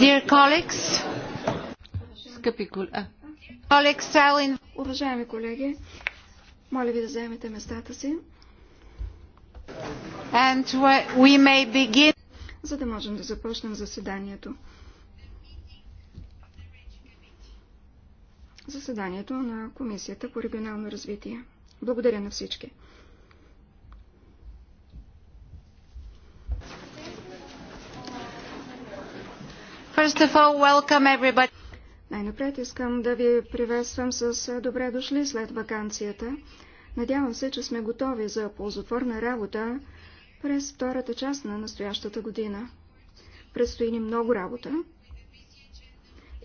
Dear colleagues, Скъпи колеги, уважаеми колеги, моля ви да заемете местата си. And we may begin... За да можем да започнем заседанието. Заседанието на Комисията по регионално развитие. Благодаря на всички. All, Най-напред искам да ви приветствам с е, добре дошли след вакансията. Надявам се, че сме готови за ползотворна работа през втората част на настоящата година. Предстои ни много работа.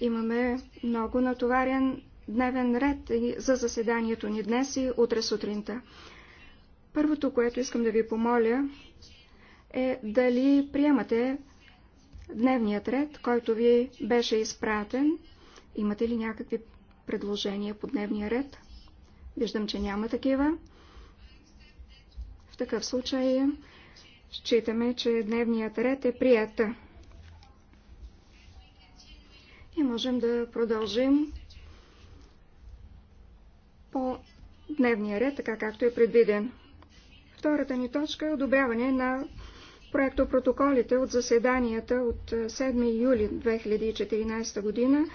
Имаме много натоварен дневен ред за заседанието ни днес и утре сутринта. Първото, което искам да ви помоля, е дали приемате дневният ред, който ви беше изпратен. Имате ли някакви предложения по дневния ред? Виждам, че няма такива. В такъв случай считаме, че дневният ред е прията. И можем да продължим по дневния ред, така както е предвиден. Втората ни точка е одобряване на проектопротоколите от заседанията от 7 е, юли 2014 година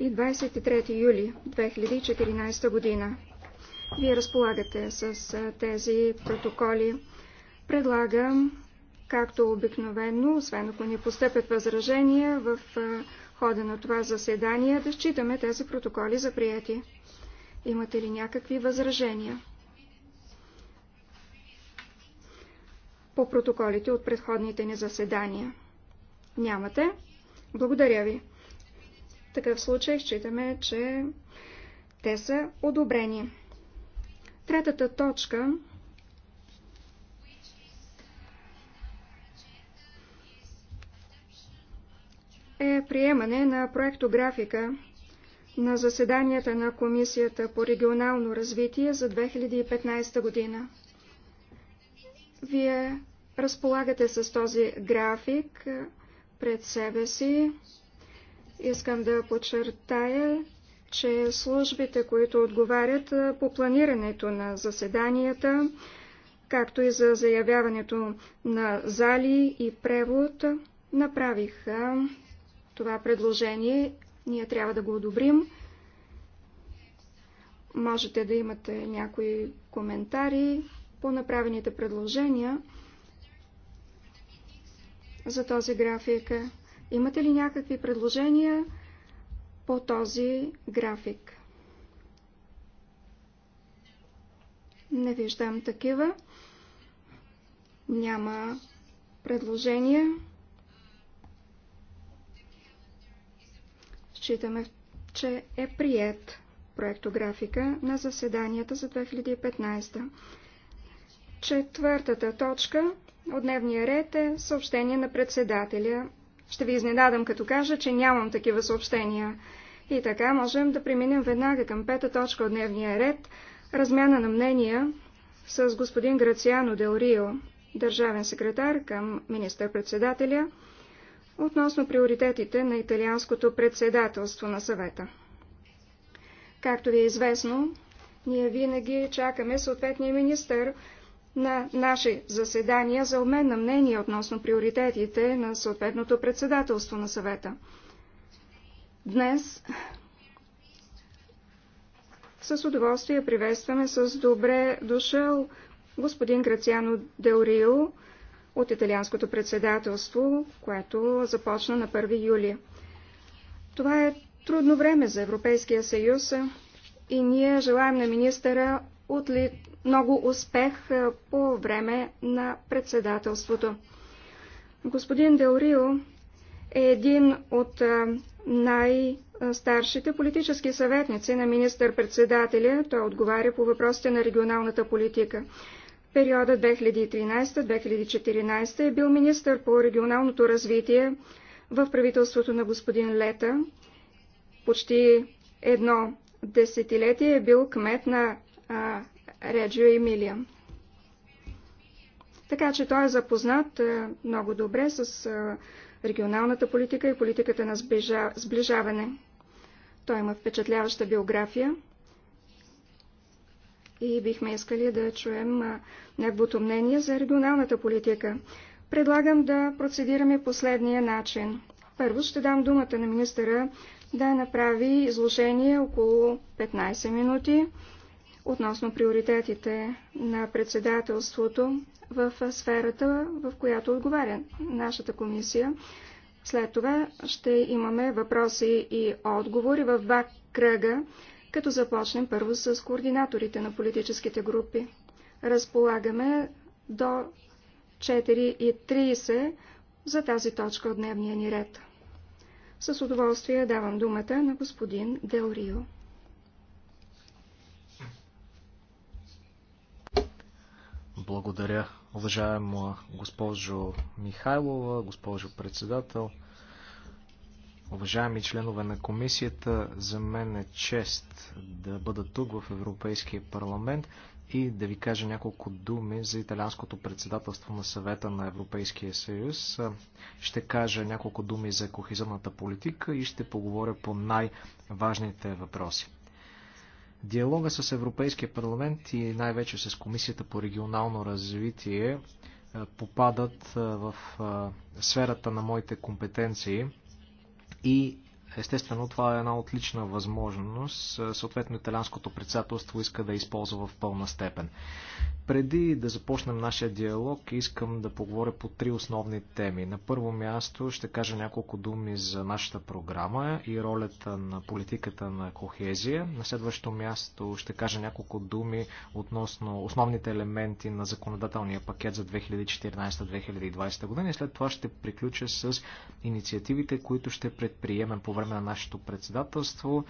и 23 юли 2014 година. Вие разполагате с е, тези протоколи. Предлагам, както обикновено, освен ако ни постъпят възражения в е, хода на това заседание, да считаме тези протоколи за прияти. Имате ли някакви възражения? по протоколите от предходните ни заседания? Нямате. Благодаря ви. В такъв случай считаме, че те са одобрени. Третата точка е приемане на проектографика на заседанията на Комисията по регионално развитие за 2015 година. Вие разполагате с този график пред себе си. Искам да подчертая, че службите, които отговарят по планирането на заседанията, както и за заявяването на зали и превод, направиха това предложение. Ние трябва да го одобрим. Можете да имате някои коментари, по направените предложения за този график. Имате ли някакви предложения по този график? Не виждам такива. Няма предложения. Считаме, че е прият проектографика на заседанията за 2015. Четвъртата точка от дневния ред е съобщение на председателя. Ще ви изненадам, като кажа, че нямам такива съобщения. И така можем да преминем веднага към пета точка от дневния ред – размяна на мнения с господин Грациано Дел Рио, държавен секретар към министър-председателя, относно приоритетите на италианското председателство на съвета. Както ви е известно, ние винаги чакаме съответния министър, на наши заседания за обмен на мнение относно приоритетите на съответното председателство на съвета. Днес с удоволствие приветстваме с добре дошъл господин Грациано Деорио от италианското председателство, което започна на 1 юли. Това е трудно време за Европейския съюз и ние желаем на министъра отли много успех е, по време на председателството. Господин Делрио е един от е, най-старшите политически съветници на министър-председателя. Той отговаря по въпросите на регионалната политика. Периода 2013-2014 е бил министър по регионалното развитие в правителството на господин Лета. Почти едно десетилетие е бил кмет на Реджио Емилия. Така че той е запознат е, много добре с е, регионалната политика и политиката на сближаване. Той има впечатляваща биография и бихме искали да чуем е, неговото мнение за регионалната политика. Предлагам да процедираме последния начин. Първо ще дам думата на министъра да направи изложение около 15 минути относно приоритетите на председателството в сферата, в която отговаря нашата комисия. След това ще имаме въпроси и отговори в два кръга, като започнем първо с координаторите на политическите групи. Разполагаме до 4.30 за тази точка от дневния ни ред. С удоволствие давам думата на господин Дел Рио. Благодаря, уважаема госпожо Михайлова, госпожо председател, уважаеми членове на комисията. За мен е чест да бъда тук в Европейския парламент и да ви кажа няколко думи за италианското председателство на съвета на Европейския съюз. Ще кажа няколко думи за кохизионната политика и ще поговоря по най-важните въпроси. Диалога с Европейския парламент и най-вече с Комисията по регионално развитие попадат в сферата на моите компетенции и естествено това е една отлична възможност. Съответно италянското председателство иска да използва в пълна степен. Преди да започнем нашия диалог, искам да поговоря по три основни теми. На първо място ще кажа няколко думи за нашата програма и ролята на политиката на кохезия. На следващо място ще кажа няколко думи относно основните елементи на законодателния пакет за 2014-2020 година и след това ще приключа с инициативите, които ще предприемем по време на нашето председателство,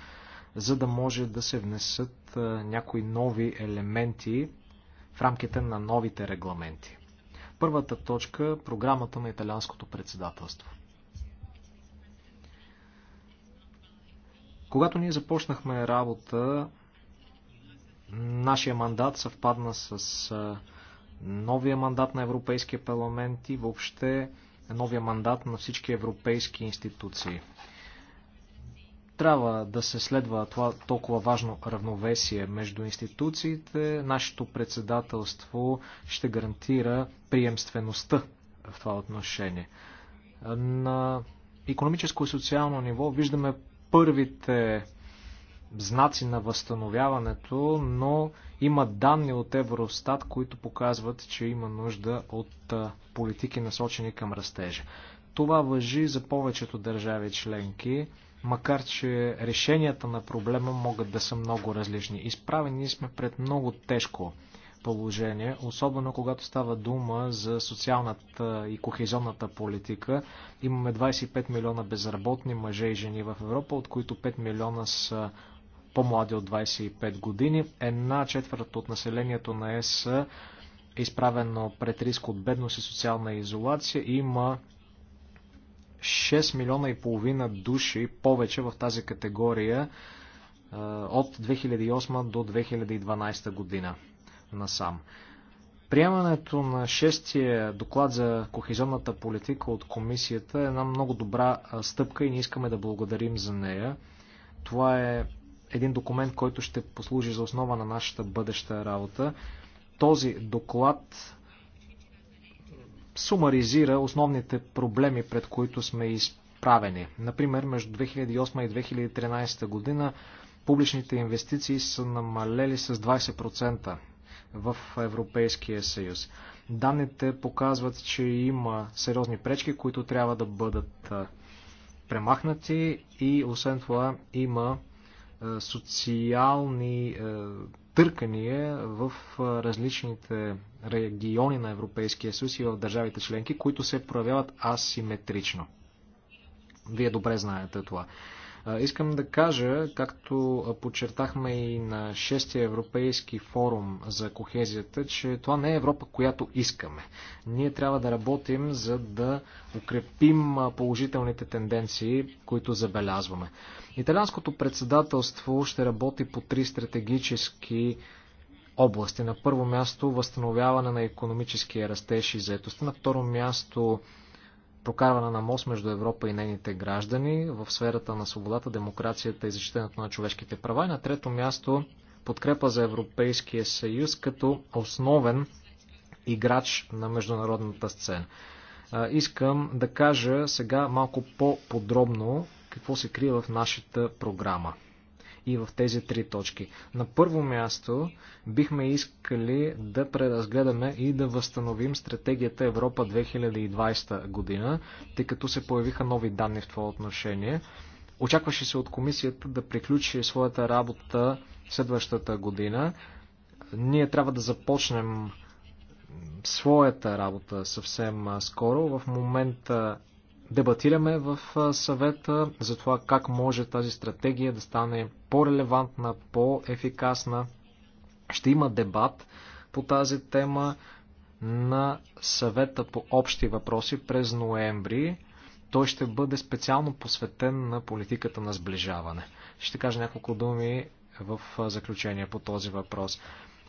за да може да се внесат някои нови елементи в рамките на новите регламенти. Първата точка е – програмата на италианското председателство. Когато ние започнахме работа, нашия мандат съвпадна с новия мандат на Европейския парламент и въобще новия мандат на всички европейски институции – трябва да се следва това толкова важно равновесие между институциите. Нашето председателство ще гарантира приемствеността в това отношение. На економическо и социално ниво виждаме първите знаци на възстановяването, но има данни от Евростат, които показват, че има нужда от политики насочени към растежа. Това въжи за повечето държави членки макар че решенията на проблема могат да са много различни. Изправени сме пред много тежко положение, особено когато става дума за социалната и кохезионната политика. Имаме 25 милиона безработни мъже и жени в Европа, от които 5 милиона са по-млади от 25 години. Една четвърта от населението на ЕС е изправено пред риск от бедност и социална изолация. Има 6 милиона и половина души повече в тази категория от 2008 до 2012 година насам. Приемането на шестия доклад за кохезионната политика от комисията е една много добра стъпка и ние искаме да благодарим за нея. Това е един документ, който ще послужи за основа на нашата бъдеща работа. Този доклад сумаризира основните проблеми, пред които сме изправени. Например, между 2008 и 2013 година публичните инвестиции са намалели с 20% в Европейския съюз. Данните показват, че има сериозни пречки, които трябва да бъдат премахнати и освен това има социални търкания в различните региони на Европейския съюз и в държавите членки, които се проявяват асиметрично. Вие добре знаете това. Искам да кажа, както подчертахме и на 6-я Европейски форум за кохезията, че това не е Европа, която искаме. Ние трябва да работим, за да укрепим положителните тенденции, които забелязваме. Италианското председателство ще работи по три стратегически области. На първо място възстановяване на економическия растеж и заетост. На второ място прокарване на мост между Европа и нейните граждани в сферата на свободата, демокрацията и защитенето на човешките права. И на трето място подкрепа за Европейския съюз като основен играч на международната сцена. Искам да кажа сега малко по-подробно какво се крие в нашата програма и в тези три точки. На първо място бихме искали да преразгледаме и да възстановим стратегията Европа 2020 година, тъй като се появиха нови данни в това отношение. Очакваше се от комисията да приключи своята работа следващата година. Ние трябва да започнем своята работа съвсем скоро. В момента дебатираме в съвета за това как може тази стратегия да стане по-релевантна, по-ефикасна. Ще има дебат по тази тема на съвета по общи въпроси през ноември. Той ще бъде специално посветен на политиката на сближаване. Ще кажа няколко думи в заключение по този въпрос.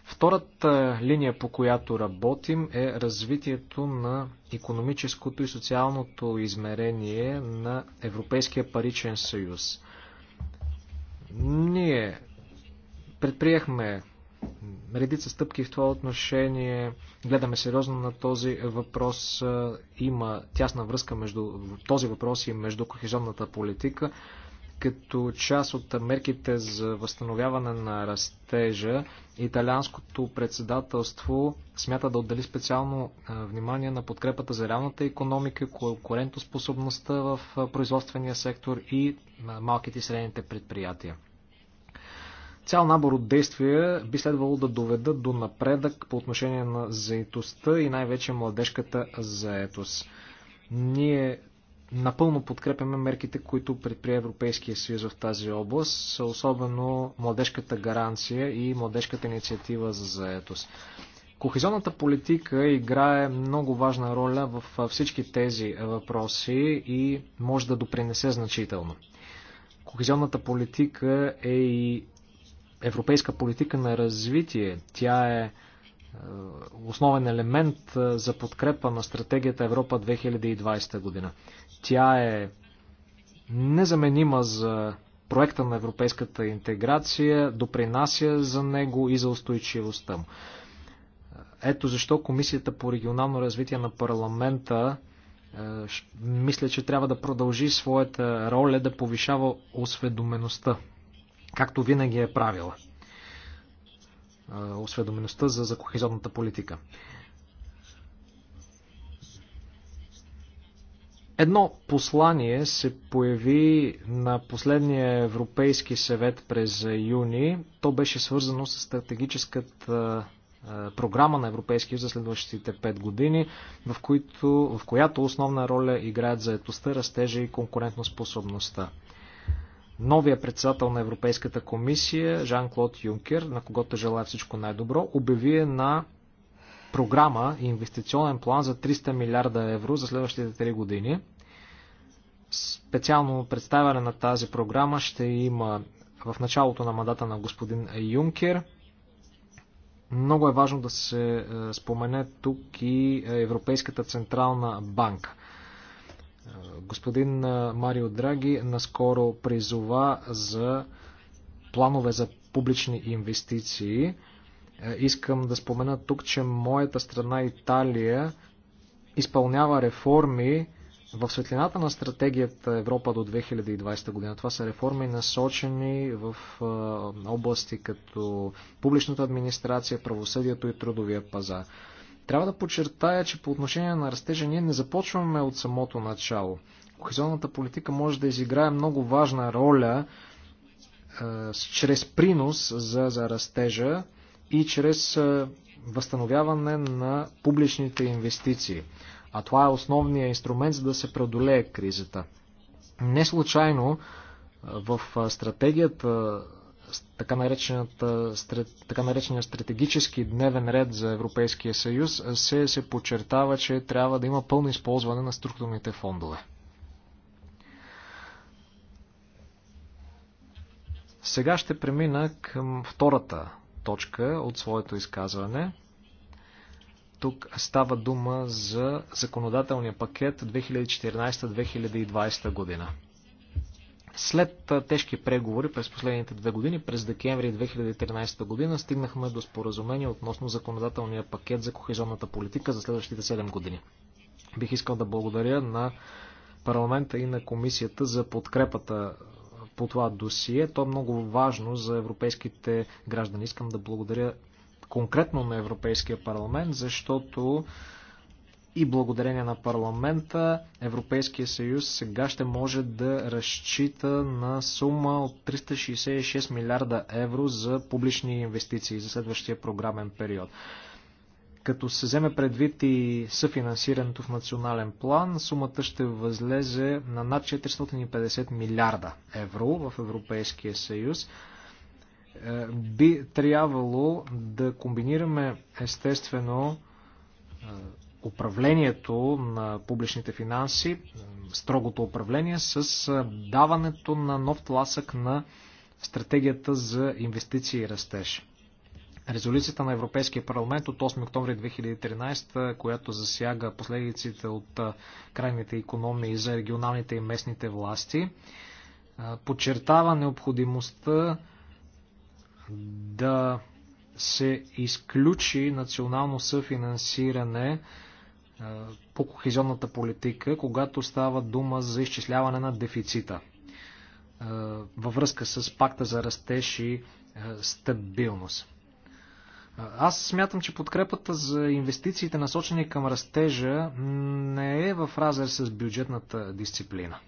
Втората линия, по която работим, е развитието на економическото и социалното измерение на Европейския паричен съюз. Ние предприехме редица стъпки в това отношение. Гледаме сериозно на този въпрос. Има тясна връзка между този въпрос и между кохезионната политика като част от мерките за възстановяване на растежа, италианското председателство смята да отдели специално внимание на подкрепата за реалната економика, конкурентоспособността в производствения сектор и малките и средните предприятия. Цял набор от действия би следвало да доведат до напредък по отношение на заетостта и най-вече младежката заетост. Ние Напълно подкрепяме мерките, които предприе Европейския съюз в тази област, особено младежката гаранция и младежката инициатива за заетост. Кохезионната политика играе много важна роля в всички тези въпроси и може да допринесе значително. Кохезионната политика е и европейска политика на развитие. Тя е основен елемент за подкрепа на стратегията Европа 2020 година. Тя е незаменима за проекта на европейската интеграция, допринася за него и за устойчивостта му. Ето защо Комисията по регионално развитие на парламента е, мисля, че трябва да продължи своята роля да повишава осведомеността, както винаги е правила. Е, осведомеността за, за кохезионната политика. Едно послание се появи на последния Европейски съвет през юни. То беше свързано с стратегическата програма на Европейския за следващите 5 години, в, които, в която основна роля играят заетостта, растежа и конкурентоспособността. Новия председател на Европейската комисия, Жан-Клод Юнкер, на когото желая всичко най-добро, обяви на програма, инвестиционен план за 300 милиарда евро за следващите 3 години. Специално представяне на тази програма ще има в началото на мандата на господин Юнкер. Много е важно да се е, спомене тук и Европейската централна банка. Е, господин е, Марио Драги наскоро призова за планове за публични инвестиции. Е, искам да спомена тук, че моята страна Италия изпълнява реформи в светлината на стратегията Европа до 2020 година. Това са реформи насочени в области като публичната администрация, правосъдието и трудовия пазар. Трябва да подчертая, че по отношение на растежа ние не започваме от самото начало. Кохезионната политика може да изиграе много важна роля е, чрез принос за, за растежа и чрез е, възстановяване на публичните инвестиции. А това е основният инструмент, за да се преодолее кризата. Не случайно е, в стратегията, така, така наречения стратегически дневен ред за Европейския съюз, се, се подчертава, че трябва да има пълно използване на структурните фондове. Сега ще премина към втората точка от своето изказване. Тук става дума за законодателния пакет 2014-2020 година. След тежки преговори през последните две години, през декември 2013 година, стигнахме до споразумение относно законодателния пакет за кохезионната политика за следващите 7 години. Бих искал да благодаря на парламента и на комисията за подкрепата по това досие. То е много важно за европейските граждани. Искам да благодаря конкретно на Европейския парламент, защото и благодарение на парламента Европейския съюз сега ще може да разчита на сума от 366 милиарда евро за публични инвестиции за следващия програмен период. Като се вземе предвид и съфинансирането в национален план, сумата ще възлезе на над 450 милиарда евро в Европейския съюз. Е, би трябвало да комбинираме естествено е, управлението на публичните финанси, е, строгото управление с даването на нов тласък на стратегията за инвестиции и растеж. Резолюцията на Европейския парламент от 8 октомври 2013, която засяга последиците от крайните економии за регионалните и местните власти, подчертава необходимостта да се изключи национално съфинансиране по кохезионната политика, когато става дума за изчисляване на дефицита във връзка с пакта за растеж и стабилност. Аз смятам, че подкрепата за инвестициите насочени към растежа не е в разер с бюджетната дисциплина.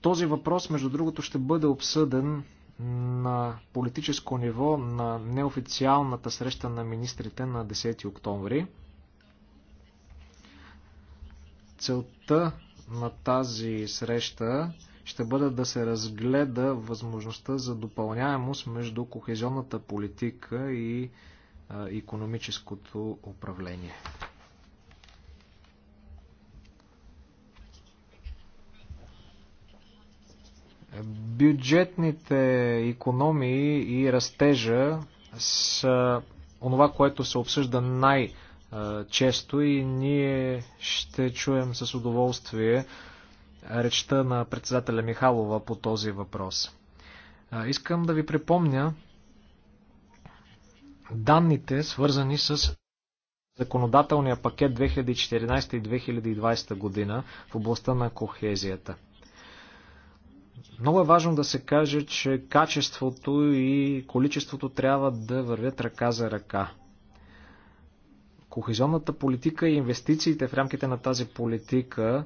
Този въпрос, между другото, ще бъде обсъден на политическо ниво на неофициалната среща на министрите на 10 октомври. Целта на тази среща ще бъде да се разгледа възможността за допълняемост между кохезионната политика и економическото управление. Бюджетните економии и растежа са онова, което се обсъжда най- често и ние ще чуем с удоволствие речта на председателя Михалова по този въпрос. Искам да ви припомня данните, свързани с законодателния пакет 2014 и 2020 година в областта на кохезията. Много е важно да се каже, че качеството и количеството трябва да вървят ръка за ръка. Кохезионната политика и инвестициите в рамките на тази политика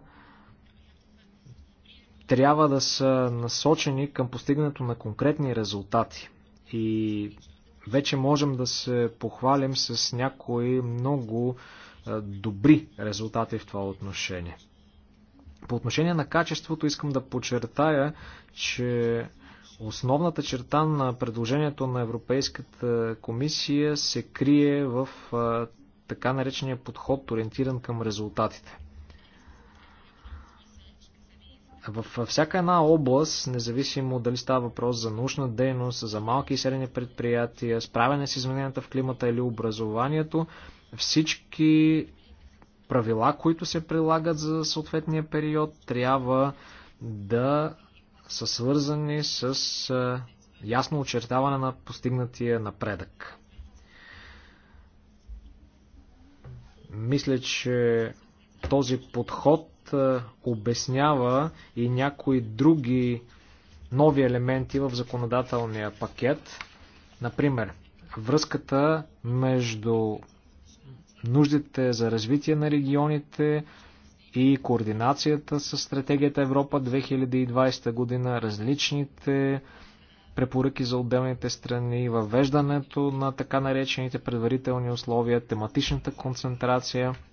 трябва да са насочени към постигането на конкретни резултати. И вече можем да се похвалим с някои много добри резултати в това отношение. По отношение на качеството искам да подчертая, че основната черта на предложението на Европейската комисия се крие в така наречения подход, ориентиран към резултатите. Във всяка една област, независимо дали става въпрос за научна дейност, за малки и средни предприятия, справяне с измененията в климата или образованието, всички правила, които се прилагат за съответния период, трябва да са свързани с ясно очертаване на постигнатия напредък. Мисля, че този подход обяснява и някои други нови елементи в законодателния пакет. Например, връзката между нуждите за развитие на регионите и координацията с стратегията Европа 2020 година, различните препоръки за отделните страни, въвеждането на така наречените предварителни условия, тематичната концентрация –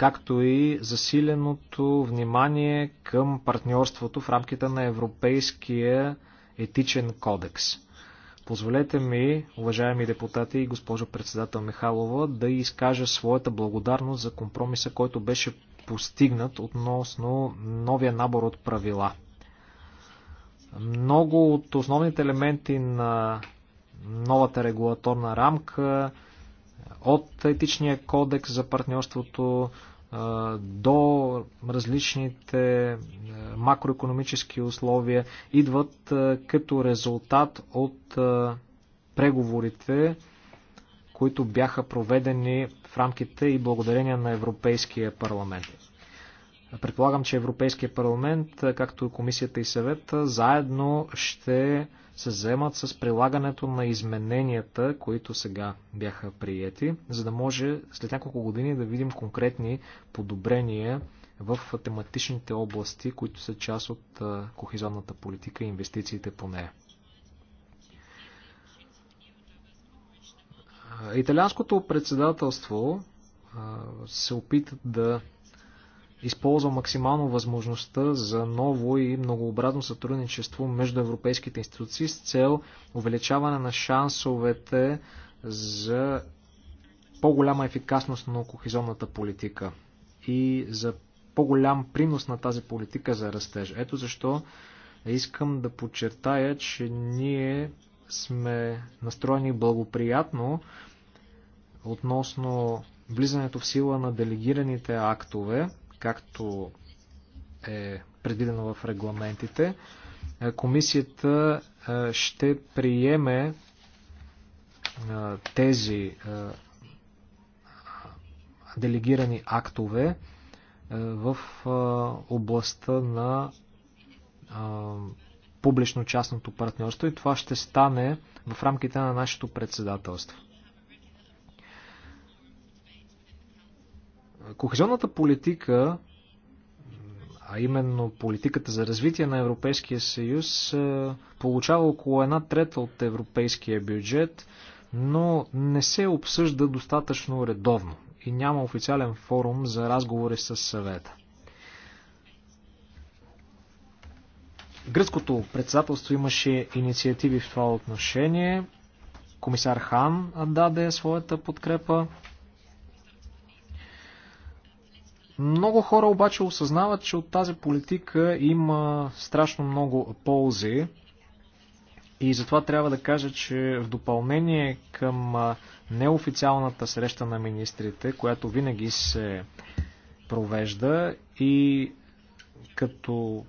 както и засиленото внимание към партньорството в рамките на Европейския етичен кодекс. Позволете ми, уважаеми депутати и госпожо председател Михалова, да изкажа своята благодарност за компромиса, който беше постигнат относно новия набор от правила. Много от основните елементи на новата регулаторна рамка от етичния кодекс за партньорството до различните макроекономически условия идват като резултат от преговорите, които бяха проведени в рамките и благодарение на Европейския парламент. Предполагам, че Европейския парламент, както и комисията и съвета, заедно ще се заемат с прилагането на измененията, които сега бяха приети, за да може след няколко години да видим конкретни подобрения в тематичните области, които са част от кохезионната политика и инвестициите по нея. Италианското председателство се опита да използва максимално възможността за ново и многообразно сътрудничество между европейските институции с цел увеличаване на шансовете за по-голяма ефикасност на кохезионната политика и за по-голям принос на тази политика за растеж. Ето защо искам да подчертая, че ние сме настроени благоприятно относно влизането в сила на делегираните актове както е предвидено в регламентите, е, комисията е, ще приеме е, тези делегирани актове в областта на публично-частното партньорство и това ще стане в рамките на нашето председателство. Кохезионната политика, а именно политиката за развитие на Европейския съюз, е, получава около една трета от европейския бюджет, но не се обсъжда достатъчно редовно и няма официален форум за разговори с съвета. Гръцкото председателство имаше инициативи в това отношение. Комисар Хан даде своята подкрепа. Много хора обаче осъзнават, че от тази политика има страшно много ползи и затова трябва да кажа, че в допълнение към неофициалната среща на министрите, която винаги се провежда и като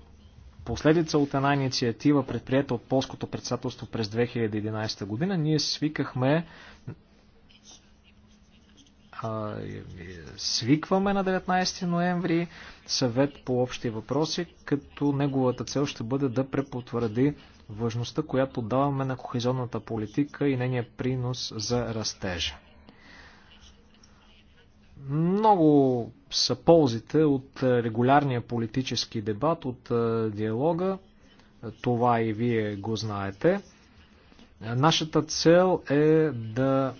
последица от една инициатива, предприета от полското председателство през 2011 година, ние свикахме свикваме на 19 ноември съвет по общи въпроси, като неговата цел ще бъде да препотвърди важността, която даваме на кохезионната политика и нейния принос за растежа. Много са ползите от регулярния политически дебат, от диалога. Това и вие го знаете. Нашата цел е да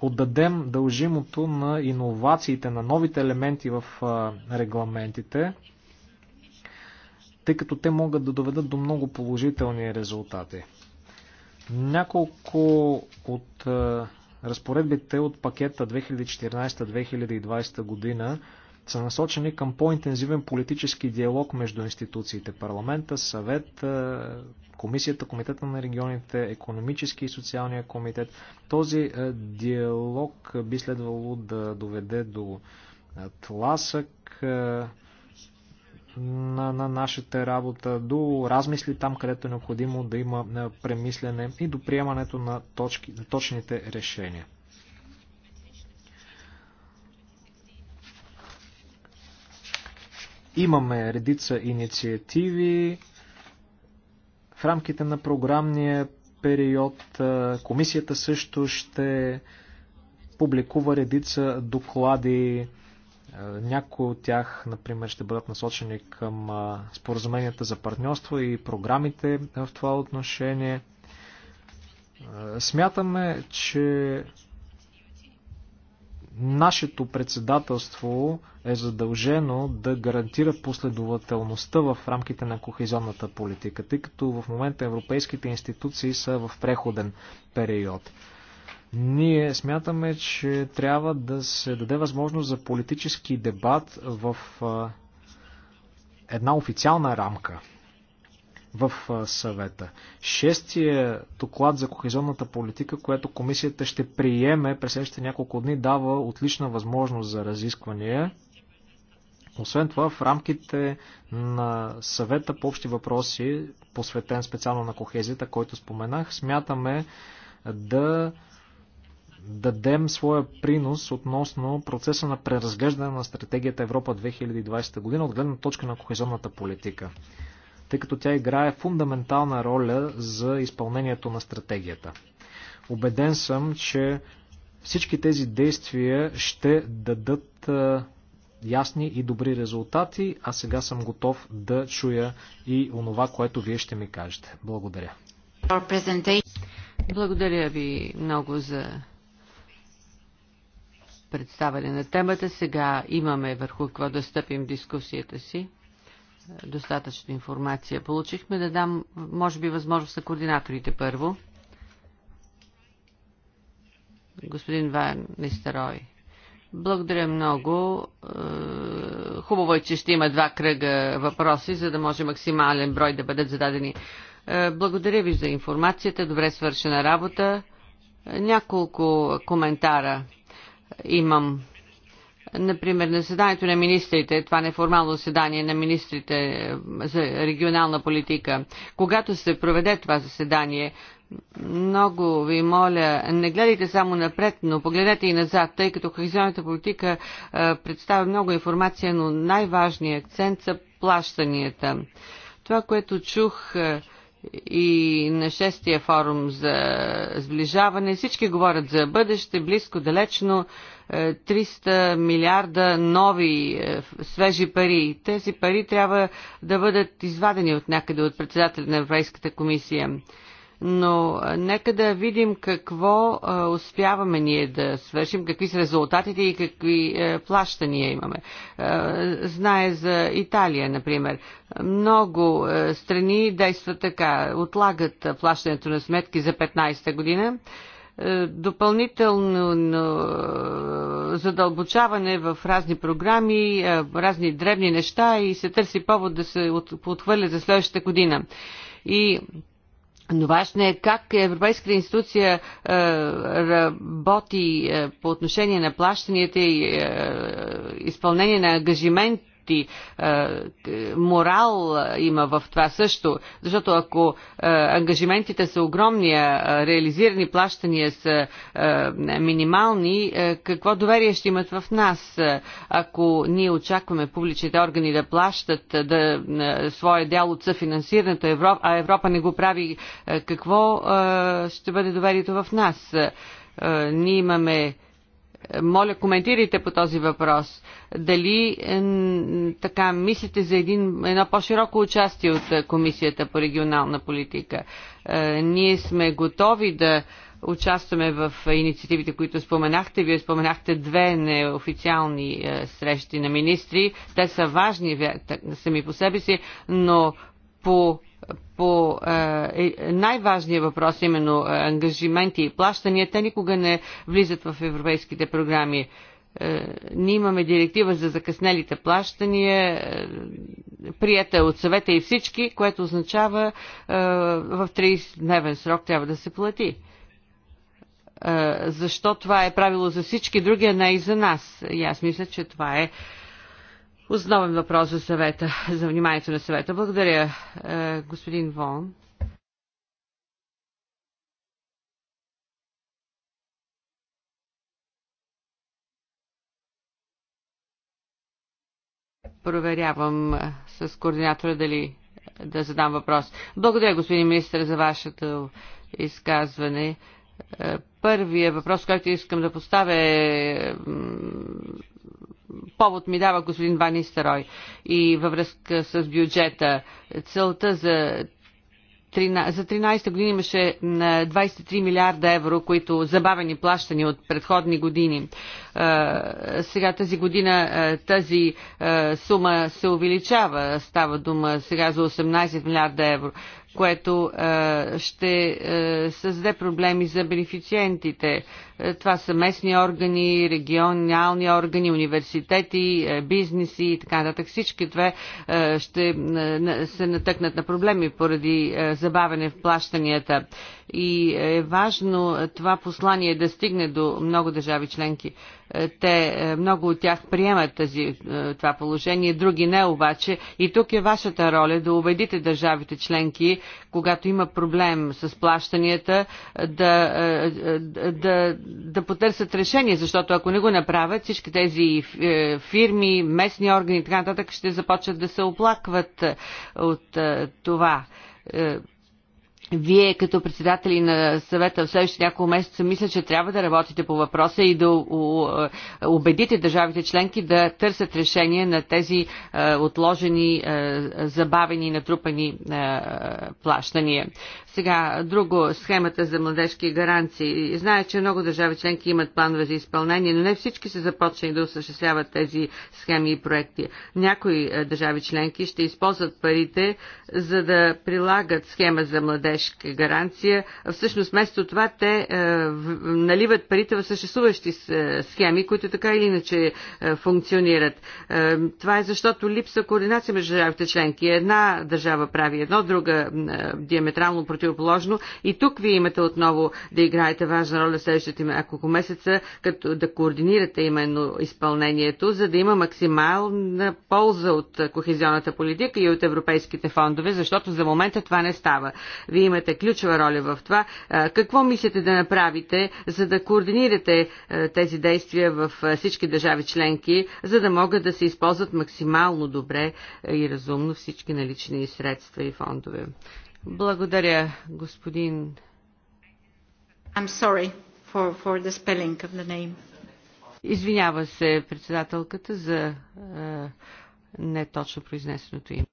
отдадем дължимото на иновациите, на новите елементи в регламентите, тъй като те могат да доведат до много положителни резултати. Няколко от разпоредбите от пакета 2014-2020 година са насочени към по-интензивен политически диалог между институциите парламента, съвет, е, комисията, комитета на регионите, економически и социалния комитет. Този е, диалог е, би следвало да доведе до тласък на, на нашата работа, до размисли там, където е необходимо да има премислене и до приемането на, точки, на точните решения. Имаме редица инициативи в рамките на програмния период. Комисията също ще публикува редица доклади. Някои от тях, например, ще бъдат насочени към споразуменията за партньорство и програмите в това отношение. Смятаме, че Нашето председателство е задължено да гарантира последователността в рамките на кохезионната политика, тъй като в момента европейските институции са в преходен период. Ние смятаме, че трябва да се даде възможност за политически дебат в една официална рамка в съвета. Шестия доклад за кохезионната политика, която комисията ще приеме през следващите няколко дни, дава отлична възможност за разисквания. Освен това, в рамките на съвета по общи въпроси, посветен специално на кохезията, който споменах, смятаме да дадем своя принос относно процеса на преразглеждане на стратегията Европа 2020 година от гледна точка на кохезионната политика тъй като тя играе фундаментална роля за изпълнението на стратегията. Обеден съм, че всички тези действия ще дадат ясни и добри резултати, а сега съм готов да чуя и онова, което вие ще ми кажете. Благодаря. Благодаря ви много за представяне на темата. Сега имаме върху какво да стъпим дискусията си достатъчно информация получихме. Да дам, може би, възможност на координаторите първо. Господин Ван Нестерой. Благодаря много. Е, хубаво е, че ще има два кръга въпроси, за да може максимален брой да бъдат зададени. Е, благодаря ви за информацията. Добре свършена работа. Е, няколко коментара имам Например, на заседанието на министрите, това неформално заседание на министрите е, за регионална политика, когато се проведе това заседание, много ви моля, не гледайте само напред, но погледнете и назад, тъй като хоризонталната политика е, представя много информация, но най-важният акцент са плащанията. Това, което чух е, и на шестия форум за сближаване. Всички говорят за бъдеще, близко, далечно, 300 е, милиарда нови е, свежи пари. Тези пари трябва да бъдат извадени от някъде от председателя на Европейската комисия но нека да видим какво успяваме ние да свършим, какви са резултатите и какви плащания имаме. Знае за Италия, например. Много страни действат така, отлагат плащането на сметки за 15-та година допълнително задълбочаване в разни програми, разни древни неща и се търси повод да се отхвърля за следващата година. И но важно е как Европейската институция е, работи е, по отношение на плащанията и е, изпълнение на ангажимент, конфликти. Е, морал е, има в това също, защото ако е, ангажиментите са огромни, а реализирани плащания са минимални, какво доверие ще имат в нас, ако ние очакваме публичните органи да плащат да, своя дял от съфинансирането, Европа, а Европа не го прави, какво ще бъде доверието в нас? Ние имаме моля, коментирайте по този въпрос. Дали е, така мислите за един, едно по-широко участие от е, Комисията по регионална политика? Е, ние сме готови да участваме в инициативите, които споменахте. Вие споменахте две неофициални срещи на министри. Те са важни сами по себе си, но по по е, е, най-важния въпрос, именно е, ангажименти и плащания, те никога не влизат в европейските програми ние имаме директива за закъснелите плащания, прията от съвета и всички, което означава в 30-дневен срок трябва да се плати. Защо това е правило за всички други, а не и за нас? И аз мисля, че това е Основен въпрос за съвета, за вниманието на съвета. Благодаря, е, господин Вон. проверявам е, с координатора дали е, да задам въпрос. Благодаря, господин министр, за вашето изказване. Първият въпрос, който искам да поставя е повод ми дава господин Ванистерой Старой и във връзка с бюджета. Целта за 13, за 13 години имаше 23 милиарда евро, които забавени плащани от предходни години. Сега тази година тази сума се увеличава. Става дума сега за 18 милиарда евро което е, ще е, създаде проблеми за бенефициентите. Е, това са местни органи, регионални органи, университети, бизнеси и така нататък. Всички две ще се натъкнат на проблеми поради забавене в плащанията. И е важно това послание да стигне до много държави членки. Е, те, е, много от тях приемат тази, е, това положение, други не обаче. И тук е вашата роля да убедите държавите членки, когато има проблем с плащанията, да, да, да потърсят решение, защото ако не го направят, всички тези фирми, местни органи и така нататък ще започнат да се оплакват от това вие като председатели на съвета в следващите няколко месеца мисля, че трябва да работите по въпроса и да е, убедите държавите членки да търсят решение на тези е, отложени, е, забавени, натрупани плащания. Сега, друго, схемата за младежки гаранции. Знае, че много държави членки имат планове за изпълнение, но не всички са започнали да осъществяват тези схеми и проекти. Някои е, държави членки ще използват парите, за да прилагат схема за младежка гаранция. Всъщност, вместо това, те е, наливат парите в съществуващи е, схеми, които така или иначе е, функционират. Е, това е защото липса координация между държавите членки. Една държава прави едно, друга е, диаметрално против противоположно. И тук вие имате отново да играете важна роля в следващите няколко месеца, като да координирате именно изпълнението, за да има максимална полза от кохезионната политика и от европейските фондове, защото за момента това не става. Вие имате ключова роля в това. Какво мислите да направите, за да координирате тези действия в всички държави членки, за да могат да се използват максимално добре и разумно всички налични средства и фондове? Благодаря, господин. I'm sorry for, for the spelling of the name. Извинява се председателката за е, неточно произнесеното име.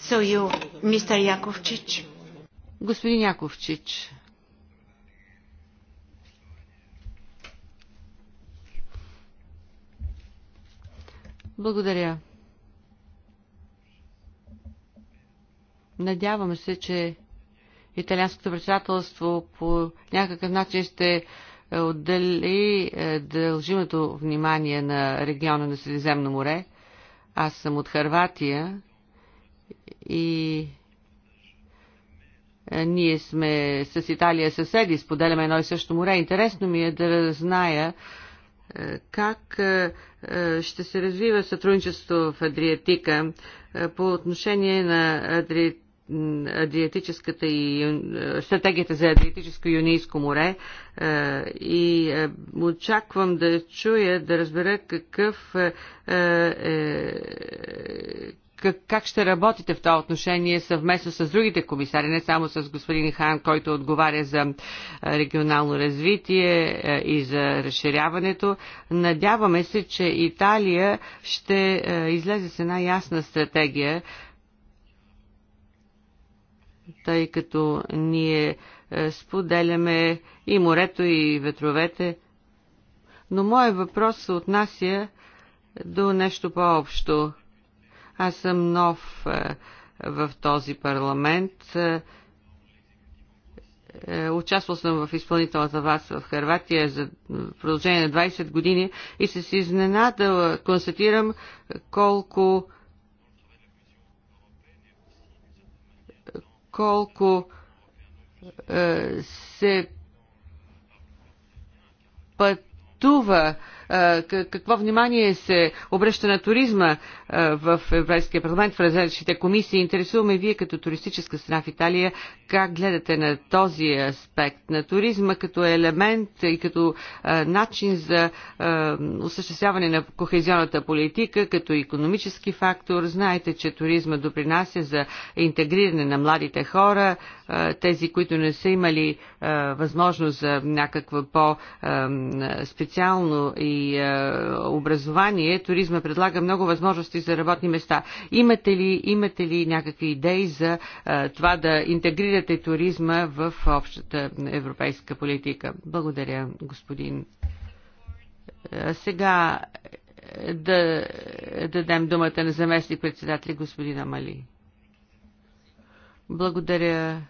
So you, Mr. Яковчич. Господин Яковчич. Благодаря. Надяваме се, че италианското председателство по някакъв начин ще е, отдели е, дължимото внимание на региона на Средиземно море. Аз съм от Харватия и е, ние сме с Италия съседи, споделяме едно и също море. Интересно ми е да зная как е, ще се развива сътрудничество в Адриатика е, по отношение на Адри... Адриатическата и е, стратегията за Адриатическо и Юнийско море и очаквам да чуя, да разбера какъв е, как, как ще работите в това отношение съвместно с другите комисари, не само с господин Хан, който отговаря за регионално развитие и за разширяването. Надяваме се, че Италия ще излезе с една ясна стратегия, тъй като ние споделяме и морето, и ветровете. Но моят въпрос се отнася до нещо по-общо аз съм нов е, в този парламент. Е, е, участвал съм в изпълнителната власт в Харватия за продължение на 20 години и се си изненада констатирам колко колко се пътува какво внимание се обръща на туризма в Европейския парламент, в различните комисии. Интересуваме вие като туристическа страна в Италия, как гледате на този аспект на туризма като елемент и като начин за осъществяване на кохезионната политика, като економически фактор. Знаете, че туризма допринася за интегриране на младите хора, тези, които не са имали възможност за някаква по-специално и и е, образование, туризма предлага много възможности за работни места. Имате ли, имате ли някакви идеи за е, това да интегрирате туризма в общата европейска политика? Благодаря, господин. Е, сега да дадем думата на заместник председатели господина Мали. Благодаря,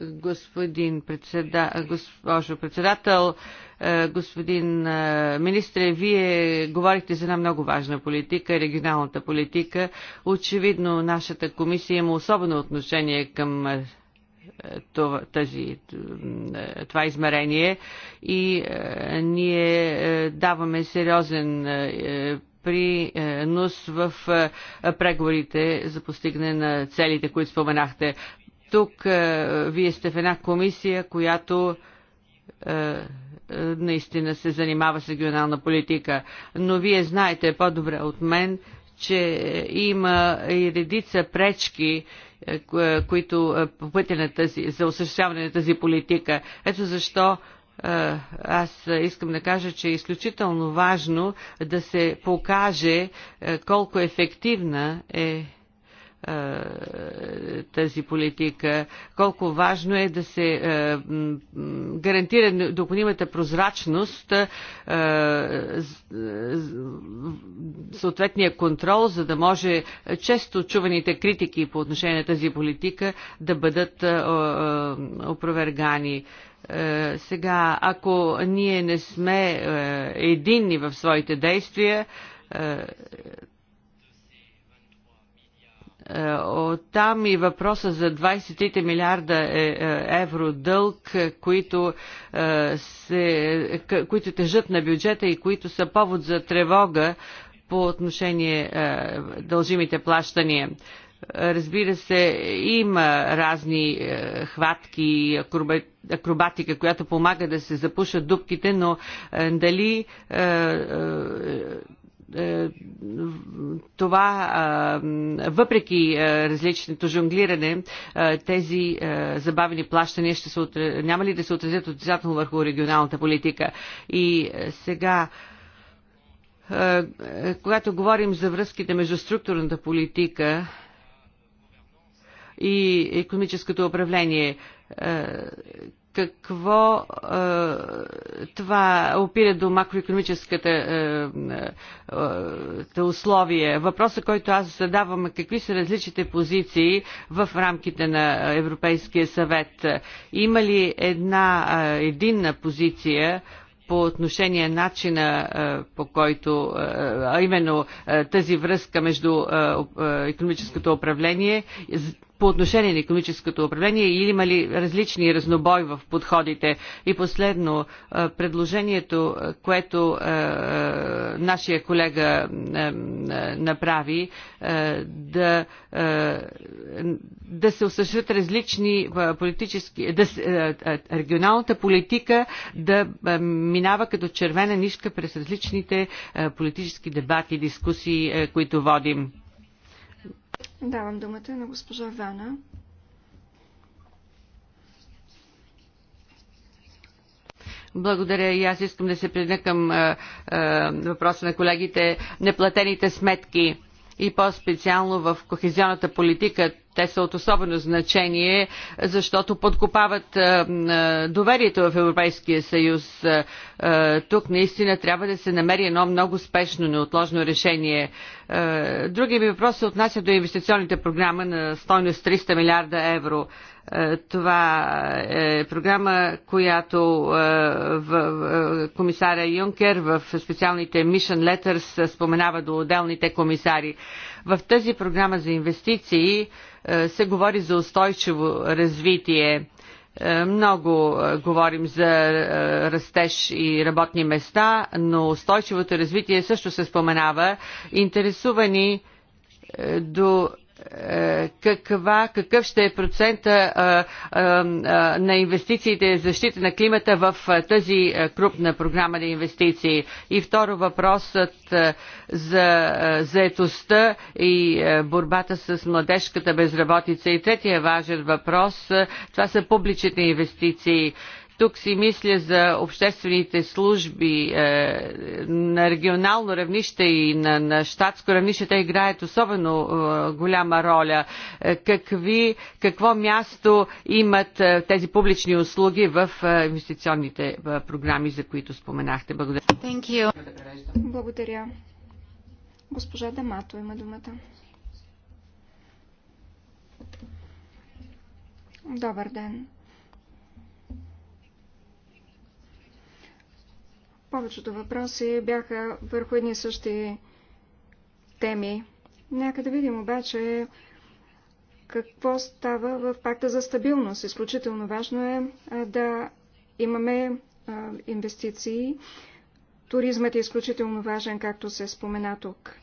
господин председа, госпожо председател, е, господин е, министре, вие говорихте за една много важна политика, регионалната политика. Очевидно нашата комисия има особено отношение към е, това, тази, това измерение и ние даваме сериозен принос в преговорите за постигане на целите, които споменахте. Тук е, вие сте в една комисия, която е, е, наистина се занимава с регионална политика, но вие знаете по-добре от мен, че има и редица пречки, е, които е, по пътя на тази, за осъществяване на тази политика. Ето защо аз искам да кажа, че е изключително важно да се покаже колко ефективна е тази политика, колко важно е да се гарантира доконимата прозрачност, съответния контрол, за да може често чуваните критики по отношение на тази политика да бъдат опровергани сега, ако ние не сме единни в своите действия, там и въпроса за 20 милиарда е, е, евро дълг, е, които, се, които тежат на бюджета и които са повод за тревога по отношение дължимите плащания. Разбира се, има разни хватки, акробатика, която помага да се запушат дубките, но дали е, това, е, въпреки е, различното жонглиране, тези забавени плащания ще се отр... няма ли да се отразят отрицателно върху регионалната политика? И сега когато говорим за връзките между структурната политика и економическото управление, какво е, това опира до макроекономическата е, е, е условие. Въпроса, който аз задавам е какви са различните позиции в рамките на Европейския съвет. Има ли една е, единна позиция по отношение начина е, по който, е, а именно тази връзка между економическото управление по отношение на економическото управление или има ли различни разнобой в подходите. И последно, предложението, което нашия колега направи, да, да се осъществят различни политически... Да, регионалната политика да минава като червена нишка през различните политически дебати, дискусии, които водим. Давам думата на госпожа Вана. Благодаря и аз искам да се призна към е, е, въпроса на колегите. Неплатените сметки и по-специално в кохезионната политика. Те са от особено значение, защото подкопават е, е, доверието в Европейския съюз. Е, тук наистина трябва да се намери едно много спешно, неотложно решение. Другия ми въпрос се отнася до инвестиционните програми на стойност 300 милиарда евро. Това е програма, която в комисаря Юнкер в специалните Mission Letters споменава до отделните комисари. В тази програма за инвестиции е, се говори за устойчиво развитие. Е, много е, говорим за растеж и работни места, но устойчивото развитие също се споменава. Интересувани до каква, какъв ще е процента а, а, на инвестициите за защита на климата в тази крупна програма на инвестиции? И второ въпросът за заетостта и борбата с младежката безработица. И третия важен въпрос, това са публичните инвестиции. Тук си мисля за обществените служби е, на регионално равнище и на, на щатско равнище. Те играят особено е, голяма роля. Е, какви, какво място имат е, тези публични услуги в е, инвестиционните е, програми, за които споменахте? Благодаря. Thank you. Благодаря. Госпожа Дамато има думата. Добър ден. Повечето въпроси бяха върху едни същи теми. Нека да видим обаче какво става в пакта за стабилност. Изключително важно е да имаме инвестиции. Туризмът е изключително важен, както се спомена тук.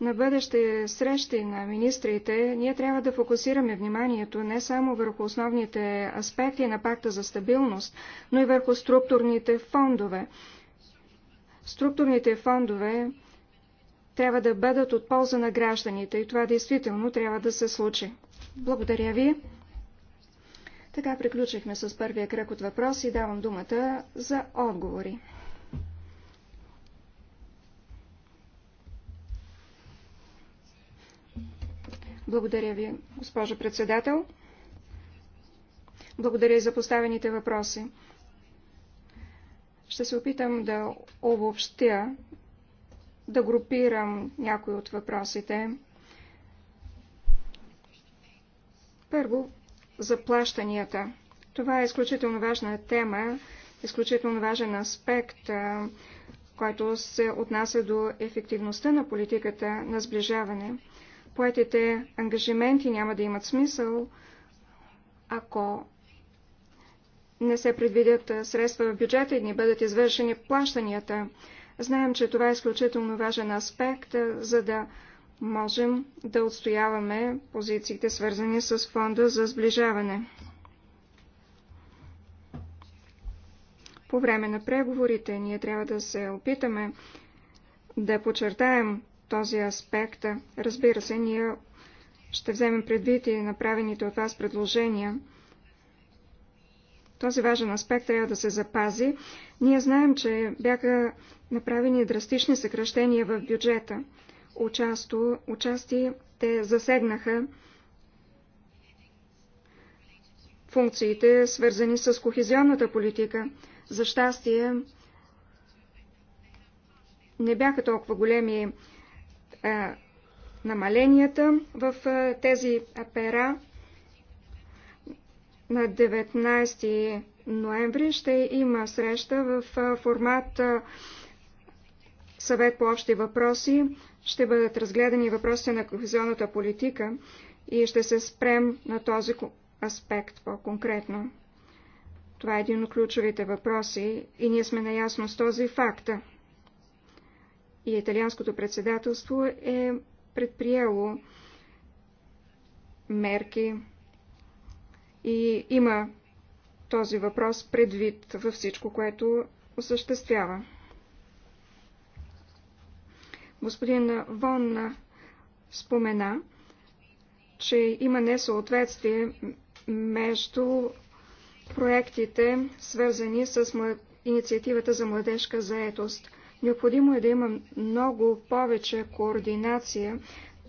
На бъдещи срещи на министрите ние трябва да фокусираме вниманието не само върху основните аспекти на пакта за стабилност, но и върху структурните фондове. Структурните фондове трябва да бъдат от полза на гражданите и това действително трябва да се случи. Благодаря ви. Така приключихме с първия кръг от въпроси. Давам думата за отговори. Благодаря ви, госпожо председател. Благодаря и за поставените въпроси. Ще се опитам да обобщя, да групирам някои от въпросите. Първо, заплащанията. Това е изключително важна тема, изключително важен аспект, който се отнася до ефективността на политиката на сближаване. Поетите ангажименти няма да имат смисъл, ако не се предвидят средства в бюджета и не бъдат извършени плащанията. Знаем, че това е изключително важен аспект, за да можем да отстояваме позициите, свързани с фонда за сближаване. По време на преговорите ние трябва да се опитаме да подчертаем този аспект. Разбира се, ние ще вземем предвид и направените от вас предложения. Този важен аспект трябва да се запази. Ние знаем, че бяха направени драстични съкръщения в бюджета. Участо, участи те засегнаха функциите, свързани с кохезионната политика. За щастие, не бяха толкова големи намаленията в тези пера, на 19 ноември ще има среща в формат съвет по общи въпроси. Ще бъдат разгледани въпросите на кохезионната политика и ще се спрем на този аспект по-конкретно. Това е един от ключовите въпроси и ние сме наясно с този факт. И италианското председателство е предприело мерки и има този въпрос предвид във всичко, което осъществява. Господин Вон спомена, че има несъответствие между проектите, свързани с инициативата за младежка заетост. Необходимо е да има много повече координация.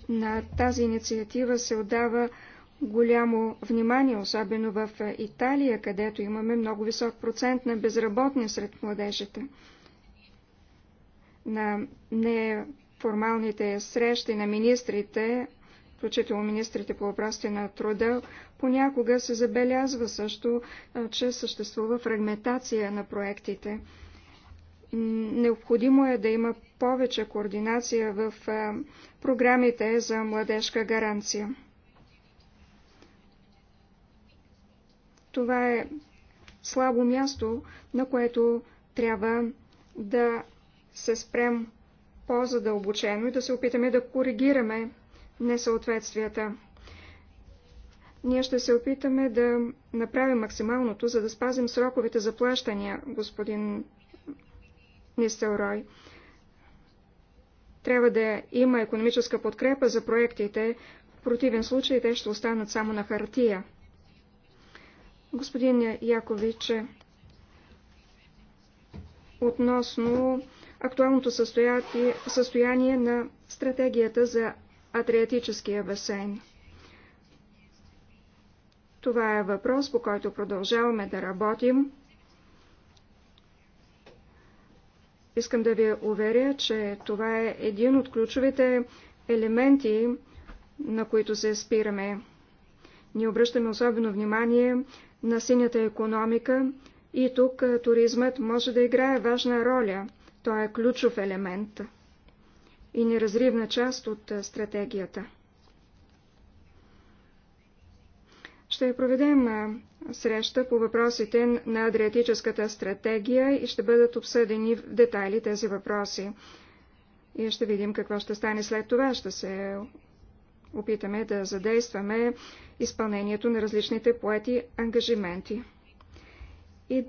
На тази инициатива се отдава голямо внимание, особено в Италия, където имаме много висок процент на безработни сред младежите. На неформалните срещи на министрите, включително министрите по въпросите на труда, понякога се забелязва също, че съществува фрагментация на проектите. Необходимо е да има повече координация в програмите за младежка гаранция. Това е слабо място, на което трябва да се спрем по-задълбочено и да се опитаме да коригираме несъответствията. Ние ще се опитаме да направим максималното, за да спазим сроковете за плащания, господин Нистелрой. Трябва да има економическа подкрепа за проектите, в противен случай те ще останат само на хартия господин Якович, относно актуалното състояние на стратегията за атриатическия басейн. Това е въпрос, по който продължаваме да работим. Искам да ви уверя, че това е един от ключовите елементи, на които се спираме. Ние обръщаме особено внимание на синята економика и тук туризмът може да играе важна роля. Той е ключов елемент и неразривна част от стратегията. Ще проведем среща по въпросите на Адриатическата стратегия и ще бъдат обсъдени в детайли тези въпроси. И ще видим какво ще стане след това. Ще се опитаме да задействаме изпълнението на различните поети ангажименти. Е,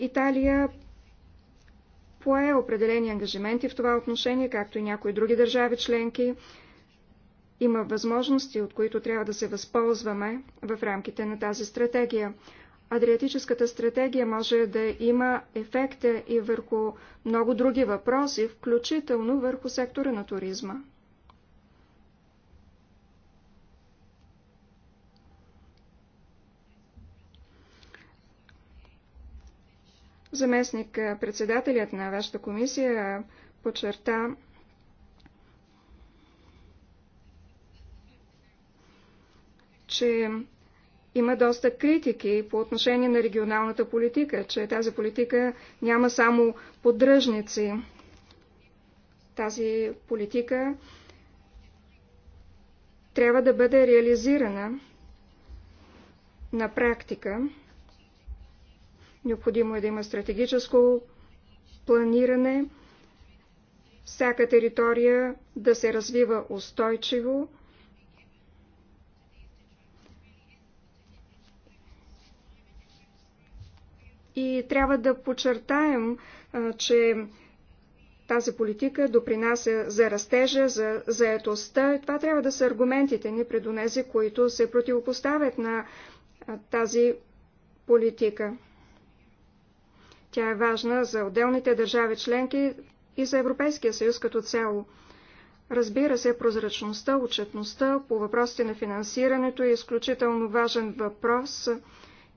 Италия пое определени ангажименти в това отношение, както и някои други държави членки. Има възможности, от които трябва да се възползваме в рамките на тази стратегия. Адриатическата стратегия може да има ефекта и върху много други въпроси, включително върху сектора на туризма. Заместник председателят на вашата комисия подчерта, че има доста критики по отношение на регионалната политика, че тази политика няма само поддръжници. Тази политика трябва да бъде реализирана на практика Необходимо е да има стратегическо планиране, всяка територия да се развива устойчиво, И трябва да подчертаем, че тази политика допринася за растежа, за заетостта. Това трябва да са аргументите ни пред онези, които се противопоставят на тази политика. Тя е важна за отделните държави членки и за Европейския съюз като цяло. Разбира се, прозрачността, отчетността по въпросите на финансирането е изключително важен въпрос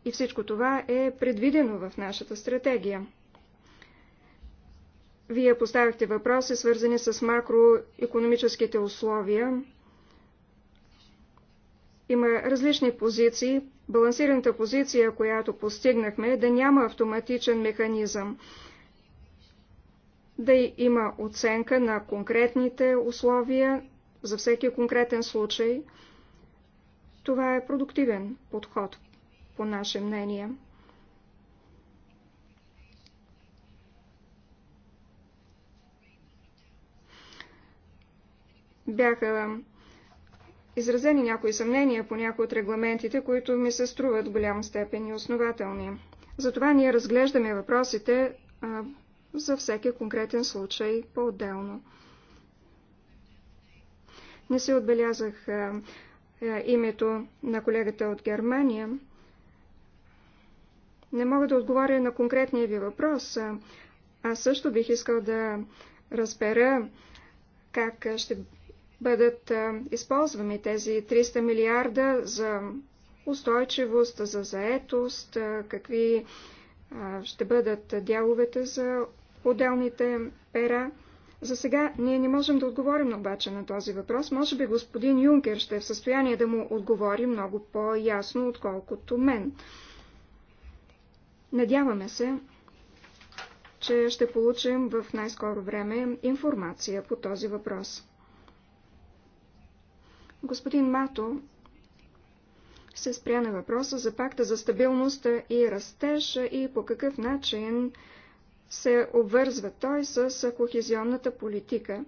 и всичко това е предвидено в нашата стратегия. Вие поставихте въпроси, свързани с макроекономическите условия. Има различни позиции балансираната позиция, която постигнахме, е да няма автоматичен механизъм, да има оценка на конкретните условия за всеки конкретен случай. Това е продуктивен подход, по наше мнение. Бяха изразени някои съмнения по някои от регламентите, които ми се струват в голяма степен и основателни. Затова ние разглеждаме въпросите а, за всеки конкретен случай по-отделно. Не се отбелязах а, а, името на колегата от Германия. Не мога да отговоря на конкретния ви въпрос. Аз също бих искал да разбера как ще бъдат използвани тези 300 милиарда за устойчивост, за заетост, какви ще бъдат дяловете за отделните пера. За сега ние не можем да отговорим обаче на този въпрос. Може би господин Юнкер ще е в състояние да му отговори много по-ясно, отколкото мен. Надяваме се, че ще получим в най-скоро време информация по този въпрос. Господин Мато се спря на въпроса за пакта за стабилност и растеж и по какъв начин се обвързва той с кохезионната политика.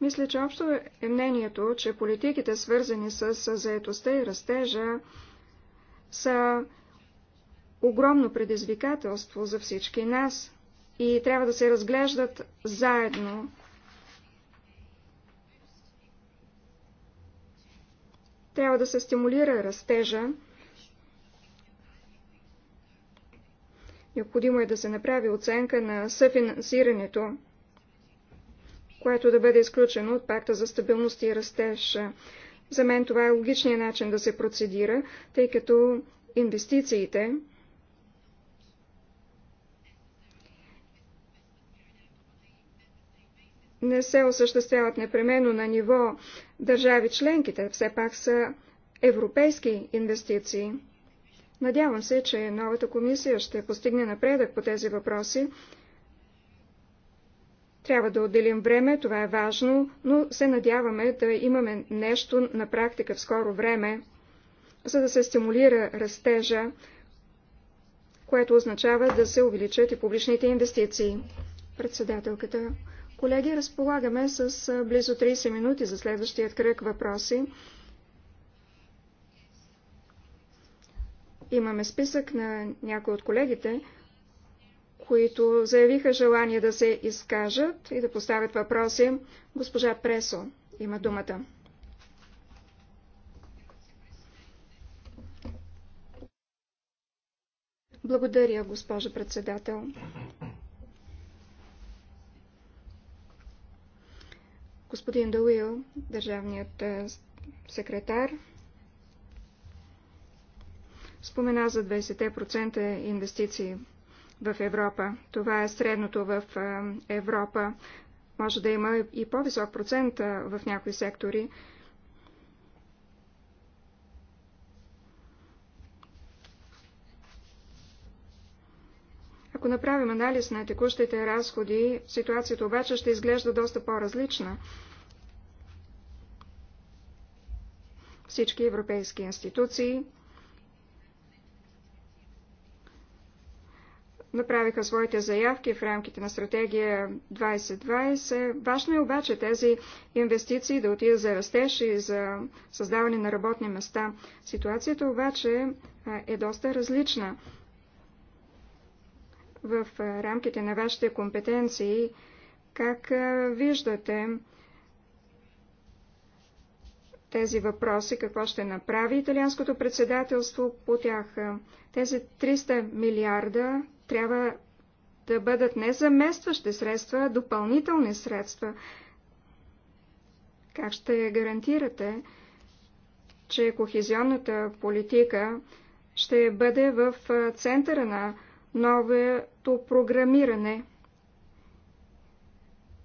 Мисля, че общо е мнението, че политиките, свързани с заетостта и растежа, са огромно предизвикателство за всички нас и трябва да се разглеждат заедно. Трябва да се стимулира растежа. Необходимо е да се направи оценка на съфинансирането, което да бъде изключено от пакта за стабилност и растеж. За мен това е логичният начин да се процедира, тъй като инвестициите не се осъществяват непременно на ниво държави членките, все пак са европейски инвестиции. Надявам се, че новата комисия ще постигне напредък по тези въпроси. Трябва да отделим време, това е важно, но се надяваме да имаме нещо на практика в скоро време, за да се стимулира растежа, което означава да се увеличат и публичните инвестиции. Председателката Колеги, разполагаме с близо 30 минути за следващия кръг въпроси. Имаме списък на някои от колегите, които заявиха желание да се изкажат и да поставят въпроси. Госпожа Пресо има думата. Благодаря, госпожо председател. господин Дауил, държавният е, секретар, спомена за 20% инвестиции в Европа. Това е средното в е, Европа. Може да има и по-висок процент е, в някои сектори, Ако направим анализ на текущите разходи, ситуацията обаче ще изглежда доста по-различна. Всички европейски институции направиха своите заявки в рамките на стратегия 2020. Важно е обаче тези инвестиции да отидат за растеж и за създаване на работни места. Ситуацията обаче е доста различна в рамките на вашите компетенции, как виждате тези въпроси, какво ще направи италианското председателство по тях. Тези 300 милиарда трябва да бъдат не заместващи средства, а допълнителни средства. Как ще гарантирате, че кохезионната политика ще бъде в центъра на новото програмиране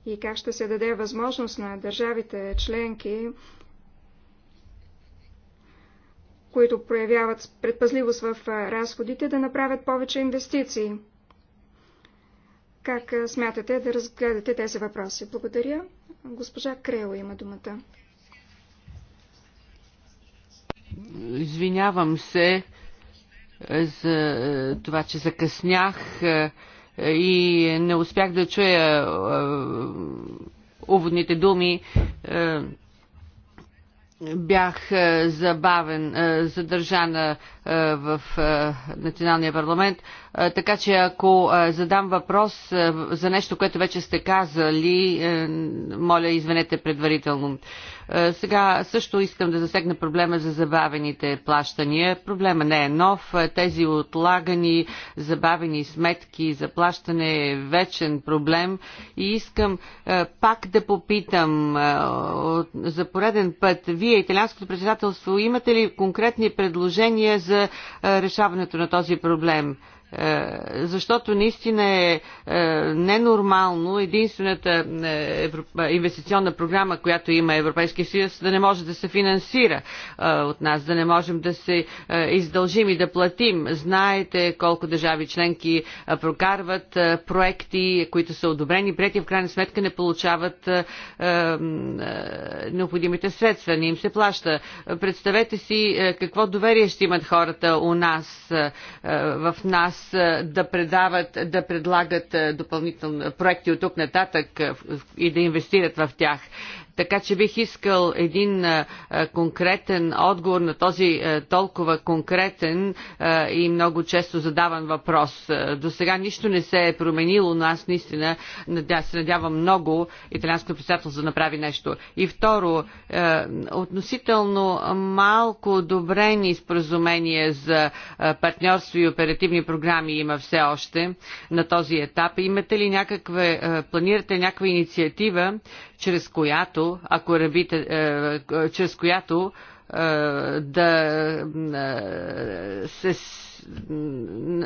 и как ще се даде възможност на държавите членки, които проявяват предпазливост в разходите, да направят повече инвестиции. Как смятате да разгледате тези въпроси? Благодаря. Госпожа Крео има думата. Извинявам се, за е, това, че закъснях е, и не успях да чуя е, уводните думи. Бях забавен, задържана в Националния парламент. Така че ако задам въпрос за нещо, което вече сте казали, моля, извинете предварително. Е, сега също искам да засегна проблема за забавените плащания. Проблема не е нов. Е, тези отлагани, забавени сметки за плащане е вечен проблем. И искам е, пак да попитам за пореден път. Вие, италианското председателство, имате ли конкретни предложения за решаването на този проблем? Е, защото наистина е, е ненормално единствената е, инвестиционна програма, която има Европейския съюз, да не може да се финансира от нас, да не можем да се издължим и да платим. Знаете колко държави членки прокарват проекти, които са одобрени, прети в крайна сметка не получават необходимите средства, не им се плаща. Представете си какво доверие ще имат хората у нас, в нас, нас да предават, да предлагат допълнителни проекти от тук нататък и да инвестират в тях. Така че бих искал един конкретен отговор на този толкова конкретен и много често задаван въпрос. До сега нищо не се е променило, но аз наистина се надявам много италианското председателство да направи нещо. И второ, относително малко добрени споразумения за партньорство и оперативни програми има все още на този етап. Имате ли някаква, планирате някаква инициатива чрез която, ако рабите, е, е, чрез която е, да е, се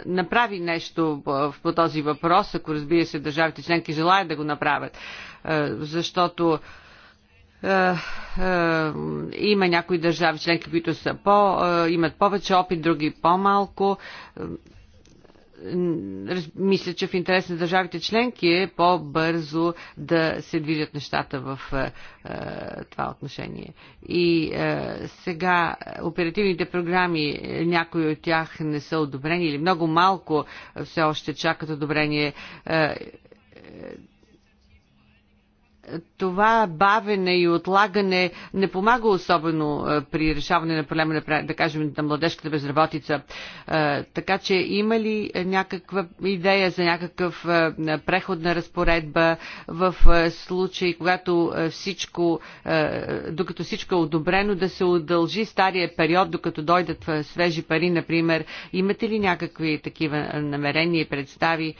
направи нещо по, този въпрос, ако разбира се държавите членки желаят да го направят, е, защото е, има някои държави членки, които са по, имат повече опит, други по-малко мисля, че в интерес на държавите членки е по-бързо да се движат нещата в е, е, това отношение. И е, сега оперативните програми, някои от тях не са одобрени или много малко все още чакат одобрение. Е, е това бавене и отлагане не помага особено е, при решаване на проблема, да кажем, на младежката безработица. Е, така че има ли някаква идея за някакъв е, преходна разпоредба в случай, когато всичко, докато всичко е одобрено, да се удължи стария период, докато дойдат свежи пари, например? Имате ли някакви такива намерения и представи?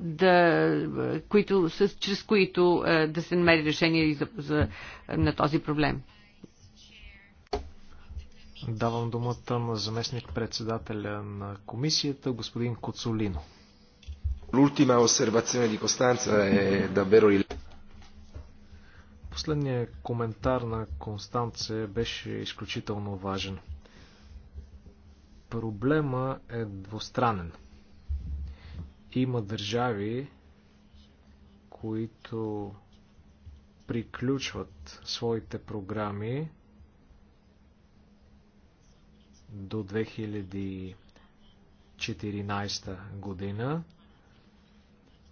да, които, с, чрез които е, да се намери решение за, за, на този проблем. Давам думата на заместник председателя на комисията, господин Коцолино. L'ultima osservazione di Costanza è davvero Последният коментар на Констанце беше изключително важен. Проблема е двустранен – има държави, които приключват своите програми до 2014 година.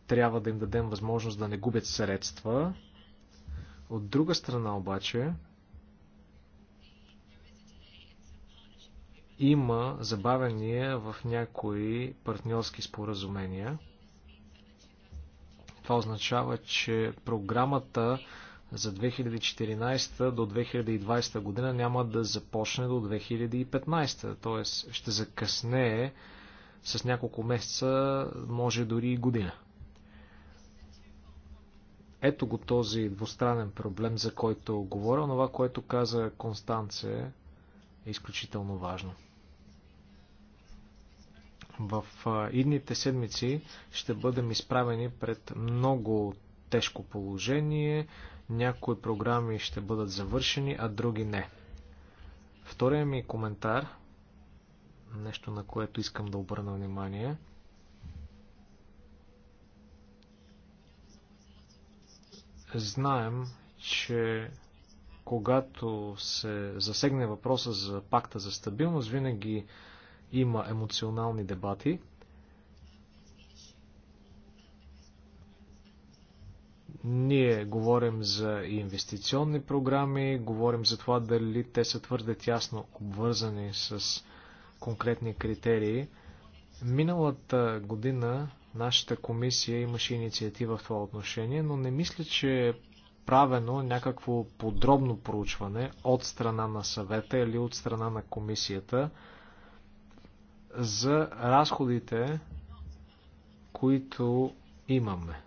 Трябва да им дадем възможност да не губят средства. От друга страна обаче, има забавения в някои партньорски споразумения. Това означава, че програмата за 2014 до 2020 година няма да започне до 2015, т.е. ще закъснее с няколко месеца, може дори и година. Ето го този двустранен проблем, за който говоря. Това, което каза Констанция, е изключително важно. В идните седмици ще бъдем изправени пред много тежко положение. Някои програми ще бъдат завършени, а други не. Втория ми коментар, нещо на което искам да обърна внимание, знаем, че когато се засегне въпроса за пакта за стабилност, винаги има емоционални дебати. Ние говорим за инвестиционни програми, говорим за това дали те са твърде тясно обвързани с конкретни критерии. Миналата година нашата комисия имаше инициатива в това отношение, но не мисля, че е правено някакво подробно проучване от страна на съвета или от страна на комисията за разходите, които имаме.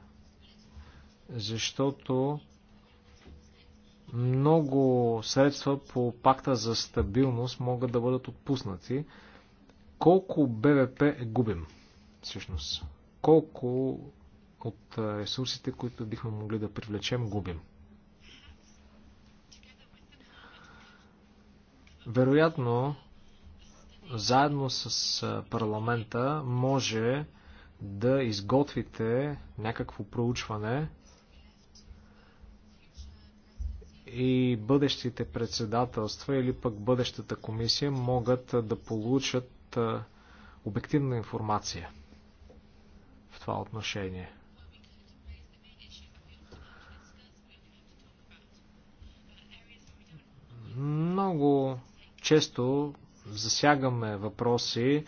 Защото много средства по пакта за стабилност могат да бъдат отпуснати. Колко БВП е губим всъщност? Колко от е, ресурсите, които бихме могли да привлечем, губим? Вероятно, заедно с парламента може да изготвите някакво проучване и бъдещите председателства или пък бъдещата комисия могат да получат обективна информация в това отношение. Много често засягаме въпроси,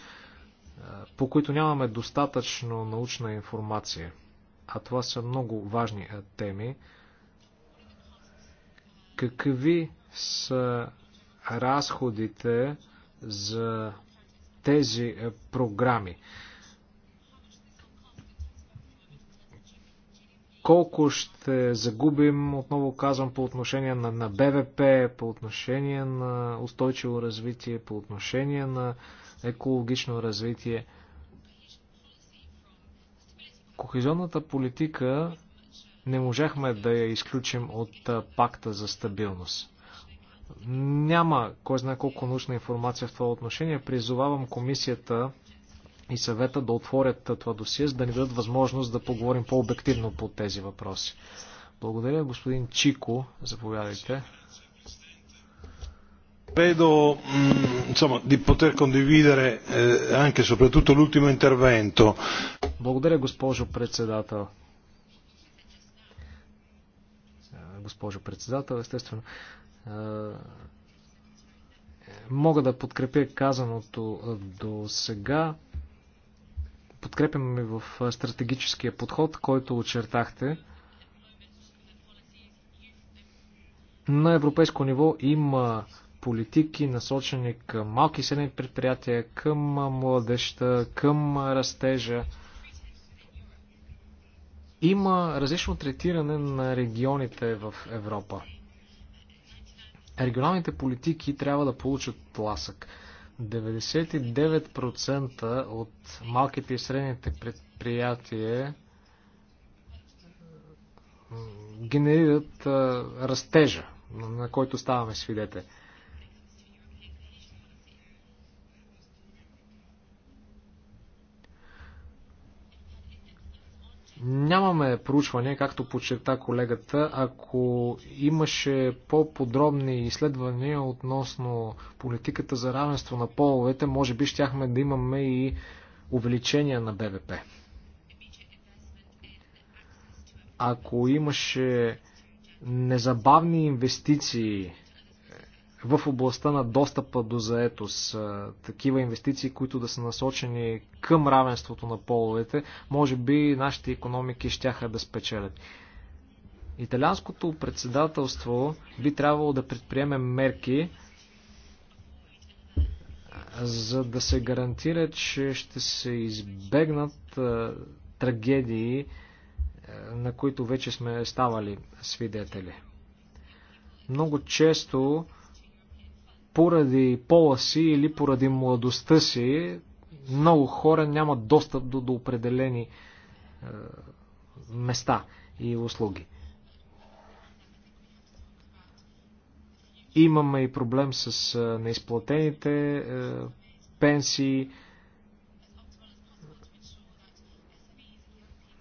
по които нямаме достатъчно научна информация. А това са много важни теми. Какви са разходите за тези програми? колко ще загубим, отново казвам, по отношение на, на БВП, по отношение на устойчиво развитие, по отношение на екологично развитие. Кохезионната политика не можахме да я изключим от пакта за стабилност. Няма кой знае колко научна информация в това отношение. Призовавам комисията и съвета да отворят това досие, за да ни дадат възможност да поговорим по-обективно по тези въпроси. Благодаря, господин Чико. Заповядайте. Credo insomma, di poter condividere eh, anche e soprattutto l'ultimo intervento. Благодаря, госпожо председател. Е, госпожо председател, естествено. Е, мога да подкрепя казаното до сега подкрепяме в стратегическия подход, който очертахте. На европейско ниво има политики, насочени към малки и средни предприятия, към младеща, към растежа. Има различно третиране на регионите в Европа. Регионалните политики трябва да получат тласък. 99% от малките и средните предприятия генерират растежа, на който ставаме свидетели. Нямаме проучване, както подчерта колегата. Ако имаше по-подробни изследвания относно политиката за равенство на половете, може би щяхме да имаме и увеличение на БВП. Ако имаше незабавни инвестиции в областта на достъпа до заетост, е, такива инвестиции, които да са насочени към равенството на половете, може би нашите економики щяха да спечелят. Италианското председателство би трябвало да предприеме мерки, е, за да се гарантира, че ще се избегнат е, трагедии, на които вече сме ставали свидетели. Много често поради пола си или поради младостта си, много хора нямат достъп до, до определени е, места и услуги. Имаме и проблем с е, неизплатените е, пенсии. Е,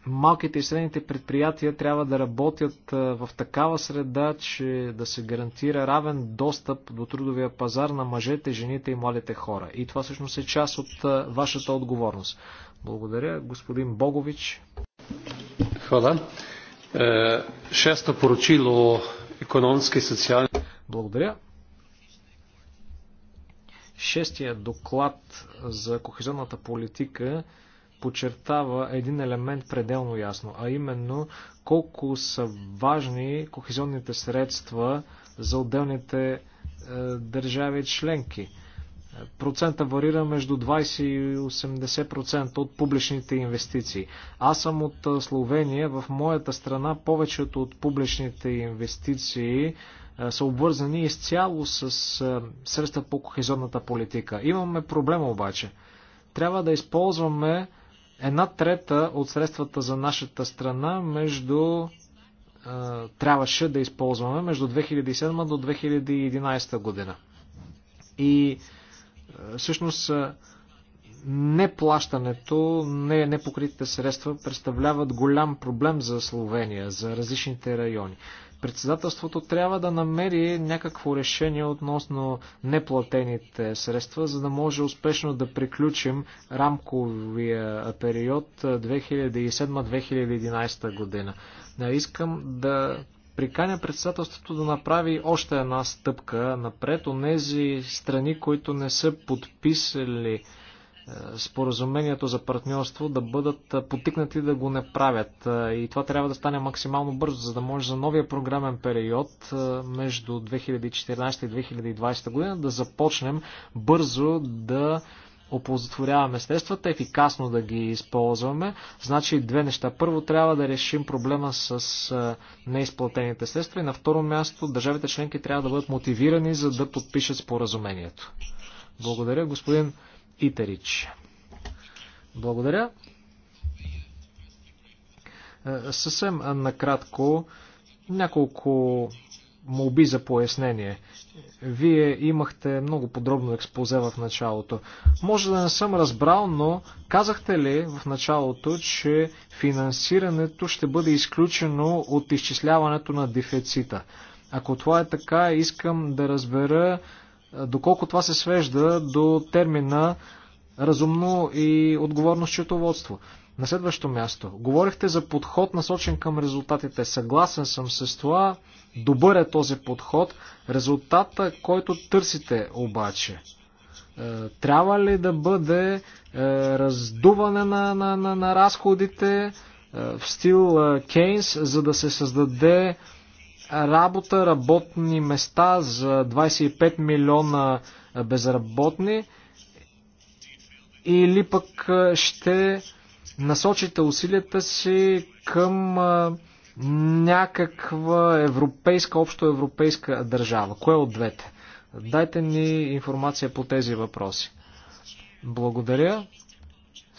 малките и средните предприятия трябва да работят в такава среда, че да се гарантира равен достъп до трудовия пазар на мъжете, жените и младите хора. И това всъщност е част от вашата отговорност. Благодаря, господин Богович. Хвала. Е, шесто поручило економски и социални... Благодаря. Шестия доклад за кохезионната политика подчертава един елемент пределно ясно, а именно колко са важни кохезионните средства за отделните е, държави членки. Процента варира между 20 и 80% от публичните инвестиции. Аз съм от е, Словения. В моята страна повечето от публичните инвестиции е, са обвързани изцяло с е, средства по кохезионната политика. Имаме проблем обаче. Трябва да използваме една трета от средствата за нашата страна между трябваше да използваме между 2007 до 2011 година. И всъщност неплащането, не, непокритите средства представляват голям проблем за Словения, за различните райони. Председателството трябва да намери някакво решение относно неплатените средства, за да може успешно да приключим рамковия период 2007-2011 година. Искам да приканя председателството да направи още една стъпка напред. Онези страни, които не са подписали споразумението за партньорство да бъдат потикнати да го не правят. И това трябва да стане максимално бързо, за да може за новия програмен период между 2014 и 2020 година да започнем бързо да оползотворяваме средствата, ефикасно да ги използваме. Значи две неща. Първо трябва да решим проблема с неизплатените средства и на второ място държавите членки трябва да бъдат мотивирани за да подпишат споразумението. Благодаря, господин Итерич. Благодаря. Е, съвсем накратко, няколко молби за пояснение. Вие имахте много подробно експозе в началото. Може да не съм разбрал, но казахте ли в началото, че финансирането ще бъде изключено от изчисляването на дефицита? Ако това е така, искам да разбера доколко това се свежда до термина разумно и отговорно счетоводство. На следващо място, говорихте за подход насочен към резултатите. Съгласен съм с това, добър е този подход. Резултата, който търсите обаче, е, трябва ли да бъде е, раздуване на, на, на, на разходите е, в стил Кейнс, за да се създаде работа, работни места за 25 милиона безработни или пък ще насочите усилията си към някаква европейска, общоевропейска държава? Кое от двете? Дайте ни информация по тези въпроси. Благодаря.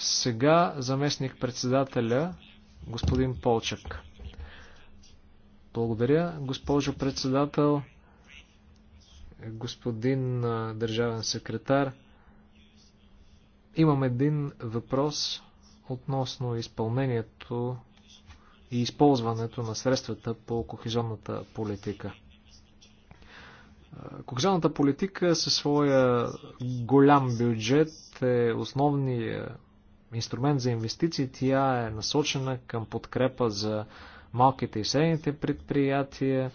Сега заместник председателя господин Полчък. Благодаря, госпожо председател, господин държавен секретар. Имам един въпрос относно изпълнението и използването на средствата по кохезионната политика. Кохезионната политика със своя голям бюджет е основният инструмент за инвестиции. Тя е насочена към подкрепа за малките и средните предприятия.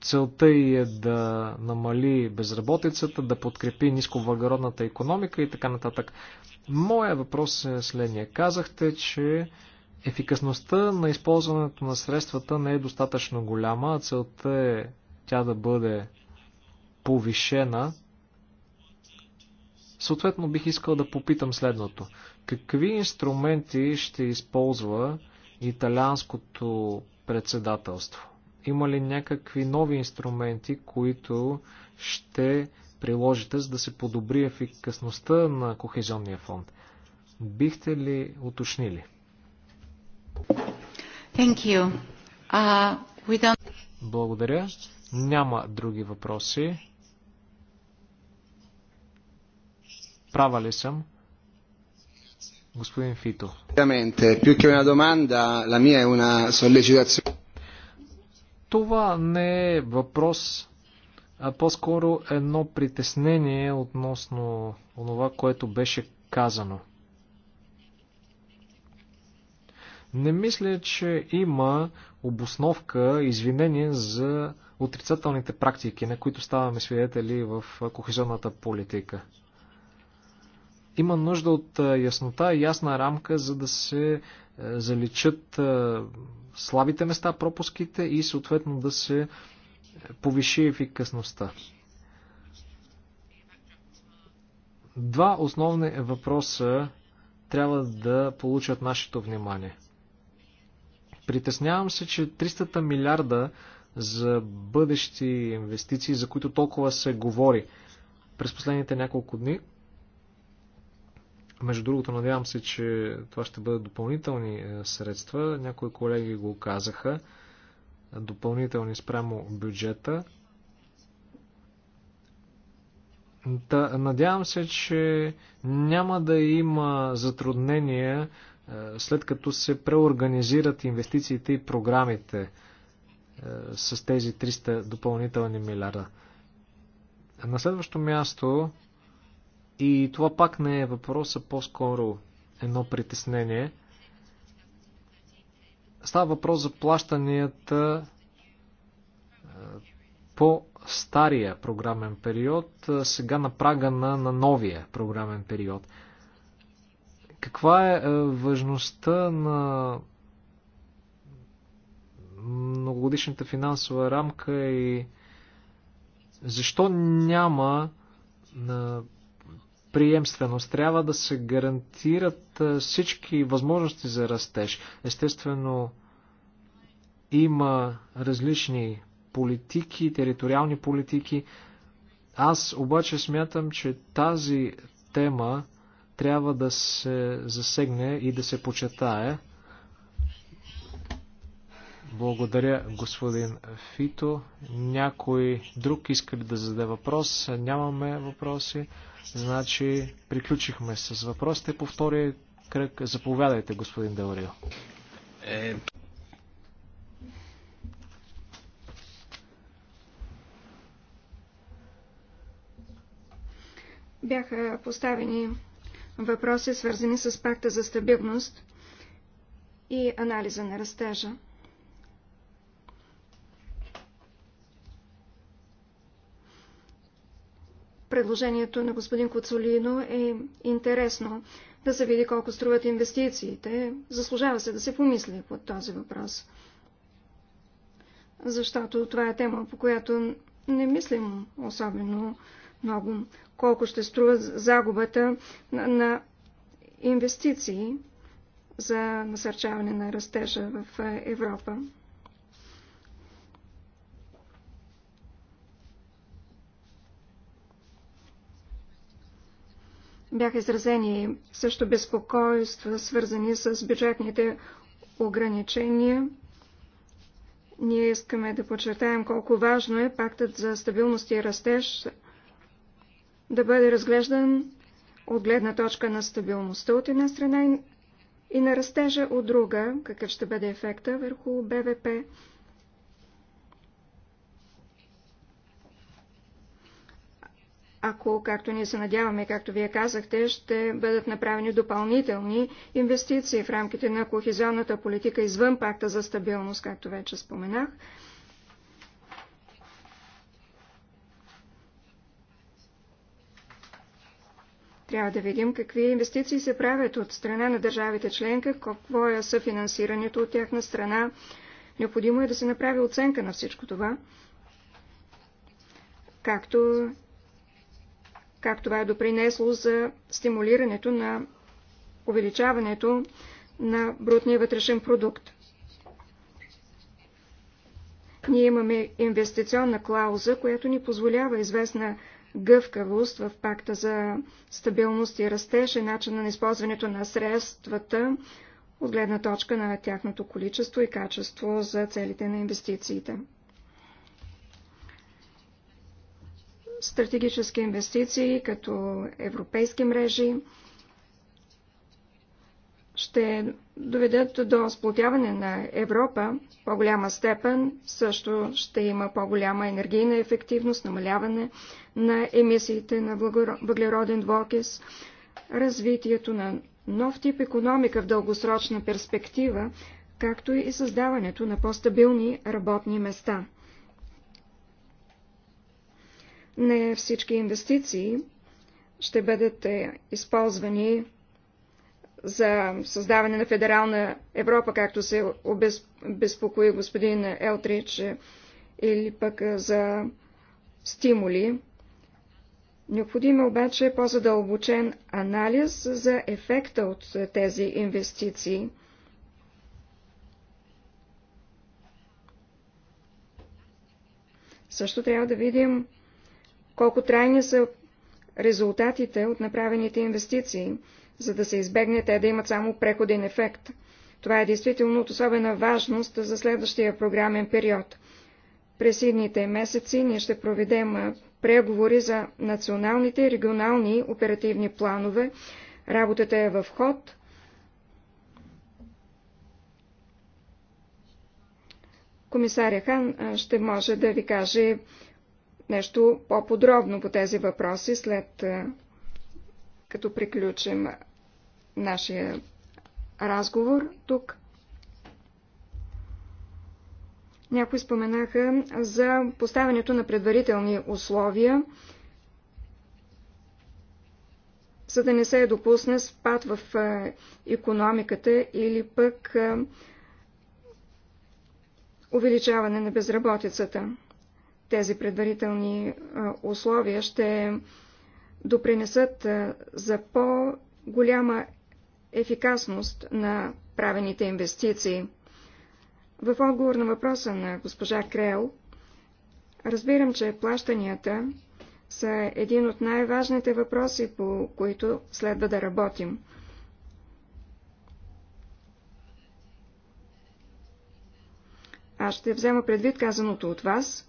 Целта й е да намали безработицата, да подкрепи нисковъглеродната економика и така нататък. Моя въпрос е следния. Казахте, че ефикасността на използването на средствата не е достатъчно голяма, а целта е тя да бъде повишена. Съответно бих искал да попитам следното. Какви инструменти ще използва италианското председателство? Има ли някакви нови инструменти, които ще приложите, за да се подобри ефикасността на Кохезионния фонд? Бихте ли уточнили? Thank you. Uh, we don't... Благодаря. Няма други въпроси. Права ли съм? Господин Фито. Това не е въпрос, а по-скоро едно притеснение относно онова, което беше казано. Не мисля, че има обосновка, извинение за отрицателните практики, на които ставаме свидетели в кохезионната политика. Има нужда от яснота и ясна рамка, за да се е, заличат е, слабите места, пропуските и съответно да се е, повиши ефикасността. Два основни въпроса трябва да получат нашето внимание. Притеснявам се, че 300 милиарда за бъдещи инвестиции, за които толкова се говори през последните няколко дни, между другото, надявам се, че това ще бъдат допълнителни е, средства. Някои колеги го казаха. Допълнителни спрямо бюджета. Да, надявам се, че няма да има затруднения е, след като се преорганизират инвестициите и програмите е, с тези 300 допълнителни милиарда. На следващо място и това пак не е въпроса, по-скоро едно притеснение. Става въпрос за плащанията по стария програмен период, сега на прага на, на новия програмен период. Каква е важността на многогодишната финансова рамка и защо няма на приемственост. Трябва да се гарантират всички възможности за растеж. Естествено, има различни политики, териториални политики. Аз обаче смятам, че тази тема трябва да се засегне и да се почетае. Благодаря, господин Фито. Някой друг иска ли да зададе въпрос? Нямаме въпроси. Значи, приключихме с въпросите по втория кръг. Заповядайте, господин Деларио. Е... Бяха поставени въпроси, свързани с пакта за стабилност и анализа на растежа. Предложението на господин Коцолино е интересно да се види колко струват инвестициите. Заслужава се да се помисли под този въпрос. Защото това е тема, по която не мислим особено много. Колко ще струва загубата на, на инвестиции за насърчаване на растежа в Европа. Бяха изразени също безпокойства, свързани с бюджетните ограничения. Ние искаме да подчертаем колко важно е пактът за стабилност и растеж да бъде разглеждан от гледна точка на стабилността от една страна и на растежа от друга, какъв ще бъде ефекта върху БВП. ако, както ние се надяваме, както вие казахте, ще бъдат направени допълнителни инвестиции в рамките на кохезионната политика извън пакта за стабилност, както вече споменах. Трябва да видим какви инвестиции се правят от страна на държавите членка, какво е съфинансирането от тяхна страна. Необходимо е да се направи оценка на всичко това, както как това е допринесло за стимулирането на увеличаването на брутния вътрешен продукт. Ние имаме инвестиционна клауза, която ни позволява известна гъвкавост в пакта за стабилност и растеж и начин на използването на средствата от гледна точка на тяхното количество и качество за целите на инвестициите. стратегически инвестиции, като европейски мрежи, ще доведат до сплотяване на Европа по-голяма степен, също ще има по-голяма енергийна ефективност, намаляване на емисиите на въглероден двокис, развитието на нов тип економика в дългосрочна перспектива, както и създаването на по-стабилни работни места – не всички инвестиции ще бъдат е, използвани за създаване на федерална Европа, както се обезпокои господин Елтрич, е, или пък е, за стимули. Необходим е обаче по-задълбочен анализ за ефекта от тези инвестиции. Също трябва да видим колко трайни са резултатите от направените инвестиции, за да се избегне те да имат само преходен ефект. Това е действително от особена важност за следващия програмен период. През идните месеци ние ще проведем преговори за националните и регионални оперативни планове. Работата е в ход. Комисаря Хан ще може да ви каже нещо по-подробно по тези въпроси, след е, като приключим нашия разговор тук. Някои споменаха за поставянето на предварителни условия, за да не се допусне спад в економиката или пък е, увеличаване на безработицата. Тези предварителни условия ще допринесат за по-голяма ефикасност на правените инвестиции. В отговор на въпроса на госпожа Крел, разбирам, че плащанията са един от най-важните въпроси, по които следва да работим. Аз ще взема предвид казаното от вас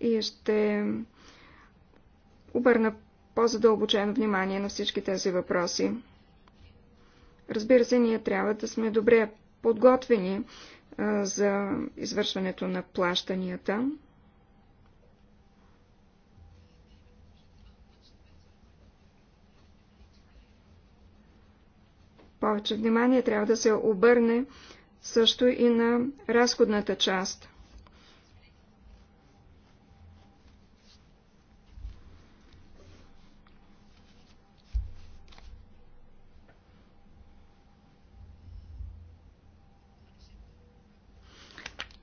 и ще обърна по-задълбочено внимание на всички тези въпроси. Разбира се, ние трябва да сме добре подготвени за извършването на плащанията. Повече внимание трябва да се обърне също и на разходната част –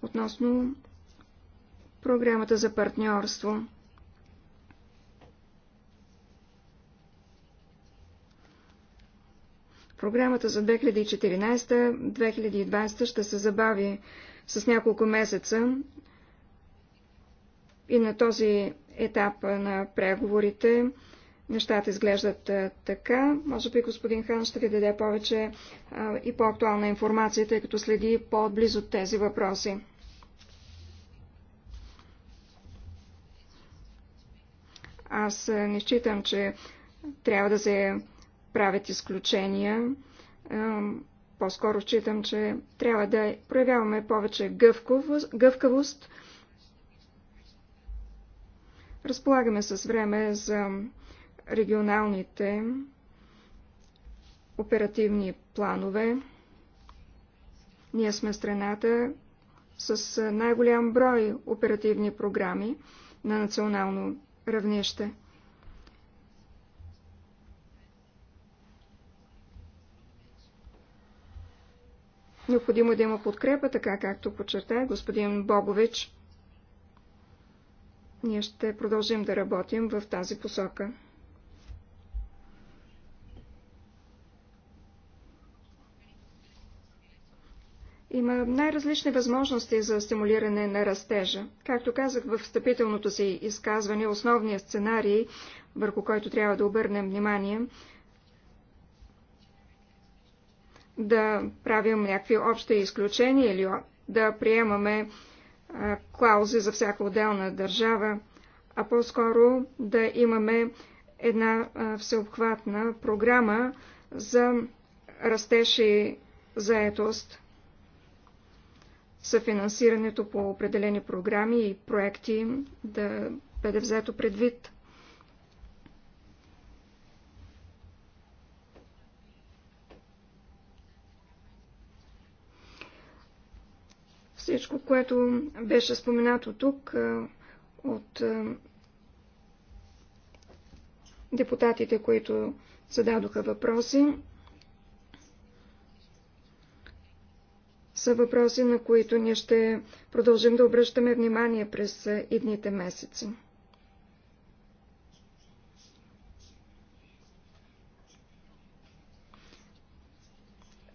относно програмата за партньорство. Програмата за 2014-2020 ще се забави с няколко месеца и на този етап на преговорите нещата изглеждат така. Може би господин Хан ще ви даде повече и по-актуална информация, тъй като следи по-близо тези въпроси. Аз е, не считам, че трябва да се правят изключения. Е, по-скоро считам, че трябва да проявяваме повече гъвкавост, Разполагаме с време за регионалните оперативни планове. Ние сме страната с е, най-голям брой оперативни програми на национално равнище. Необходимо е да има подкрепа, така както подчерта господин Богович. Ние ще продължим да работим в тази посока. Има най-различни възможности за стимулиране на растежа. Както казах в встъпителното си изказване, основният сценарий, върху който трябва да обърнем внимание, да правим някакви общи изключения или да приемаме клаузи за всяка отделна държава, а по-скоро да имаме една всеобхватна програма за растеж и заетост – съфинансирането по определени програми и проекти да бъде взето предвид. Всичко, което беше споменато тук от депутатите, които зададоха въпроси, са въпроси, на които ние ще продължим да обръщаме внимание през е, идните месеци.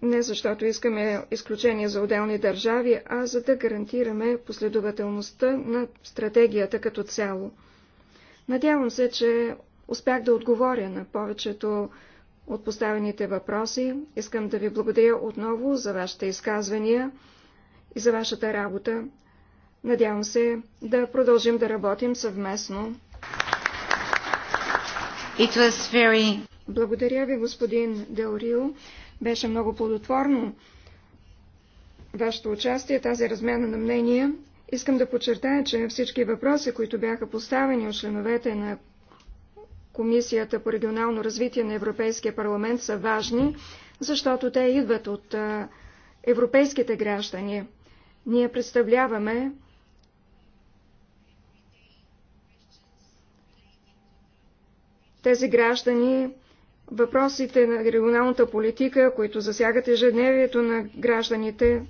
Не защото искаме изключение за отделни държави, а за да гарантираме последователността на стратегията като цяло. Надявам се, че успях да отговоря на повечето от поставените въпроси. Искам да ви благодаря отново за вашите изказвания и за вашата работа. Надявам се да продължим да работим съвместно. It was very... Благодаря ви, господин Делрио. Беше много плодотворно вашето участие, тази размяна на мнения. Искам да подчертая, че всички въпроси, които бяха поставени от членовете на Комисията по регионално развитие на Европейския парламент са важни, защото те идват от европейските граждани. Ние представляваме тези граждани въпросите на регионалната политика, които засягат ежедневието на гражданите,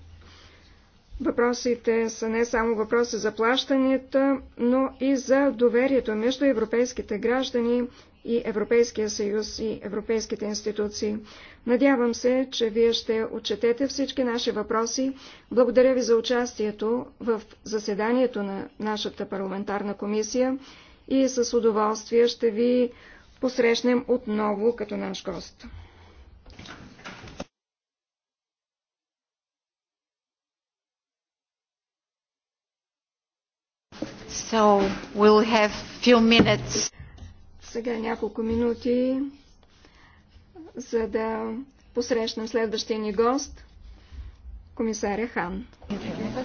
Въпросите са не само въпроси за плащанията, но и за доверието между европейските граждани и Европейския съюз и европейските институции. Надявам се, че вие ще отчетете всички наши въпроси. Благодаря ви за участието в заседанието на нашата парламентарна комисия и с удоволствие ще ви посрещнем отново като наш гост. So we'll have few minutes. Сега няколко минути, за да посрещнем следващия ни гост, комисаря Хан. Thank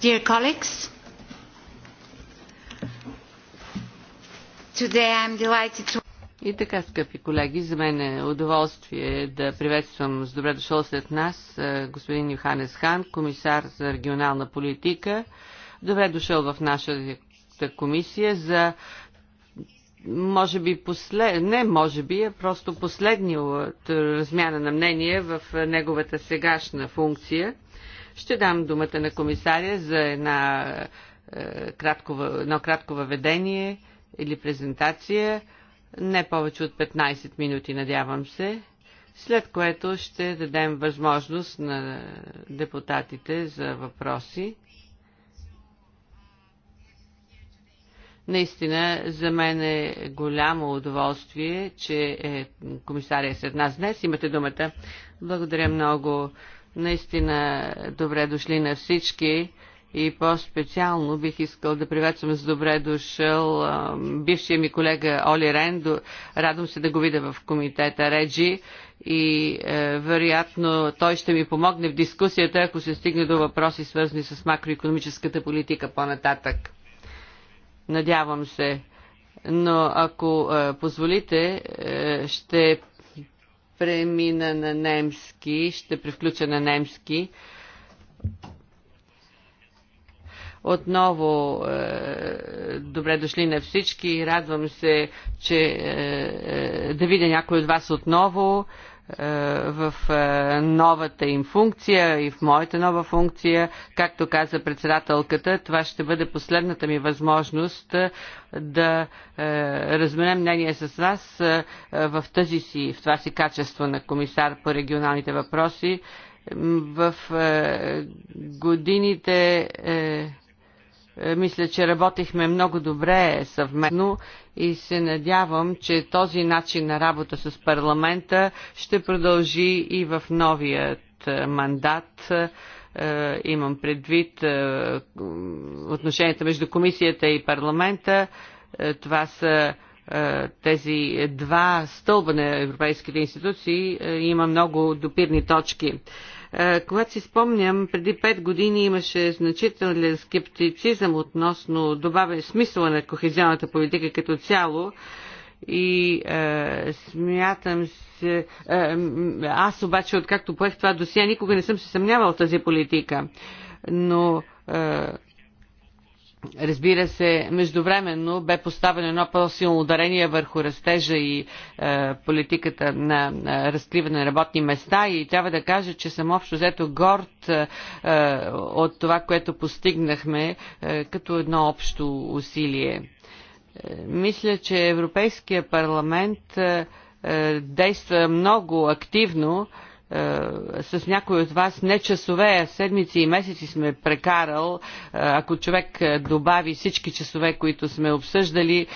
Dear colleagues, today I'm delighted to... И така, скъпи колеги, за мен е удоволствие да приветствам с добре дошъл след нас господин Йоханес Хан, комисар за регионална политика. Добре дошъл в нашата комисия за може би послед... не може би, а просто последния размяна на мнение в неговата сегашна функция – ще дам думата на комисаря за една, е, кратко, едно кратко въведение или презентация, не повече от 15 минути, надявам се, след което ще дадем възможност на депутатите за въпроси. Наистина, за мен е голямо удоволствие, че е комисария сред нас днес. Имате думата. Благодаря много, Наистина добре дошли на всички и по-специално бих искал да приветствам с добре дошъл бившия ми колега Оли Рен. Радвам се да го видя в комитета Реджи и е, вероятно той ще ми помогне в дискусията, ако се стигне до въпроси свързани с макроекономическата политика по-нататък. Надявам се. Но ако е, позволите, е, ще премина на немски, ще превключа на немски. Отново е, добре дошли на всички. Радвам се, че е, е да видя някой от вас отново. Е, е, в е, новата им функция и в моята нова функция, както каза председателката, това ще бъде последната ми възможност е, да разменя мнение с вас в тази си, в това си качество на комисар по регионалните въпроси. В годините е, мисля, че работихме много добре съвместно и се надявам, че този начин на работа с парламента ще продължи и в новият е, мандат е, имам предвид отношенията между комисията и парламента. Това са тези два стълба на европейските институции. Има много допирни точки. Е, когато си спомням, преди 5 години имаше значителен скептицизъм относно добавен смисъл на кохезионната политика като цяло и е, смятам се, е, аз обаче откакто поех това досия никога не съм се съмнявал в тази политика, но е, Разбира се, междувременно бе поставено едно по-силно ударение върху растежа и е, политиката на, е, разкриване на работни места и трябва да кажа, че съм общо взето горд е, от това, което постигнахме е, като едно общо усилие. Е, мисля, че Европейския парламент е, е, действа много активно е, е, с някой от вас не часове, а седмици и месеци сме прекарал. Е, ако човек е, добави всички часове, които сме обсъждали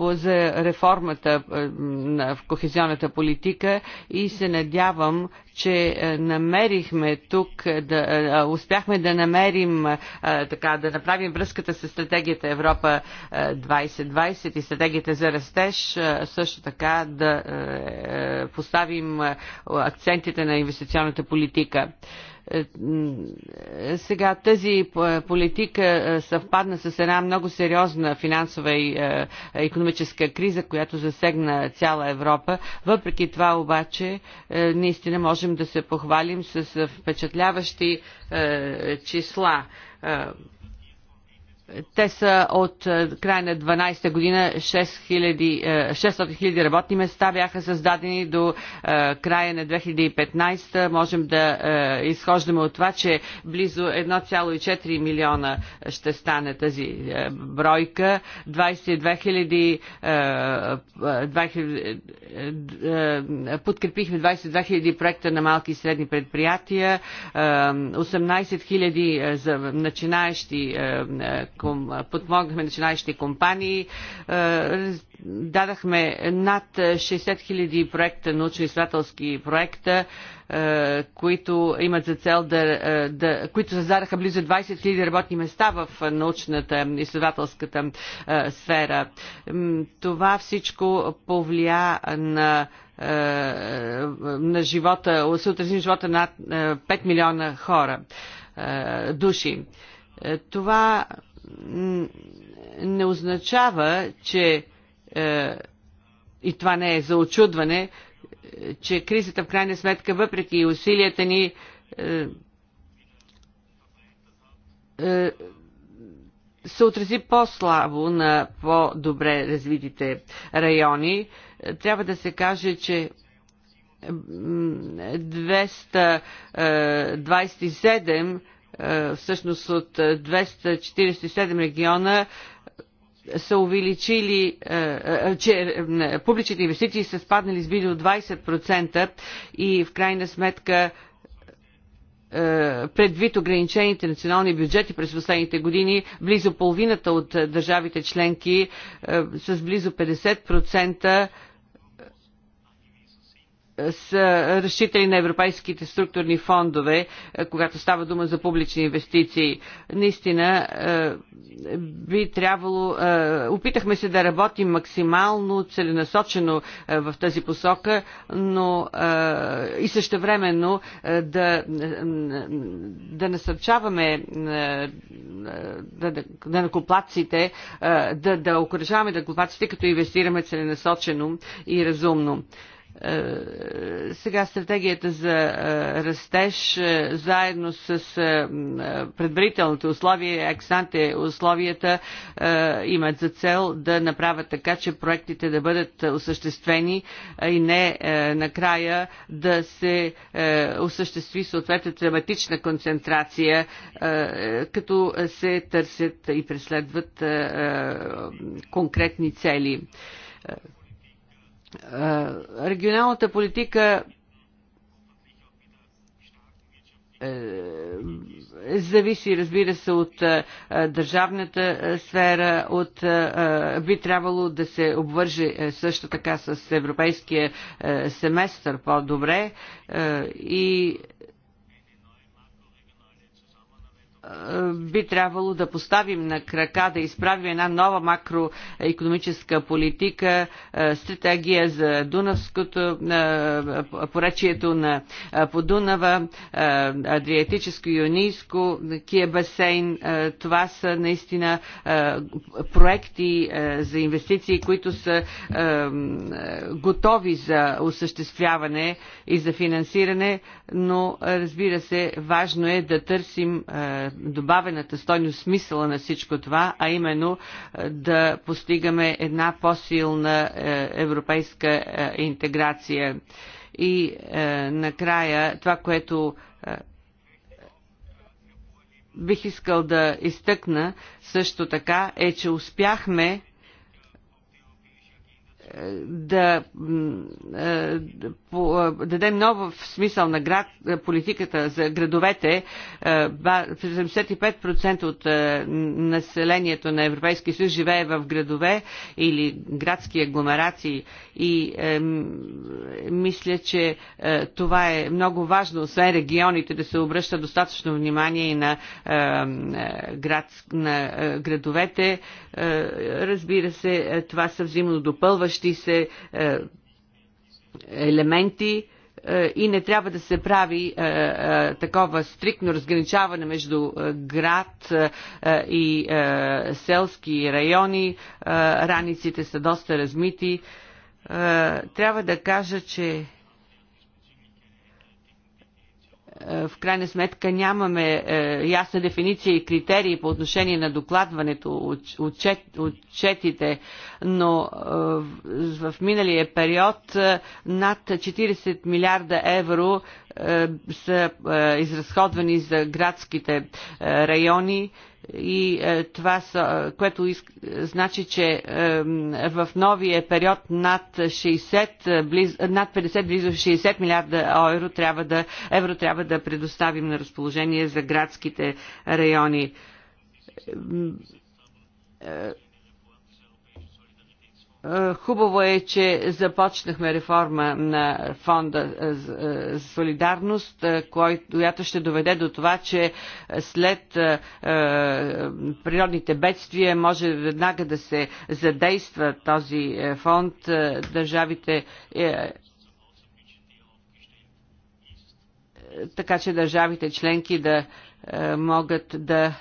за реформата в кохезионната политика и се надявам, че е, намерихме тук, да, е, успяхме да намерим, е, така, да направим връзката с стратегията Европа 2020 и стратегията за растеж, също така да поставим акцентите на инвестиционната политика. Е, сега тази политика е, съвпадна с една много сериозна финансова и е, економическа криза, която засегна цяла Европа. Въпреки това обаче наистина можем да се похвалим с впечатляващи числа. Те са от е, края на 12-та година 600 000 е, работни места бяха създадени до е, края на 2015. Можем да изхождаме от това, че близо 1,4 милиона ще стане тази бройка. 22 000, подкрепихме 22 000 проекта на малки и средни предприятия, 18 000 за начинаещи подмогнахме начинаещите компании, е, дадахме над 60 000 проекта, научно-изследователски проекта, е, които имат за цел да, е, да които създадаха близо 20 000 работни места в научната изследователската сфера. Това всичко повлия на на живота, се отрази на живота над 5 милиона хора, души. Това не означава, че е, и това не е за очудване, е, че кризата в крайна сметка, въпреки усилията ни, е, е, се отрази по-слабо на по-добре развитите райони. Е, трябва да се каже, че 227 е, всъщност от 247 е, региона са увеличили, е, че публичните инвестиции са спаднали с близо 20% и в крайна сметка предвид ограничените национални бюджети през последните години, близо половината от държавите членки с близо 50% са разчитали на европейските структурни фондове, е, когато става дума за публични инвестиции. Наистина е, би трябвало. Е, опитахме се да работим максимално целенасочено в тази посока, но и същевременно да, да насърчаваме да, да, да накоплаците, да, окоръжаваме да като инвестираме целенасочено и разумно. Е, сега стратегията за е, растеж е, заедно с предварителните условия, ексанте условията имат за цел да направят така, че проектите да бъдат осъществени и не накрая да се осъществи съответно тематична концентрация, като се търсят и преследват конкретни цели регионалната политика е, е, зависи, разбира се, от държавната сфера, от, би трябвало да се обвърже е, също така с европейския семестър по-добре и Е, би трябвало да поставим на крака, да изправим една нова макроекономическа политика, е, стратегия за Дунавското, е, поречието на Подунава, адриатическо Адриатическо-Юнийско, басейн. Това са наистина проекти за инвестиции, които са готови за осъществяване и за финансиране, но разбира се, важно е да търсим добавената стойност смисъла на всичко това, а именно е, да постигаме една по-силна е, европейска е, интеграция. И накрая това, което бих искал да изтъкна също така е, че успяхме да е, е, дадем нов смисъл на град, е, политиката за градовете. 75% от населението на Европейския съюз живее в градове или градски агломерации и мисля, че това е много важно, освен регионите, да се обръща достатъчно внимание и на, град, на градовете. Разбира се, това са взаимно допълващи развиващи се е, елементи е, и не трябва да се прави е, е, такова стриктно разграничаване между е, град е, и селски райони. Раниците са доста размити. Трябва да кажа, че е, в крайна сметка нямаме е, ясна дефиниция и критерии по отношение на докладването, отчет, отчетите, но е, в миналия период над 40 милиарда евро са изразходвани за градските райони и е, това, са, което иск, значи, че е, в новия период над, 60, е, близ, над 50, близо 60 милиарда евро трябва, да, евро трябва да предоставим на разположение за градските райони. Е, е, хубаво е, че започнахме реформа на фонда е, за е, солидарност, която ще доведе до това, че след природните бедствия може веднага да се задейства този фонд. Държавите така че държавите членки да могат да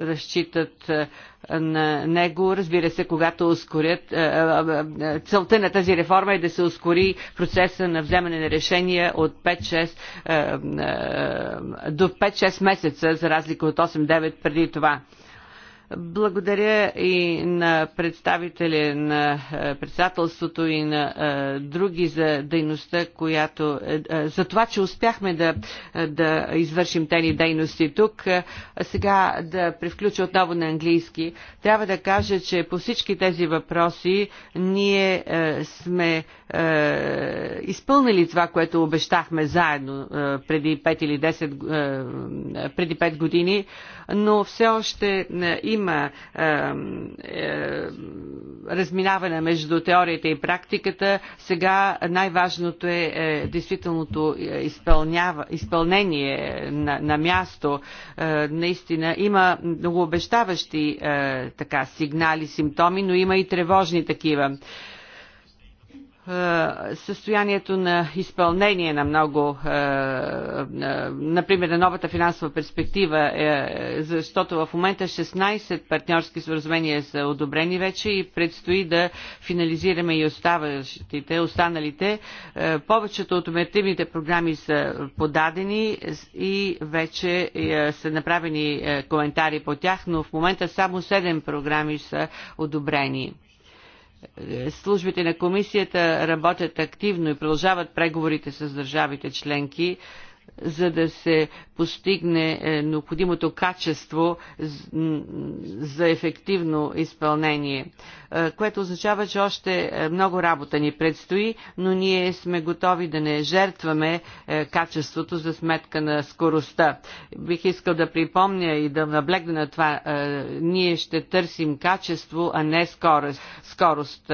разчитат е, на него. Разбира се, когато ускорят. Е, е, целта на тази реформа е да се ускори процеса на вземане на решения от 5-6, до 5-6 месеца, за разлика от 8-9 преди това. Благодаря и на представителя на е, председателството и на е, други за дейността, която, е, за това, че успяхме да, да извършим тези дейности тук. Сега да превключа отново на английски. Трябва да кажа, че по всички тези въпроси ние сме е, изпълнили това, което обещахме заедно е, преди 5 или 10 е, преди 5 години, но все още е, има е, е, разминаване между теорията и практиката. Сега най-важното е, е действителното е, изпълнява, изпълнение на, на място. Е, наистина има много обещаващи е, така, сигнали, симптоми, но има и тревожни такива. Е, е, състоянието на изпълнение на много, е, например, на новата финансова перспектива, е, защото в момента 16 партньорски споразумения са одобрени вече и предстои да финализираме и оставащите, останалите. Повечето от оперативните програми са подадени и вече са направени коментари по тях, но в момента само 7 програми са одобрени Службите на комисията работят активно и продължават преговорите с държавите членки за да се постигне е, необходимото качество за ефективно изпълнение, е, което означава, че още е, много работа ни предстои, но ние сме готови да не жертваме качеството за сметка на скоростта. Бих искал да припомня и да наблегна на това. Ние ще търсим качество, а не скорост. скорост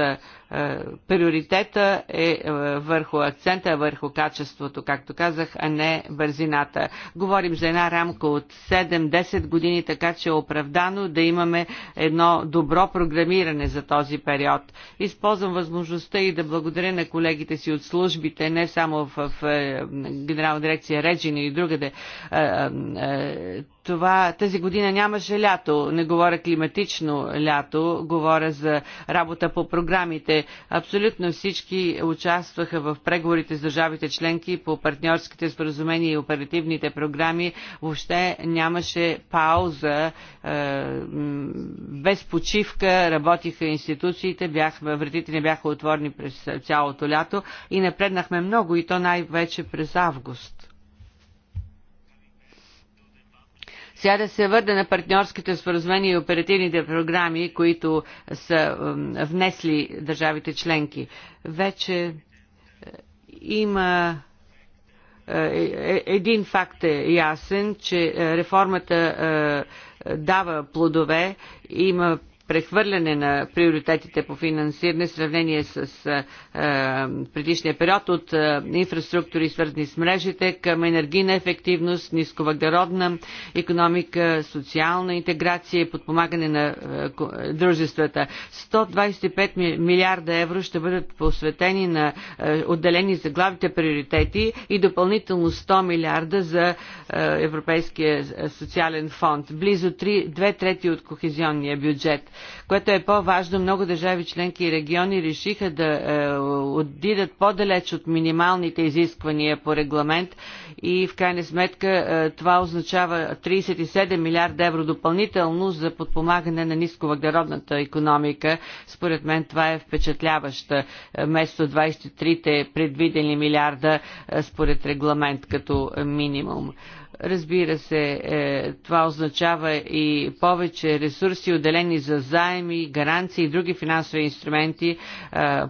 приоритета е върху акцента, върху качеството, както казах, а не бързината. Говорим за една рамка от 7-10 години, така че е оправдано да имаме едно добро програмиране за този период. Използвам възможността и да благодаря на колегите си от службите, не само в, в, в е, Генерална дирекция Реджина и другаде. Е, е, това, тази година нямаше лято, не говоря климатично лято, говоря за работа по програмите. Абсолютно всички участваха в преговорите с държавите членки по партньорските споразумения и оперативните програми. Въобще нямаше пауза, е, без почивка работиха институциите, бяхме, вратите не бяха отворни през цялото лято и напреднахме много и то най-вече през август. Сега да се върна на партньорските споразумения и оперативните програми, които са внесли държавите членки. Вече е, има е, е, един факт е ясен, че реформата дава плодове, има прехвърляне на приоритетите по финансиране в сравнение с предишния период от инфраструктури, свързани с мрежите, към енергийна ефективност, нисковъглеродна економика, социална интеграция и подпомагане на дружествата. 125 милиарда евро ще бъдат посветени на отделени за главите приоритети и допълнително 100 милиарда за Европейския социален фонд. Близо 3, 2 трети от кохезионния бюджет. Което е по-важно, много държави членки и региони решиха да е, отидат по-далеч от минималните изисквания по регламент и в крайна сметка е, това означава 37 милиарда евро допълнително за подпомагане на нисковъглеродната економика. Според мен това е впечатляваща е, вместо 23-те предвидени милиарда е, според регламент като минимум. Е, Разбира се, е, това означава и повече ресурси, отделени за заеми, гаранции и други финансови инструменти, е,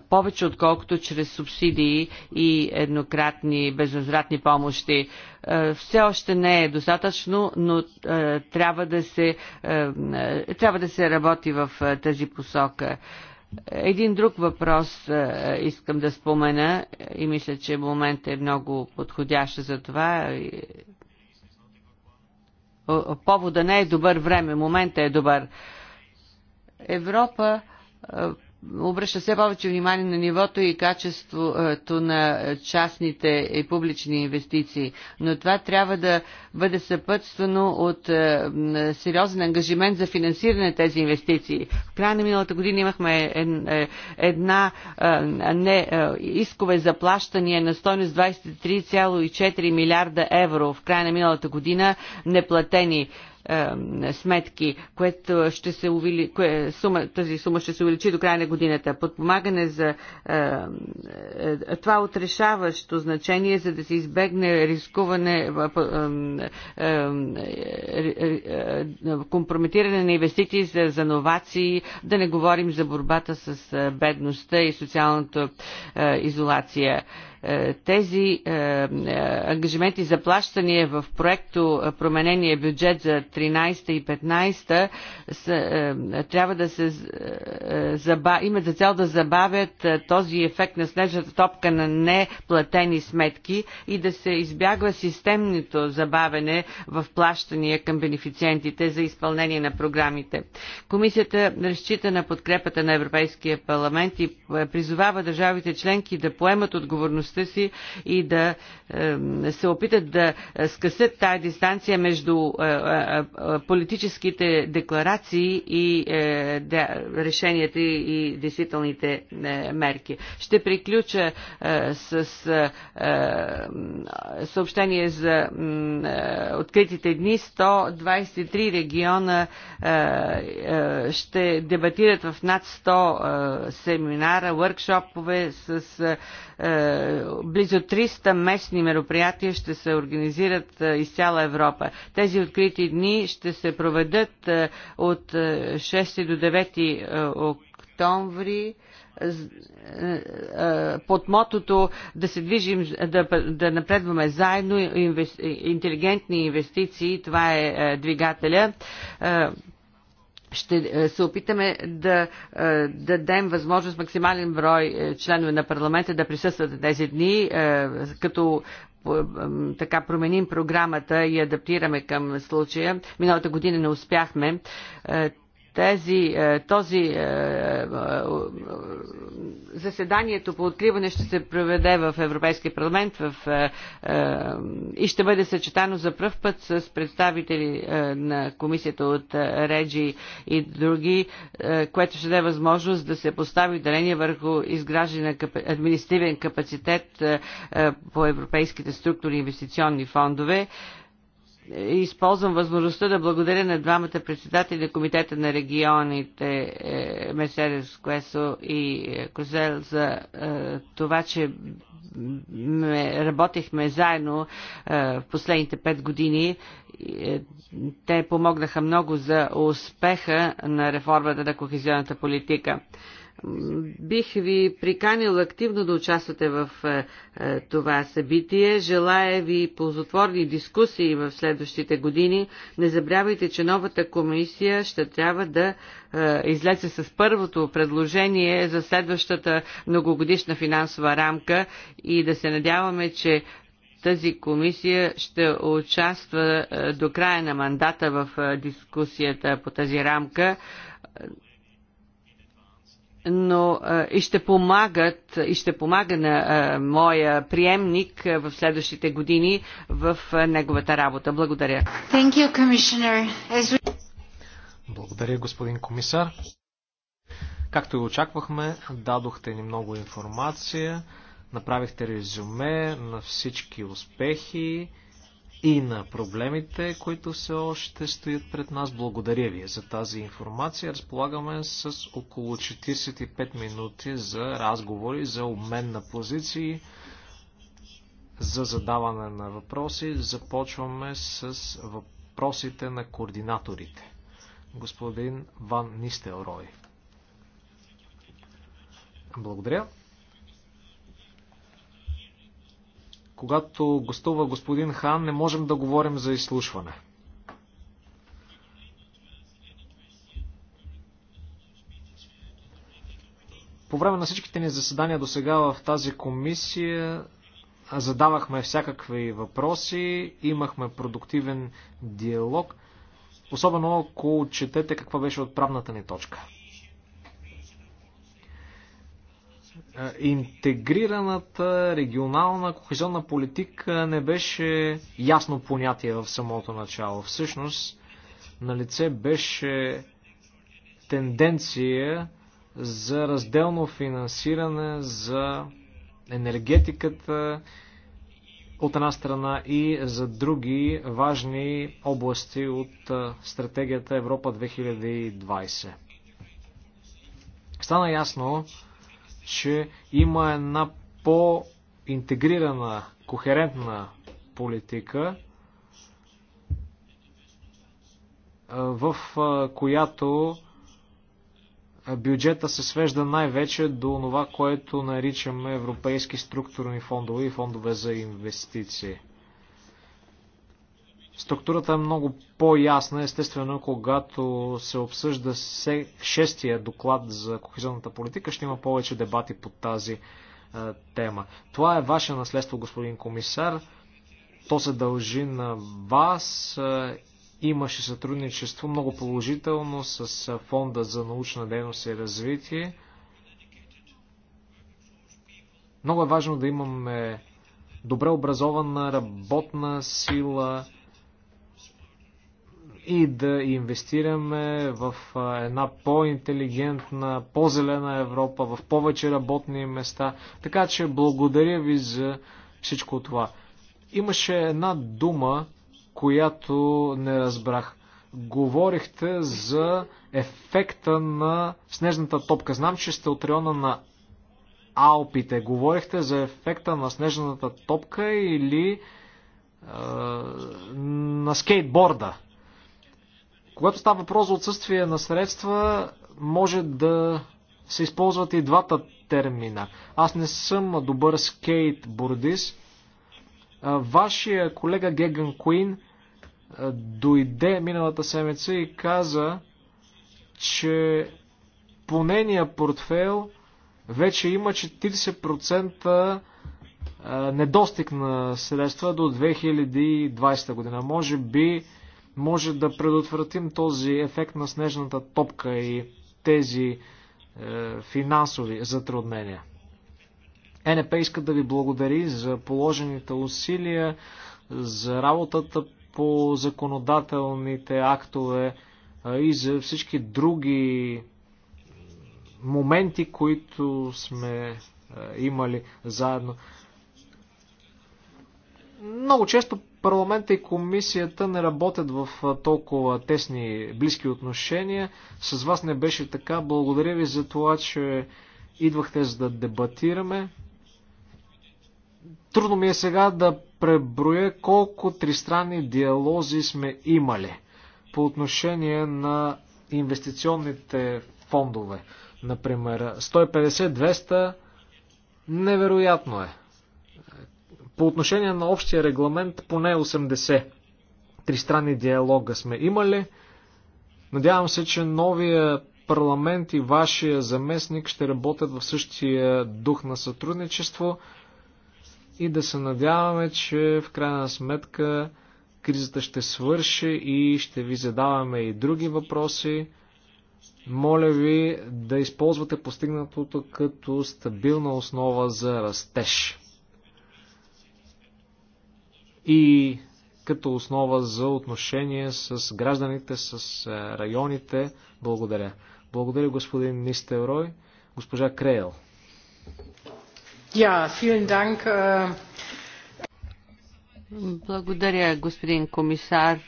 повече отколкото чрез субсидии и еднократни безвъзвратни помощи. Е, все още не е достатъчно, но е, трябва да се, е, е, трябва да се работи в тази посока. Един друг въпрос искам да спомена и мисля, че момент е много подходящ за това повода не е добър време, момента е добър. Европа обръща все повече внимание на нивото и качеството на частните и публични инвестиции, но това трябва да бъде съпътствано от е, сериозен ангажимент за финансиране на тези инвестиции. В края на миналата година имахме е, една е, не, искове за плащания на стойност 23,4 милиарда евро в края на миналата година неплатени сметки, което ще се увели, кое, сума, тази сума ще се увеличи до края на годината. Подпомагане за е, това отрешаващо значение, за да се избегне рискуване, е, е, компрометиране на инвестиции за, за новации, да не говорим за борбата с бедността и социалната изолация. Е, тези е, е, ангажименти за плащания в проекто променения бюджет за 13 и 15 са, трябва да се заба, имат за цел да забавят този ефект на снежната топка на неплатени сметки и да се избягва системното забавене в плащания към бенефициентите за изпълнение на програмите. Комисията разчита на подкрепата на Европейския парламент и призовава държавите членки да поемат отговорността личността си и да е, се опитат да скъсат тази дистанция между е, е, политическите декларации и решенията и действителните мерки. Ще приключа с съобщение за откритите дни. 123 региона ще дебатират в над 100 семинара, въркшопове с е, близо 300 местни мероприятия ще се организират е, из цяла Европа. Тези открити дни ще се проведат е, от 6 до 9 октомври под мотото да се движим, да, да напредваме заедно, инвес, интелигентни инвестиции, това е двигателя ще е, се опитаме да, е, да дадем възможност максимален брой е, членове на парламента да присъстват тези дни, като така променим програмата и адаптираме към случая. Миналата година не успяхме, тези, е, този е, е, заседанието по откриване ще се проведе в Европейския парламент в, и ще бъде съчетано за пръв път с представители на комисията от Реджи и други, което ще даде възможност да се постави ударение върху изграждане на административен капацитет по европейските структури и инвестиционни фондове използвам възможността да благодаря на двамата председатели на Комитета на регионите е, Меседес Куесо и е, Козел за е, това, че работихме заедно в последните пет години. Те помогнаха много за успеха на реформата на кохезионната политика. Бих ви приканил активно да участвате в е, е, това събитие. Желая ви ползотворни дискусии в следващите години. Не забравяйте, че новата комисия ще трябва да е, излезе с първото предложение за следващата многогодишна финансова рамка и да се надяваме, че тази комисия ще участва до края на мандата в дискусията по тази рамка но и ще помагат и ще помага на моя приемник в следващите години в неговата работа. Благодаря. Thank you, As we... Благодаря, господин комисар. Както и очаквахме, дадохте ни много информация, направихте резюме на всички успехи, и на проблемите, които все още стоят пред нас. Благодаря ви за тази информация. Разполагаме с около 45 минути за разговори, за обмен на позиции, за задаване на въпроси. Започваме с въпросите на координаторите. Господин Ван Нистелрой. Благодаря. Когато гостува господин Хан, не можем да говорим за изслушване. По време на всичките ни заседания до сега в тази комисия задавахме всякакви въпроси, имахме продуктивен диалог, особено ако четете каква беше отправната ни точка. интегрираната регионална кохезионна политика не беше ясно понятие в самото начало. Всъщност, на лице беше тенденция за разделно финансиране за енергетиката от една страна и за други важни области от стратегията Европа 2020. Стана ясно, че има една по-интегрирана, кохерентна политика, в която бюджета се свежда най-вече до това, което наричаме европейски структурни фондове и фондове за инвестиции. Структурата е много по-ясна, естествено, когато се обсъжда шестия доклад за кохезионната политика, ще има повече дебати по тази е, тема. Това е ваше наследство, господин комисар. То се дължи на вас. Е, имаше сътрудничество много положително с е, Фонда за научна дейност и развитие. Много е важно да имаме добре образована работна сила, и да инвестираме в една по-интелигентна, по-зелена Европа, в повече работни места. Така че благодаря ви за всичко това. Имаше една дума, която не разбрах. Говорихте за ефекта на снежната топка. Знам, че сте от района на Алпите. Говорихте за ефекта на снежната топка или е, на скейтборда. Когато става въпрос за отсъствие на средства, може да се използват и двата термина. Аз не съм добър скейтбордист. Вашия колега Геган Куин дойде миналата седмица и каза, че по нейния портфейл вече има 40% недостиг на средства до 2020 година. Може би може да предотвратим този ефект на снежната топка и тези е, финансови затруднения. НП иска да ви благодари за положените усилия, за работата по законодателните актове и за всички други моменти, които сме е, имали заедно. Много често парламента и комисията не работят в толкова тесни, близки отношения. С вас не беше така. Благодаря ви за това, че идвахте за да дебатираме. Трудно ми е сега да преброя колко тристранни диалози сме имали по отношение на инвестиционните фондове. Например, 150-200 невероятно е. По отношение на общия регламент, поне 80 тристранни диалога сме имали. Надявам се, че новия парламент и вашия заместник ще работят в същия дух на сътрудничество и да се надяваме, че в крайна сметка кризата ще свърши и ще ви задаваме и други въпроси. Моля ви да използвате постигнатото като стабилна основа за растеж и като основа за отношение с гражданите, с е, районите. Благодаря. Благодаря господин Рой, Госпожа Крейл. Äh, благодаря, господин комисар.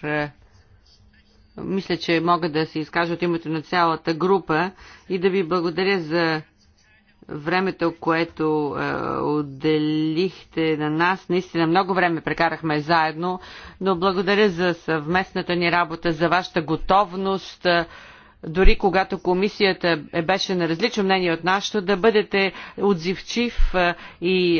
Мисля, че мога да се изкажа от името на цялата група и да ви благодаря за времето, което е, отделихте на нас. Наистина много време прекарахме заедно, но благодаря за съвместната ни работа, за вашата готовност. Е, дори когато комисията е, беше на различно мнение от нашето, да бъдете отзивчив и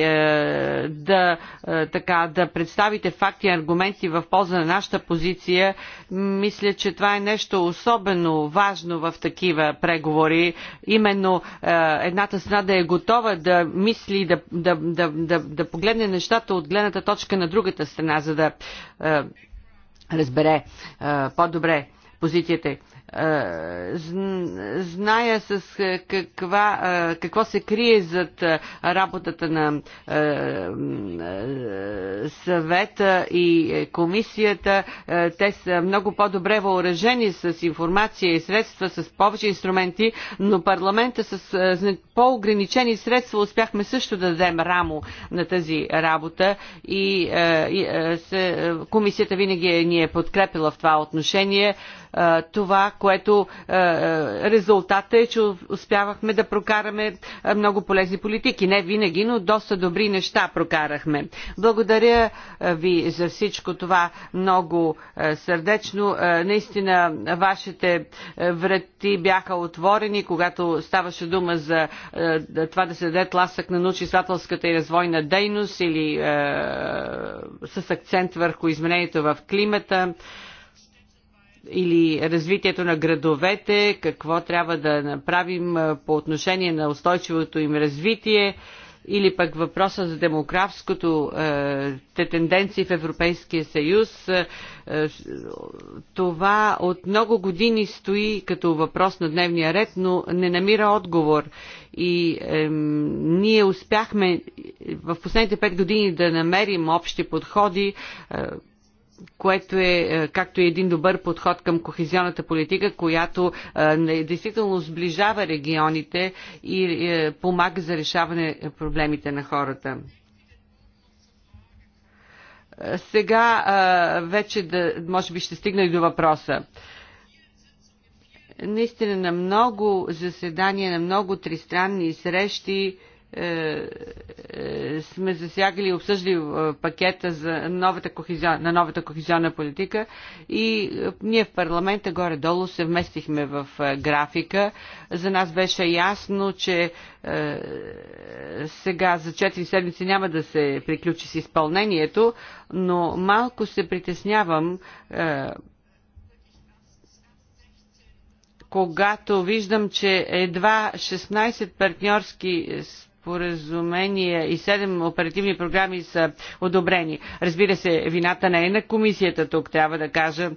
да, така, да представите факти и аргументи в полза на нашата позиция. Мисля, че това е нещо особено важно в такива преговори. Именно едната страна да е готова да мисли, да, да, да, да, да погледне нещата от гледната точка на другата страна, за да разбере по-добре позицията. Е, зная с е, каква, е, какво се крие зад работата на съвета и комисията. Те са много по-добре въоръжени с информация и средства, с повече инструменти, но парламента с по-ограничени средства успяхме също да дадем рамо на тази работа и, комисията винаги ни е подкрепила в това отношение. Това, което е, е, резултата е, че успявахме да прокараме е, много полезни политики. Не винаги, но доста добри неща прокарахме. Благодаря ви за всичко това много сърдечно. Наистина, вашите врати бяха отворени, когато ставаше дума за това да се даде тласък на научно-изследователската и развойна дейност или с акцент върху изменението в климата или развитието на градовете, какво трябва да направим по отношение на устойчивото им развитие или пък въпроса за демографското те тенденции в Европейския съюз. Това от много години стои като въпрос на дневния ред, но не намира отговор. И е, ние успяхме в последните пет години да намерим общи подходи. Е, което е, е както и е един добър подход към кохезионната политика, която е, действително сближава регионите и е, помага за решаване проблемите на хората. Сега вече да, може би ще стигна и до въпроса наистина на много заседания, на много тристранни срещи е, е, сме засягали и обсъждали е, пакета за новата кохизион, на новата кохизионна политика и ние в парламента горе-долу се вместихме в графика. За нас беше ясно, че е, сега за 4 седмици няма да се приключи с изпълнението, но малко се притеснявам е, когато виждам, че едва 16 партньорски споразумения и седем оперативни програми са одобрени. Разбира се, вината не е на комисията тук, трябва да кажа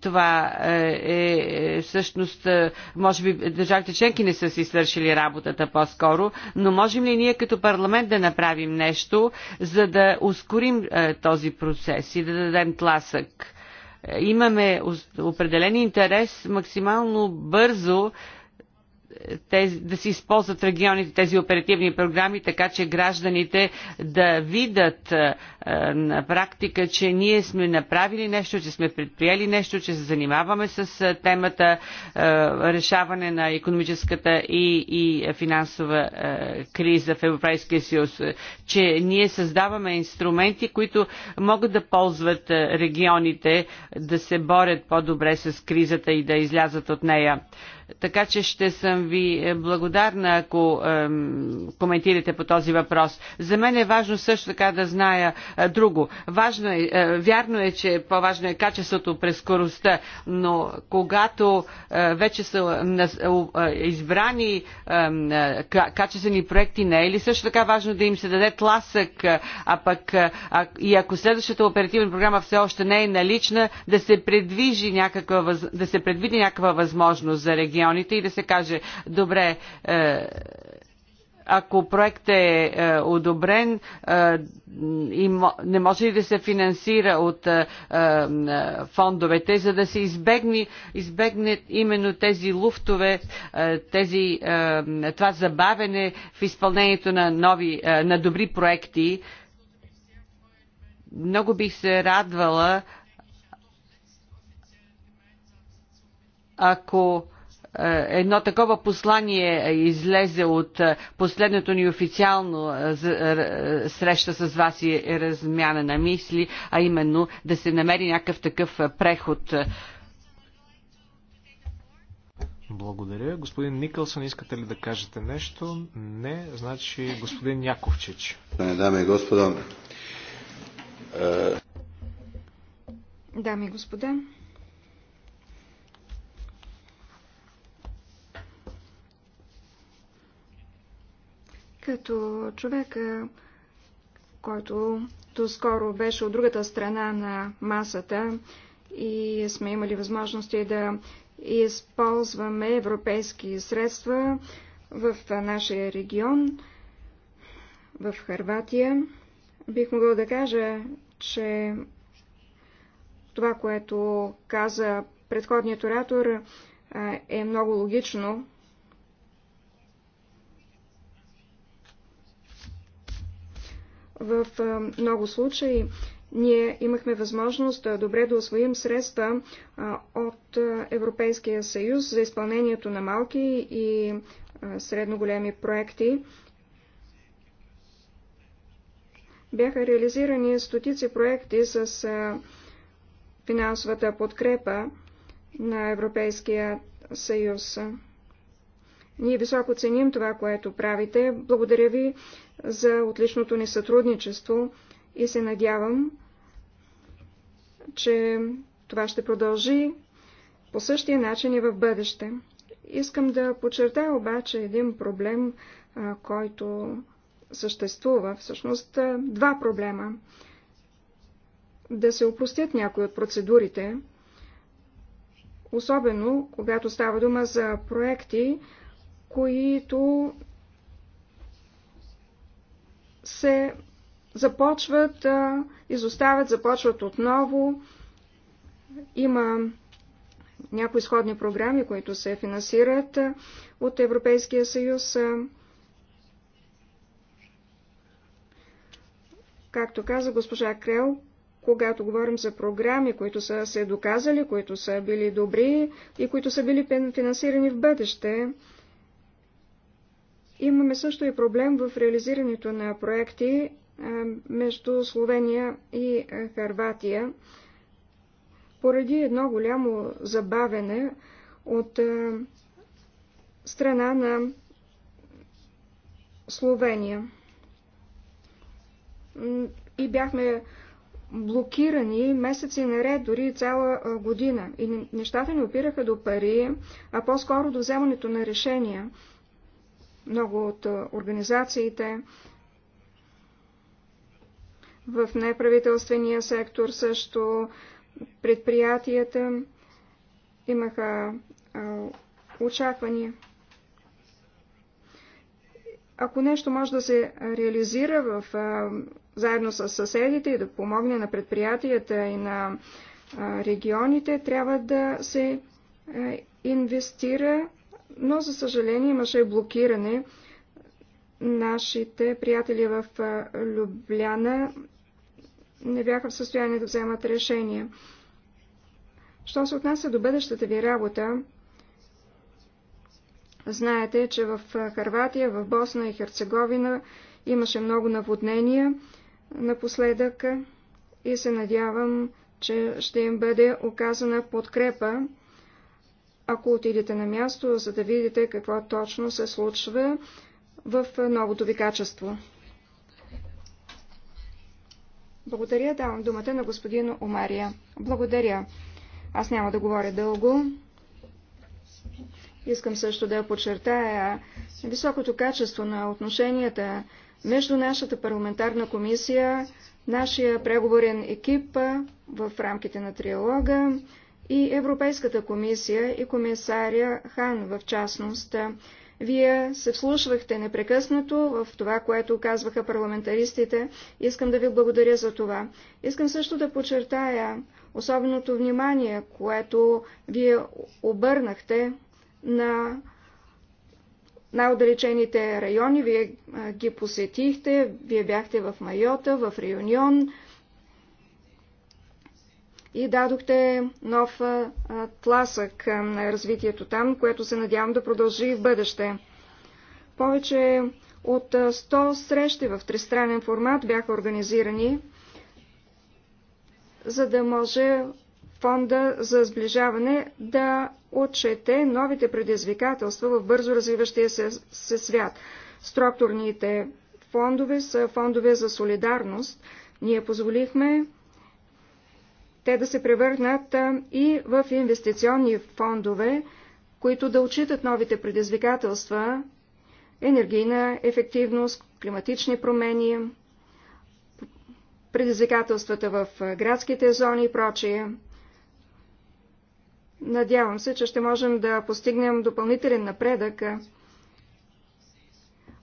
това е, е всъщност, е, може би държавите членки не са си свършили работата по-скоро, но можем ли ние като парламент да направим нещо, за да ускорим е, този процес и да дадем тласък? Имаме определен интерес максимално бързо тези, да се използват регионите тези оперативни програми, така че гражданите да видят е, на практика, че ние сме направили нещо, че сме предприели нещо, че се занимаваме с е, темата е, решаване на економическата и, и финансова криза в Европейския съюз, че ние създаваме инструменти, които могат да ползват регионите да се борят по-добре с кризата и да излязат от нея. Така че ще съм ви е, благодарна, ако е, коментирате по този въпрос. За мен е важно също така да зная е, друго. Важно е, е, вярно е, че по-важно е качеството през скоростта, но когато е, вече са е, избрани е, качествени проекти, не е ли също така важно да им се даде тласък, е, а пък е, а, и ако следващата оперативна програма все още не е налична, да се, предвижи някаква, да се предвиди някаква възможност за регион регионите и да се каже, добре, е, ако проект е, е одобрен е, и не може ли да се финансира от е, е, фондовете, за да се избегне, избегне именно тези луфтове, е, тези, това забавене в изпълнението на, нови, на добри проекти. Много бих се радвала, ако е, едно такова послание излезе от е, последното ни официално е, среща с вас и размяна на мисли, а именно да се намери някакъв такъв преход. Благодаря. Господин Никълсън, искате ли да кажете нещо? Не, значи господин Яковчич. Дами и господа. Дами и господа, Като човека, който доскоро беше от другата страна на масата и сме имали възможности да използваме европейски средства в нашия регион, в Харватия, бих могъл да кажа, че това, което каза предходният оратор, е много логично. В много случаи ние имахме възможност добре да освоим средства от Европейския съюз за изпълнението на малки и средно големи проекти. Бяха реализирани стотици проекти с финансовата подкрепа на Европейския съюз. Ние високо ценим това, което правите. Благодаря ви за отличното ни сътрудничество и се надявам, че това ще продължи по същия начин и в бъдеще. Искам да подчертая обаче един проблем, който съществува. Всъщност два проблема. Да се опростят някои от процедурите, особено когато става дума за проекти, които се започват, изоставят, започват отново. Има някои изходни програми, които се финансират от Европейския съюз. Както каза госпожа Крел, когато говорим за програми, които са се доказали, които са били добри и които са били финансирани в бъдеще, Имаме също и проблем в реализирането на проекти е, между Словения и е, Харватия поради едно голямо забавене от е, страна на Словения. И бяхме блокирани месеци наред, дори цяла година. И нещата не опираха до пари, а по-скоро до вземането на решения много от организациите в неправителствения сектор също предприятията имаха а, очаквания. Ако нещо може да се реализира в, а, заедно с съседите и да помогне на предприятията и на а, регионите, трябва да се а, инвестира но за съжаление имаше блокиране. Нашите приятели в Любляна не бяха в състояние да вземат решение. Що се отнася до бъдещата ви работа, знаете, че в Харватия, в Босна и Херцеговина имаше много наводнения напоследък и се надявам, че ще им бъде оказана подкрепа ако отидете на място, за да видите какво точно се случва в новото ви качество. Благодаря. Давам думата на господин Омария. Благодаря. Аз няма да говоря дълго. Искам също да подчертая високото качество на отношенията между нашата парламентарна комисия, нашия преговорен екип в рамките на триалога, и Европейската комисия и комисаря Хан в частност. Вие се вслушвахте непрекъснато в това, което казваха парламентаристите. Искам да ви благодаря за това. Искам също да подчертая особеното внимание, което вие обърнахте на най-отдалечените райони. Вие ги посетихте, вие бяхте в Майота, в Реюнион, и дадохте нов тласък на развитието там, което се надявам да продължи и в бъдеще. Повече от 100 срещи в тристранен формат бяха организирани, за да може фонда за сближаване да отчете новите предизвикателства в бързо развиващия се, се свят. Структурните фондове са фондове за солидарност. Ние позволихме те да се превърнат и в инвестиционни фондове, които да отчитат новите предизвикателства, енергийна ефективност, климатични промени, предизвикателствата в градските зони и прочие. Надявам се, че ще можем да постигнем допълнителен напредък.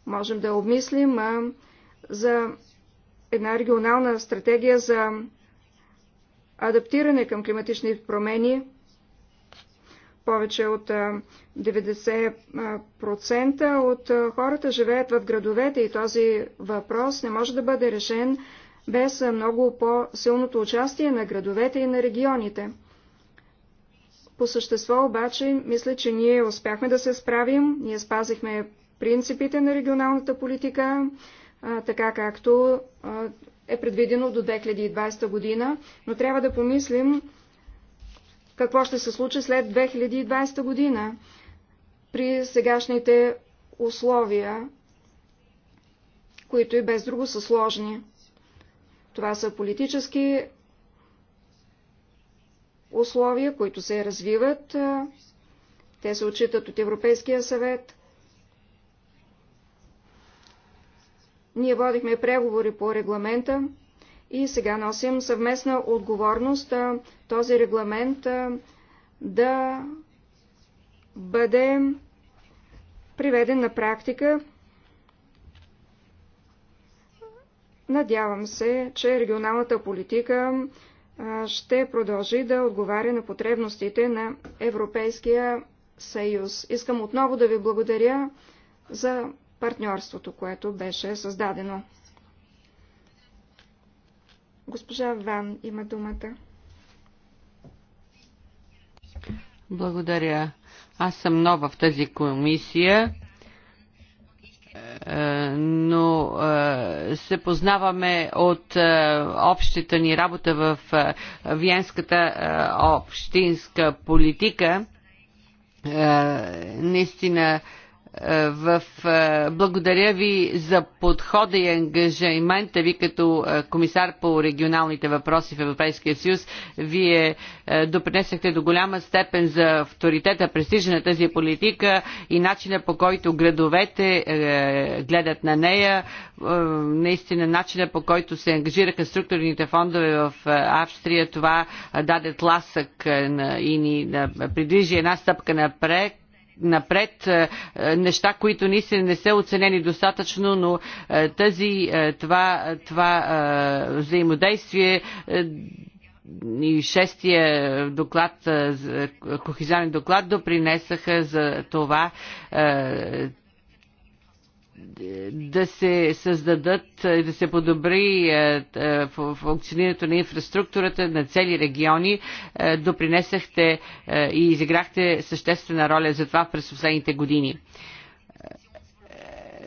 Можем да обмислим за една регионална стратегия за адаптиране към климатични промени. Повече от 90% от хората живеят в градовете и този въпрос не може да бъде решен без много по-силното участие на градовете и на регионите. По същество обаче, мисля, че ние успяхме да се справим, ние спазихме принципите на регионалната политика, така както е предвидено до 2020 година, но трябва да помислим какво ще се случи след 2020 година при сегашните условия, които и без друго са сложни. Това са политически условия, които се развиват. Те се отчитат от Европейския съвет. Ние водихме преговори по регламента и сега носим съвместна отговорност този регламент да бъде приведен на практика. Надявам се, че регионалната политика ще продължи да отговаря на потребностите на Европейския съюз. Искам отново да ви благодаря за партньорството, което беше създадено. Госпожа Ван има думата. Благодаря. Аз съм нова в тази комисия, е, но е, се познаваме от е, общата ни работа в Виенската общинска политика. Наистина, е, в, е, благодаря ви за подхода и ангажимента ви като е, комисар по регионалните въпроси в Европейския съюз. Вие допринесахте до голяма степен за авторитета, престижа на тази политика и начина по който градовете гледат на нея, наистина начина по който се ангажираха структурните фондове в Австрия, това даде тласък и ни придвижи една стъпка напред напред, е, е, неща, които наистина не са оценени достатъчно, но е, тази, това, това взаимодействие и шестия доклад, кохизионен доклад допринесаха за това да се създадат, да се подобри е, е, функционирането на инфраструктурата на цели региони. Е, допринесахте и изиграхте съществена роля за това през последните години.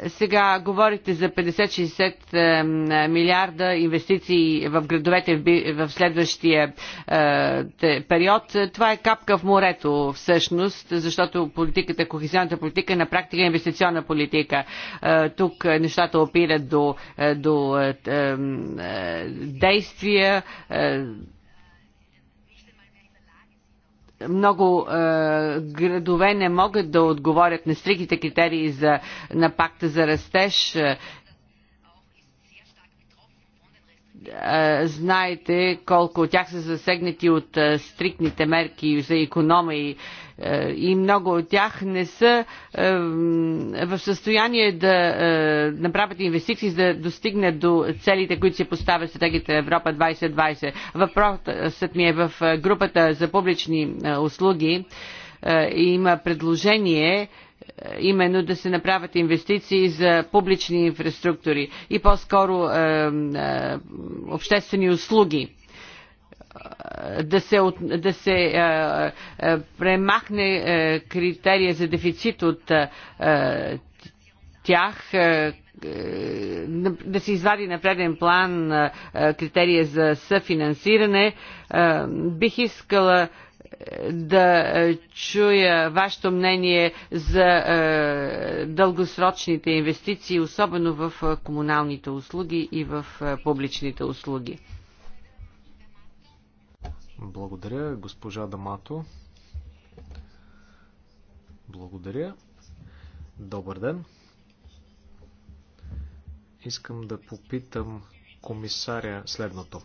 Сега говорите за 50-60 е, милиарда инвестиции в градовете в следващия е, период. Това е капка в морето всъщност, защото политиката, кохезионната политика е на практика е инвестиционна политика. Тук нещата опират до, до действия много е, градове не могат да отговорят на стриките критерии за, на пакта за растеж. Е, знаете колко от тях са засегнати от е, стриктните мерки за економии. Е, е, и много от тях не са е, в състояние да е, направят инвестиции, за да достигнат до целите, които се в стратегията Европа 2020. Въпросът ми е в групата за публични услуги. Има предложение именно да се направят инвестиции за публични инфраструктури и по-скоро е, е, обществени услуги да се, от, да се е, е, премахне е, критерия за дефицит от е, тях, е, е да се извади на преден план е, критерия за съфинансиране. Е, бих искала е, да е, чуя вашето мнение за е, дългосрочните инвестиции, особено в комуналните услуги и в публичните услуги. Благодаря, госпожа Дамато. Благодаря. Добър ден. Искам да попитам комисаря следното.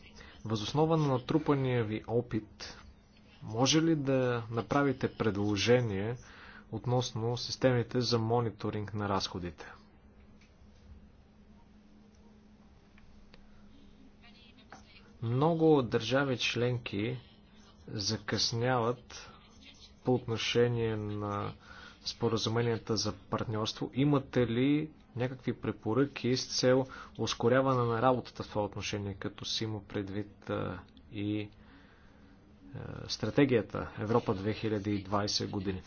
Възоснова на натрупания ви опит, може ли да направите предложение относно системите за мониторинг на разходите? Много държави членки закъсняват по отношение на споразуменията за партньорство. Имате ли някакви препоръки с цел ускоряване на работата в това отношение, като си има предвид и стратегията Европа 2020 години?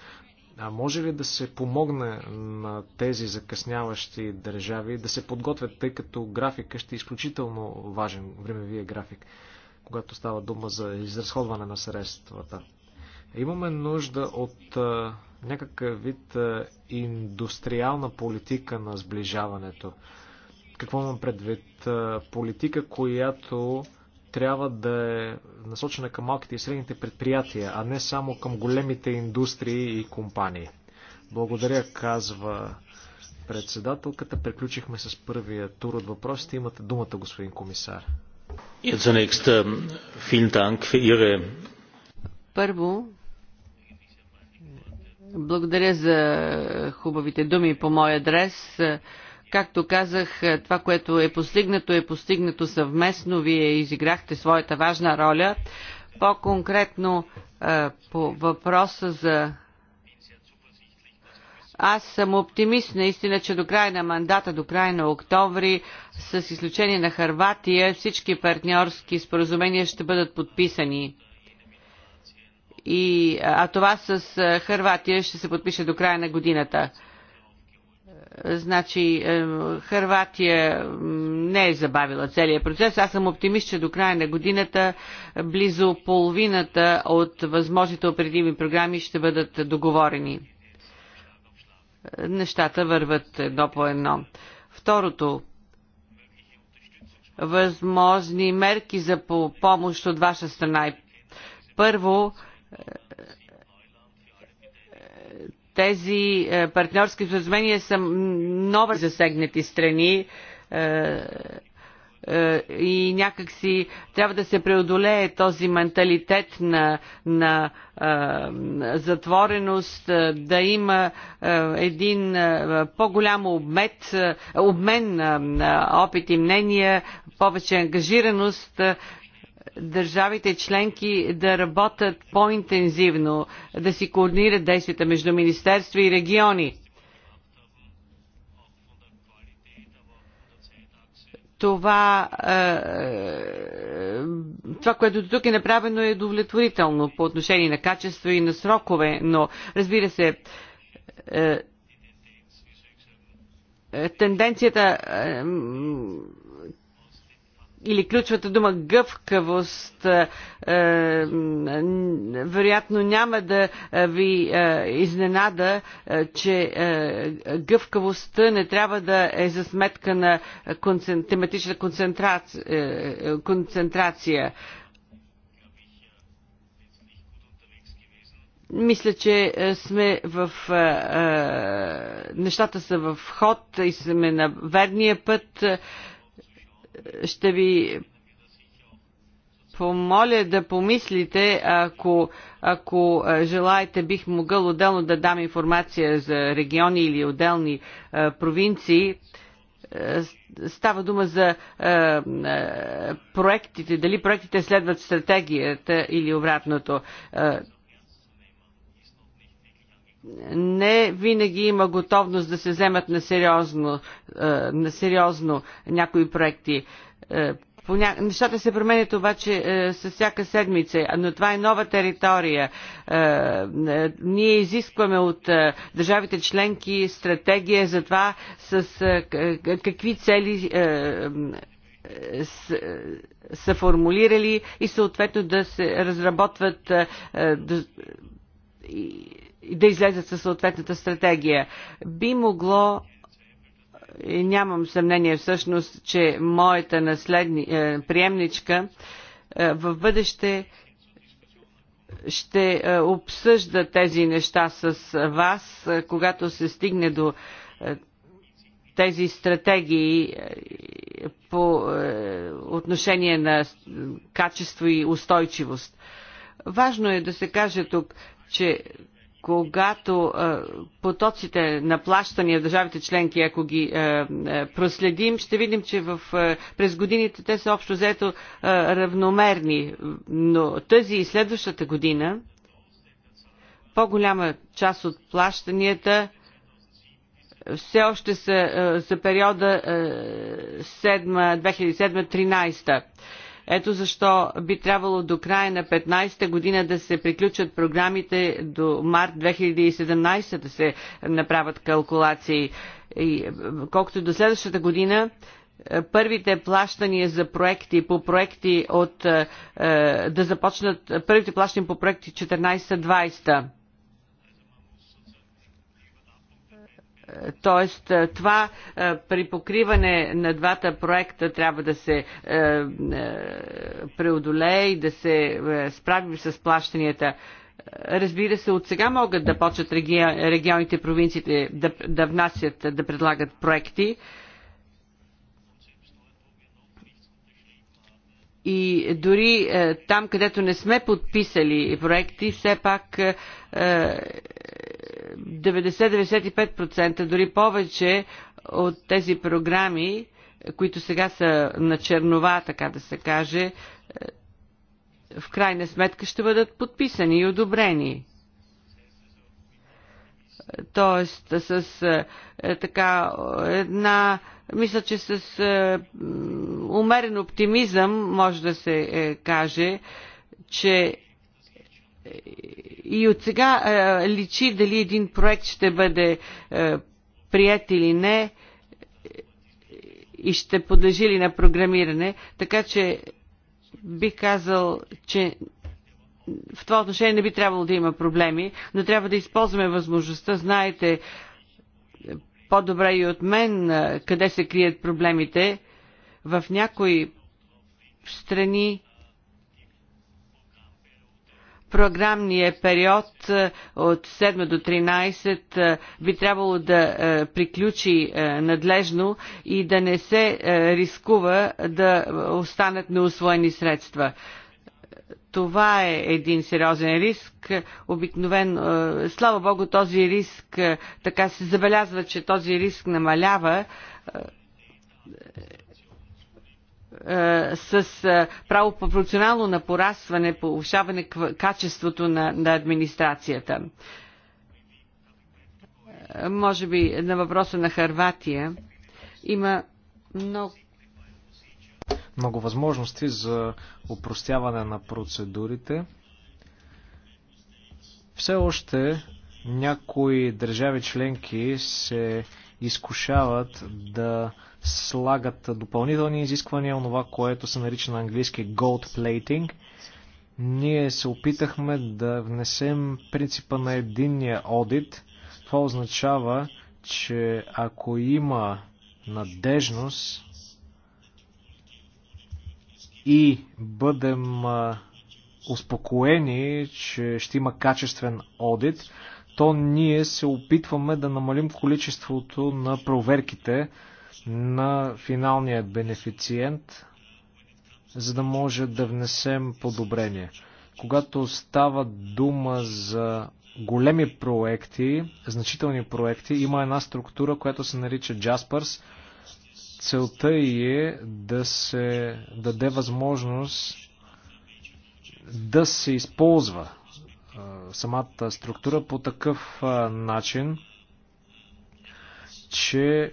А може ли да се помогне на тези закъсняващи държави да се подготвят, тъй като графика ще е изключително важен, времевия график? когато става дума за изразходване на средствата. Имаме нужда от някакъв вид индустриална политика на сближаването. Какво имам предвид? политика, която трябва да е насочена към малките и средните предприятия, а не само към големите индустрии и компании. Благодаря, казва председателката. Приключихме с първия тур от въпросите. Имате думата, господин комисар. Ähm, Първо, благодаря за хубавите думи по мой адрес. Както казах, това, което е постигнато, е постигнато съвместно. Вие изиграхте своята важна роля. По-конкретно по въпроса за аз съм оптимист наистина, че до края на мандата, до края на октомври, с изключение на Харватия, всички партньорски споразумения ще бъдат подписани. И, а това с Харватия ще се подпише до края на годината. Значи, е, Харватия не е забавила целият процес. Аз съм оптимист, че до края на годината близо половината от възможните оперативни програми ще бъдат договорени нещата върват едно по едно. Второто, възможни мерки за помощ от ваша страна. Първо, тези е, партньорски споразумения са много засегнати страни е, и някакси трябва да се преодолее този менталитет на, на затвореност, да има един по-голям обмет, обмен на опит и мнения, повече ангажираност, държавите членки да работят по-интензивно, да си координират действията между министерства и региони това, е, е, това, което тук е направено е удовлетворително по отношение на качество и на срокове, но разбира се, е, тенденцията или ключвата дума гъвкавост е, е, вероятно няма да ви е, изненада, че е, гъвкавостта не трябва да е за сметка на тематична концентрация. концентрация. мисля, че сме в... А, а, нещата са в ход и сме на верния път ще ви помоля да помислите, ако, ако желаете, бих могъл отделно да дам информация за региони или отделни провинции. Става дума за проектите, дали проектите следват стратегията или обратното не винаги има готовност да се вземат на сериозно, е, на сериозно някои проекти. Е, поня... Нещата се променят обаче е, с всяка седмица, но това е нова територия. Е, е, ние изискваме от е, държавите членки стратегия за това с е, е какви цели е, са формулирали и съответно да се разработват да, да излезат със съответната стратегия. Би могло и нямам съмнение всъщност, че моята наследни, е, приемничка е, в бъдеще ще е, обсъжда тези неща с вас, е, когато се стигне до е, тези стратегии е, по е, отношение на качество и устойчивост. Важно е да се каже тук, че когато потоците на плащания в държавите членки, ако ги проследим, ще видим, че в, през годините те са общо взето равномерни. Но тази и следващата година по-голяма част от плащанията все още са за периода 2007-2013. Ето защо би трябвало до края на 15-та година да се приключат програмите до март 2017 да се направят калкулации. И, е, колкото до следващата година, е, първите плащания за проекти по проекти от е, да започнат първите плащания по проекти 14-20 Тоест, е, това е, при покриване на двата проекта трябва да се е, преодолее и да се справи с плащанията. Разбира се, от сега могат да почват регионите, провинциите да, да внасят, да предлагат проекти. и дори там, където не сме подписали проекти, все пак 90-95%, дори повече от тези програми, които сега са на чернова, така да се каже, е, в крайна сметка ще бъдат подписани и одобрени. Тоест, с е, е, така една мисля, че с е, умерен оптимизъм може да се е, каже, че и от сега а, е, личи дали един проект ще бъде а, е, прият или не е, и ще подлежи ли на програмиране. Така че би казал, че в това отношение не би трябвало да има проблеми, но трябва да използваме възможността. Знаете по-добре и от мен къде се крият проблемите. В някои страни програмния период е, от 7 до 13 е, би трябвало да е, приключи надлежно и да не се рискува да останат неусвоени средства. Това е един сериозен риск. Обикновен, слава Богу, този риск, така се забелязва, че този риск намалява е, с е, право пропорционално на порастване, повишаване качеството на, на администрацията. Е, може би на въпроса на Харватия има много много възможности за упростяване на процедурите. Все още някои държави членки се изкушават да слагат допълнителни изисквания, онова, което се нарича на английски gold plating. Ние се опитахме да внесем принципа на единния одит. Това означава, че ако има надежност и бъдем успокоени, че ще има качествен одит, то ние се опитваме да намалим количеството на проверките на финалния бенефициент, за да може да внесем подобрение. Когато става дума за големи проекти, значителни проекти, има една структура, която се нарича Jaspers. Целта е да се даде възможност да се използва самата структура по такъв начин, че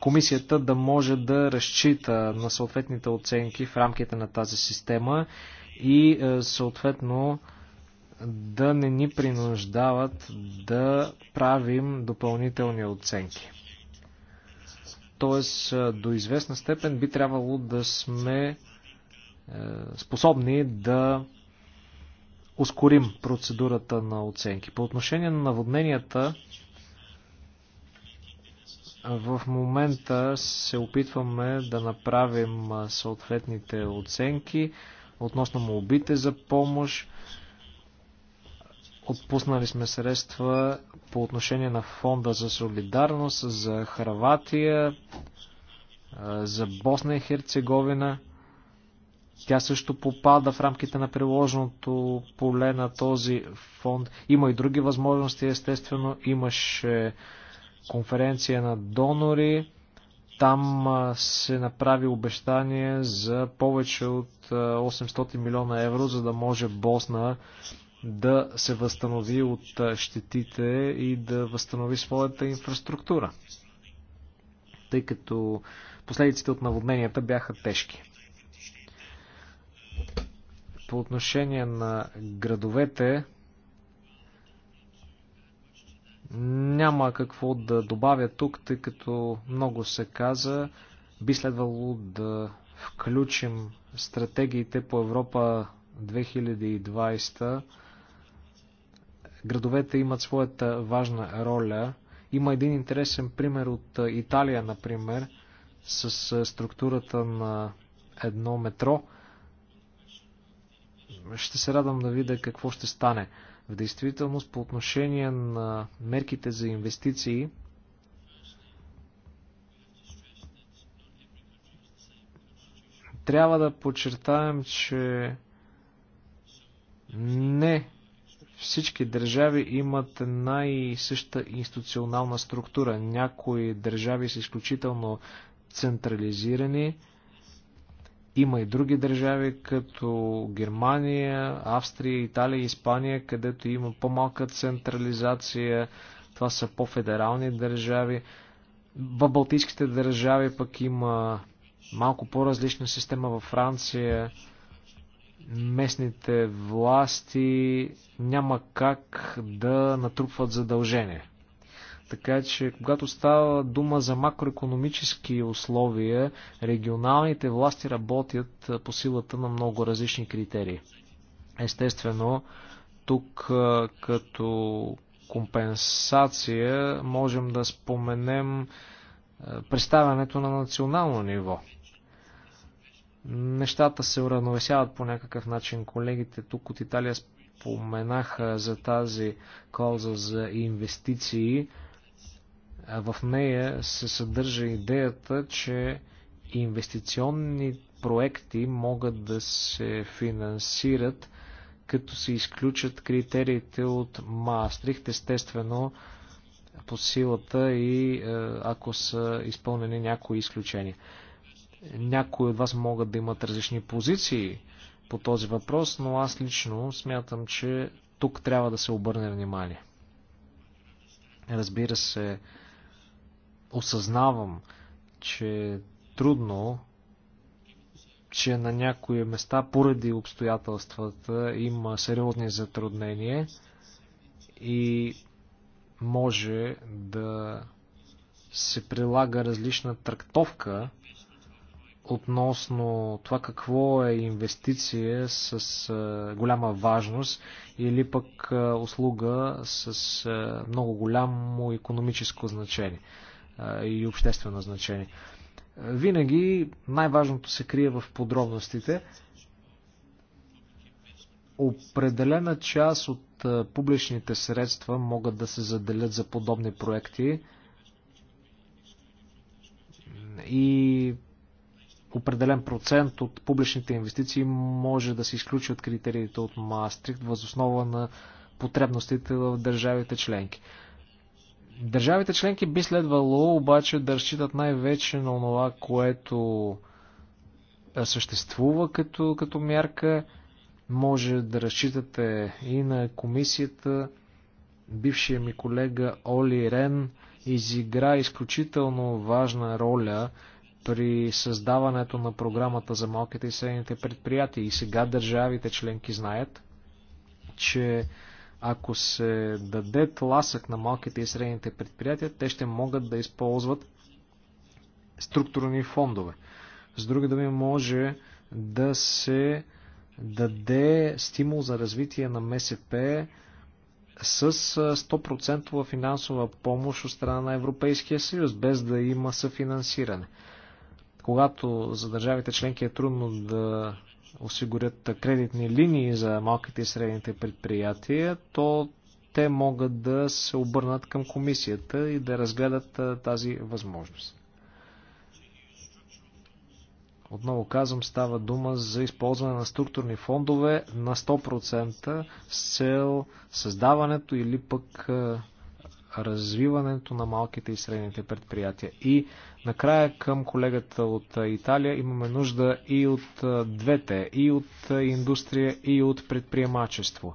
комисията да може да разчита на съответните оценки в рамките на тази система и съответно да не ни принуждават да правим допълнителни оценки. Тоест, до известна степен би трябвало да сме способни да ускорим процедурата на оценки. По отношение на наводненията, в момента се опитваме да направим съответните оценки относно молбите за помощ. Отпуснали сме средства по отношение на фонда за солидарност за Харватия, за Босна и Херцеговина. Тя също попада в рамките на приложеното поле на този фонд. Има и други възможности, естествено. Имаше конференция на донори. Там се направи обещание за повече от 800 милиона евро, за да може Босна да се възстанови от щетите и да възстанови своята инфраструктура. Тъй като последиците от наводненията бяха тежки по отношение на градовете няма какво да добавя тук, тъй като много се каза. Би следвало да включим стратегиите по Европа 2020. Градовете имат своята важна роля. Има един интересен пример от Италия, например, с структурата на едно метро – ще се радвам да видя какво ще стане. В действителност, по отношение на мерките за инвестиции, трябва да подчертаем, че не всички държави имат една и съща институционална структура. Някои държави са изключително централизирани, има и други държави, като Германия, Австрия, Италия, Испания, където има по-малка централизация. Това са по-федерални държави. В Балтийските държави пък има малко по-различна система във Франция. Местните власти няма как да натрупват задължения. Така че, когато става дума за макроекономически условия, регионалните власти работят по силата на много различни критерии. Естествено, тук като компенсация можем да споменем представянето на национално ниво. Нещата се уравновесяват по някакъв начин. Колегите тук от Италия споменаха за тази клауза за инвестиции. В нея се съдържа идеята, че инвестиционни проекти могат да се финансират, като се изключат критериите от Маастрихт, естествено по силата и е, ако са изпълнени някои изключения. Някои от вас могат да имат различни позиции по този въпрос, но аз лично смятам, че тук трябва да се обърне внимание. Разбира се, осъзнавам, че е трудно, че на някои места поради обстоятелствата има сериозни затруднения и може да се прилага различна трактовка относно това какво е инвестиция с голяма важност или пък услуга с много голямо економическо значение и обществено значение. Винаги най-важното се крие в подробностите. Определена част от публичните средства могат да се заделят за подобни проекти и определен процент от публичните инвестиции може да се изключи от критериите от Маастрихт възоснова на потребностите в държавите членки. Държавите членки би следвало обаче да разчитат най-вече на това, което съществува като, като мярка. Може да разчитате и на комисията. Бившия ми колега Оли Рен изигра изключително важна роля при създаването на програмата за малките и средните предприятия. И сега държавите членки знаят, че ако се даде тласък на малките и средните предприятия, те ще могат да използват структурни фондове. С други думи, може да се даде стимул за развитие на МСП с 100% финансова помощ от страна на Европейския съюз, без да има съфинансиране. Когато за държавите членки е трудно да осигурят кредитни линии за малките и средните предприятия, то те могат да се обърнат към комисията и да разгледат тази възможност. Отново казвам, става дума за използване на структурни фондове на 100% с цел създаването или пък развиването на малките и средните предприятия. И Накрая към колегата от Италия имаме нужда и от двете, и от индустрия, и от предприемачество.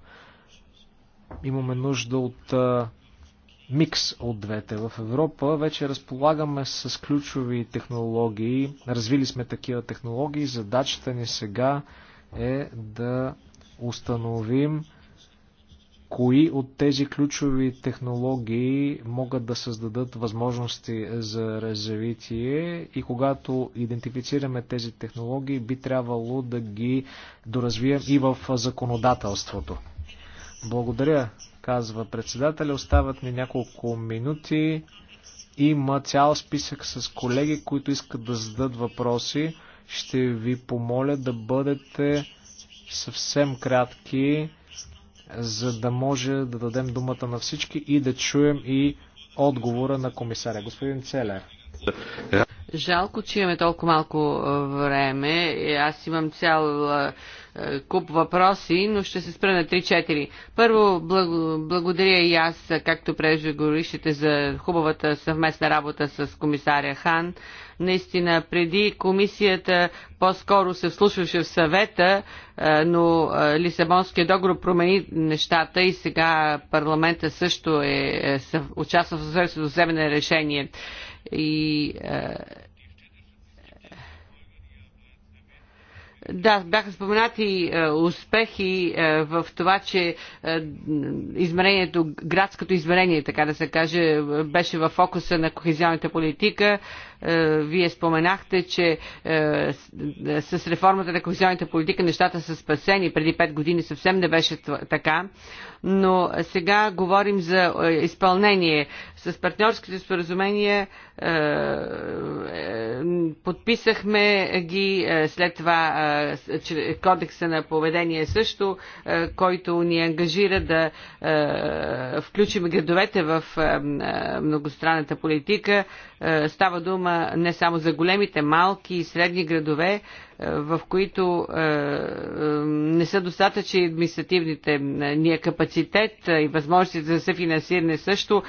Имаме нужда от микс от двете. В Европа вече разполагаме с ключови технологии, развили сме такива технологии. Задачата ни сега е да установим кои от тези ключови технологии могат да създадат възможности за развитие и когато идентифицираме тези технологии, би трябвало да ги доразвием и в законодателството. Благодаря, казва председателя. Остават ни няколко минути. Има цял списък с колеги, които искат да зададат въпроси. Ще ви помоля да бъдете съвсем кратки за да може да дадем думата на всички и да чуем и отговора на комисаря. Господин Целер. Жалко, че имаме толкова малко е, време. Е, аз имам цял е, куп въпроси, но ще се спра на 3-4. Първо, благодаря и аз, както преждеговорившите, за хубавата съвместна работа с комисаря Хан. Наистина, преди комисията по-скоро се вслушваше в съвета, е, но е, Лисабонския договор промени нещата и сега парламента също е, е участвал в съвърството вземане решение. И Да, бяха споменати е, успехи е, в това, че е, измерението, градското измерение, така да се каже, беше в фокуса на кохезионната политика. Е, вие споменахте, че е, с реформата на кохезионната политика нещата са спасени. Преди 5 години съвсем не беше така. Но сега говорим за е, изпълнение. С партньорските споразумения подписахме ги след това кодекса на поведение също, който ни ангажира да включим градовете в многостранната политика. Става дума не само за големите, малки и средни градове, е, в които е, е, не са достатъчни административните ния капацитет и възможности за съфинансиране също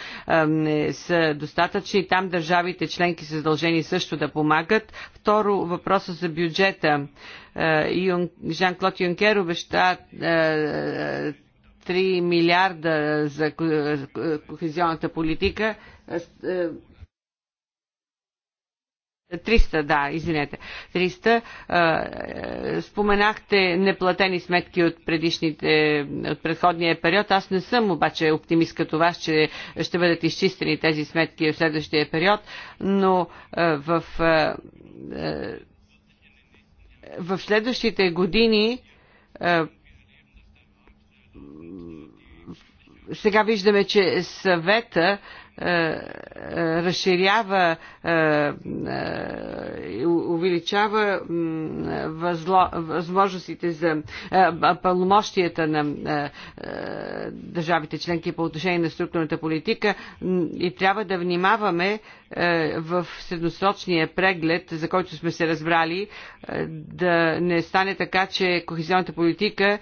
не са достатъчни. Там държавите членки са задължени също да помагат. Второ, въпроса за бюджета. Жан-Клод Юнкер обеща 3 милиарда за кохезионната политика 300, да, извинете. 300. Е, споменахте неплатени сметки от, предишните, от предходния период. Аз не съм обаче оптимист като вас, че ще бъдат изчистени тези сметки в следващия период, но в, е, в следващите години сега виждаме, че съвета е, е, разширява, е, увеличава възло, възможностите за пълномощията на държавите членки по отношение на структурната политика и трябва да внимаваме в средносрочния преглед, за който сме се разбрали, да не стане така, че кохезионната политика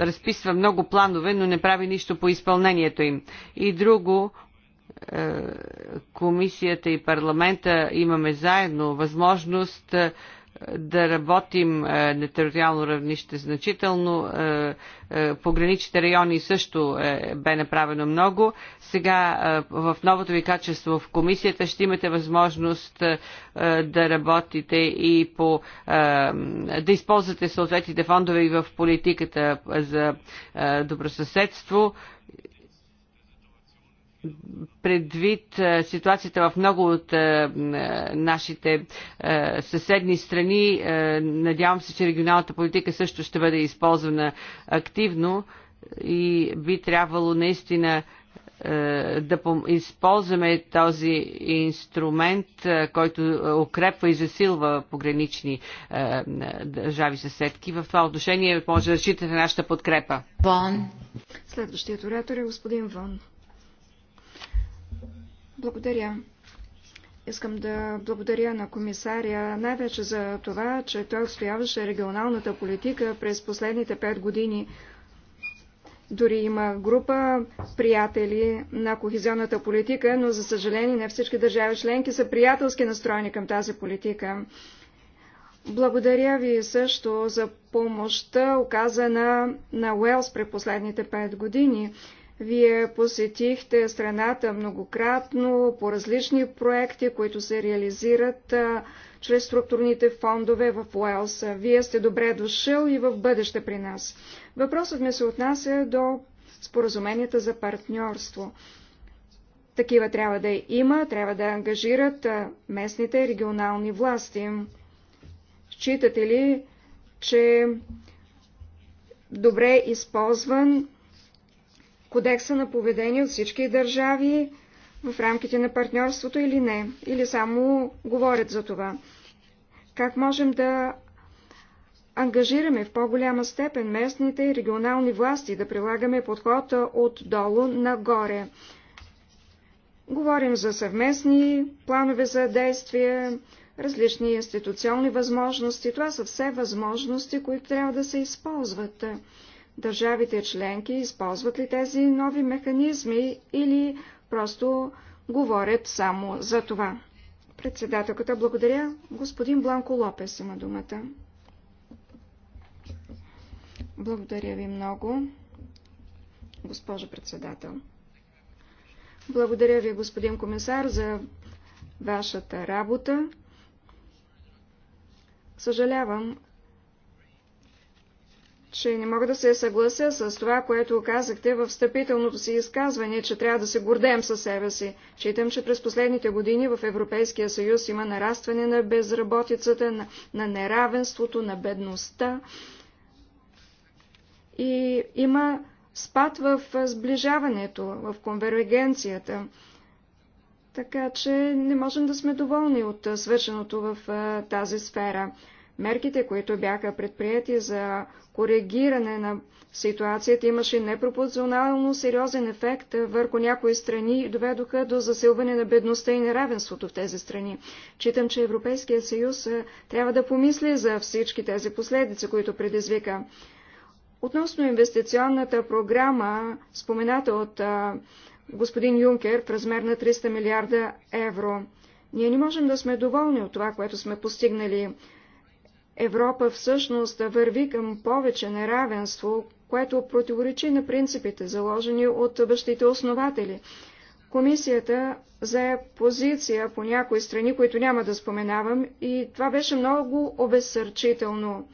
разписва много планове, но не прави нищо по изпълнението им. И друго, е, комисията и парламента имаме заедно възможност е, да работим е, на териториално равнище значително. По граничните райони също бе направено много. Сега в новото ви качество в комисията ще имате възможност да работите и по, да използвате съответните фондове и в политиката за добросъседство предвид ситуацията в много от нашите съседни страни, надявам се, че регионалната политика също ще бъде използвана активно и би трябвало наистина да използваме този инструмент, който укрепва и засилва погранични държави съседки. В това отношение може да разчитате нашата подкрепа. Вон. Следващият оратор е господин Вон. Благодаря. Искам да благодаря на комисаря най-вече за това, че той отстояваше регионалната политика през последните пет години. Дори има група приятели на кохезионната политика, но за съжаление не всички държави членки са приятелски настроени към тази политика. Благодаря ви също за помощта, оказана на Уелс през последните пет години. Вие посетихте страната многократно по различни проекти, които се реализират а, чрез структурните фондове в Уелс. Вие сте добре дошъл и в бъдеще при нас. Въпросът ми се отнася до споразуменията за партньорство. Такива трябва да има, трябва да ангажират местните регионални власти. Считате ли, че добре използван кодекса на поведение от всички държави в рамките на партньорството или не, или само говорят за това. Как можем да ангажираме в по-голяма степен местните и регионални власти да прилагаме подхода отдолу нагоре? Говорим за съвместни планове за действие, различни институционни възможности. Това са все възможности, които трябва да се използват държавите членки използват ли тези нови механизми или просто говорят само за това. Председателката благодаря. Господин Бланко Лопес има думата. Благодаря ви много, госпожо председател. Благодаря ви, господин комисар, за вашата работа. Съжалявам, че не мога да се съглася с това, което казахте в встъпителното си изказване, че трябва да се гордеем със себе си. Читам, че през последните години в Европейския съюз има нарастване на безработицата, на, на неравенството, на бедността. И има спад в сближаването, в конвергенцията. Така че не можем да сме доволни от свършеното в тази сфера мерките, които бяха предприяти за коригиране на ситуацията, имаше непропорционално сериозен ефект върху някои страни и доведоха до засилване на бедността и неравенството в тези страни. Читам, че Европейския съюз трябва да помисли за всички тези последици, които предизвика. Относно инвестиционната програма, спомената от а, господин Юнкер в размер на 300 милиарда евро, ние не можем да сме доволни от това, което сме постигнали. Европа всъщност да върви към повече неравенство, което противоречи на принципите, заложени от бащите основатели. Комисията зае позиция по някои страни, които няма да споменавам, и това беше много обесърчително.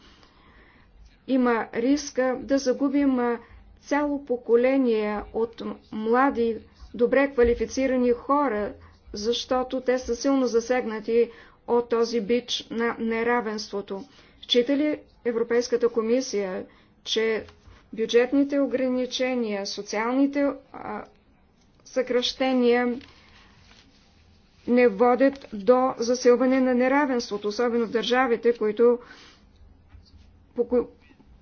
Има риска да загубим цяло поколение от млади, добре квалифицирани хора, защото те са силно засегнати от този бич на неравенството. Счита ли Европейската комисия, че бюджетните ограничения, социалните а, съкръщения не водят до засилване на неравенството, особено в държавите, които, по,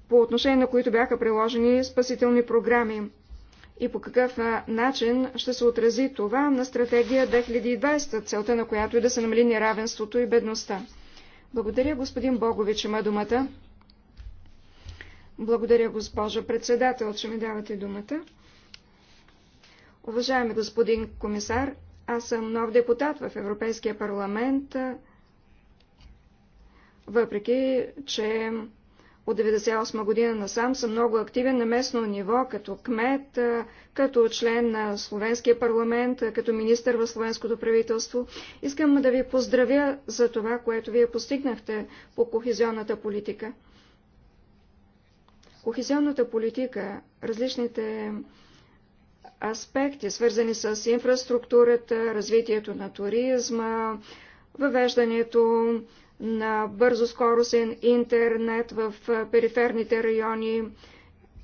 по отношение на които бяха приложени спасителни програми и по какъв начин ще се отрази това на стратегия 2020, целта на която е да се намали неравенството и бедността. Благодаря, господин Богович, има думата. Благодаря, госпожо председател, че ми давате думата. Уважаеми господин комисар, аз съм нов депутат в Европейския парламент, въпреки че от 1998 година насам съм много активен на местно ниво, като кмет, като член на Словенския парламент, като министър в Словенското правителство. Искам да ви поздравя за това, което вие постигнахте по кохезионната политика. Кохезионната политика, различните аспекти, свързани с инфраструктурата, развитието на туризма, въвеждането на бързоскоростен интернет в периферните райони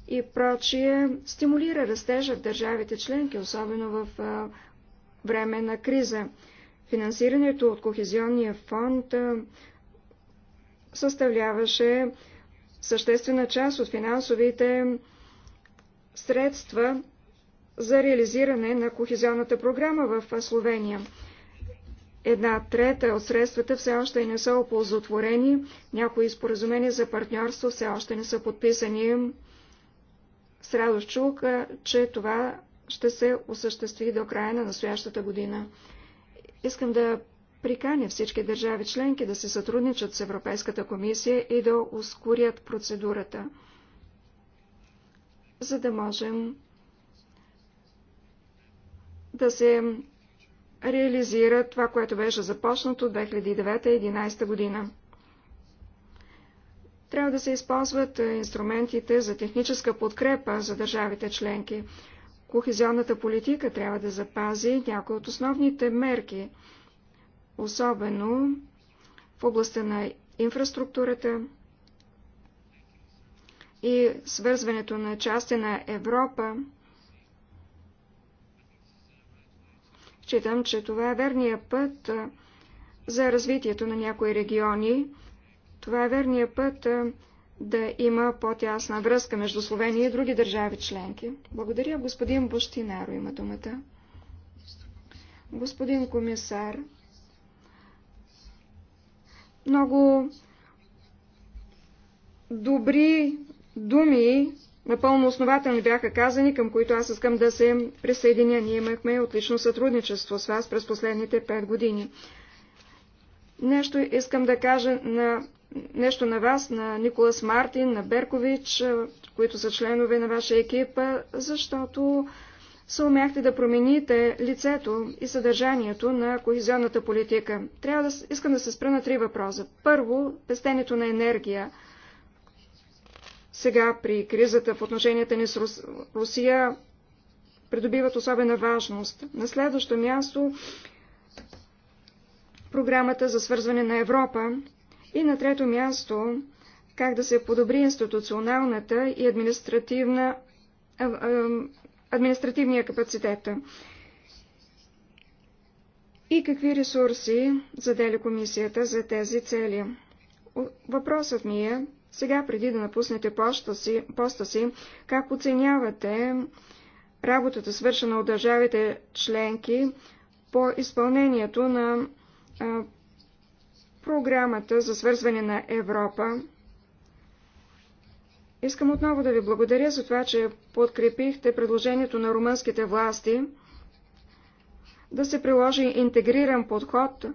и прочие, стимулира растежа в държавите членки, особено в време на криза. Финансирането от Кохезионния фонд съставляваше съществена част от финансовите средства за реализиране на кохезионната програма в Словения. Една трета от средствата все още не са оползотворени, някои споразумения за партньорство все още не са подписани. С радост чух, че това ще се осъществи до края на настоящата година. Искам да приканя всички държави членки да се сътрудничат с Европейската комисия и да ускорят процедурата, за да можем да се реализира това, което беше започнато 2009-2011 година. Трябва да се използват е, инструментите за техническа подкрепа за държавите членки. Кохезионната политика трябва да запази някои от основните мерки, особено в областта на инфраструктурата и свързването на части на Европа Считам, че това е верният път за развитието на някои региони. Това е верният път да има по-тясна връзка между Словения и други държави членки. Благодаря, господин Бощинаро има думата. Господин комисар, много добри думи напълно основателни бяха казани, към които аз искам да се присъединя. Ние имахме отлично сътрудничество с вас през последните пет години. Нещо искам да кажа на, нещо на вас, на Николас Мартин, на Беркович, които са членове на ваша екипа, защото умяхте да промените лицето и съдържанието на кохезионната политика. Трябва да, искам да се спра на три въпроса. Първо, пестенето на енергия – сега при кризата в отношенията ни с Русия придобиват особена важност. На следващо място програмата за свързване на Европа и на трето място как да се подобри институционалната и административна, административния капацитет. И какви ресурси заделя комисията за тези цели? Въпросът ми е сега, преди да напуснете поста си, поста си как оценявате работата, свършена от държавите членки по изпълнението на а, програмата за свързване на Европа? Искам отново да ви благодаря за това, че подкрепихте предложението на румънските власти да се приложи интегриран подход –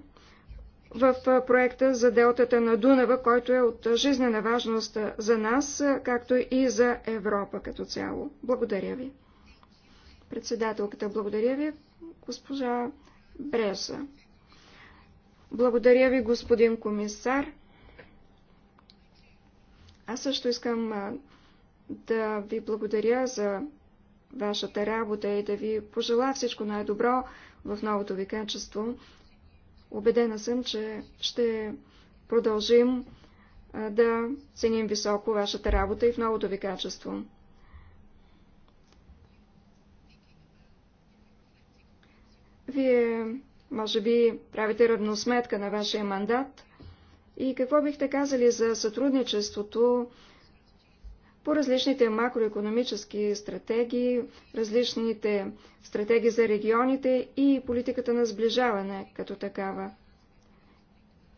в проекта за делтата на Дунава, който е от жизнена важност за нас, както и за Европа като цяло. Благодаря ви. Председателката, благодаря ви, госпожа Бреса. Благодаря ви, господин комисар. Аз също искам да ви благодаря за вашата работа и да ви пожела всичко най-добро в новото ви качество. Обедена съм, че ще продължим да ценим високо вашата работа и в новото ви качество. Вие, може би, правите равносметка на вашия мандат и какво бихте казали за сътрудничеството по различните макроекономически стратегии, различните стратегии за регионите и политиката на сближаване като такава.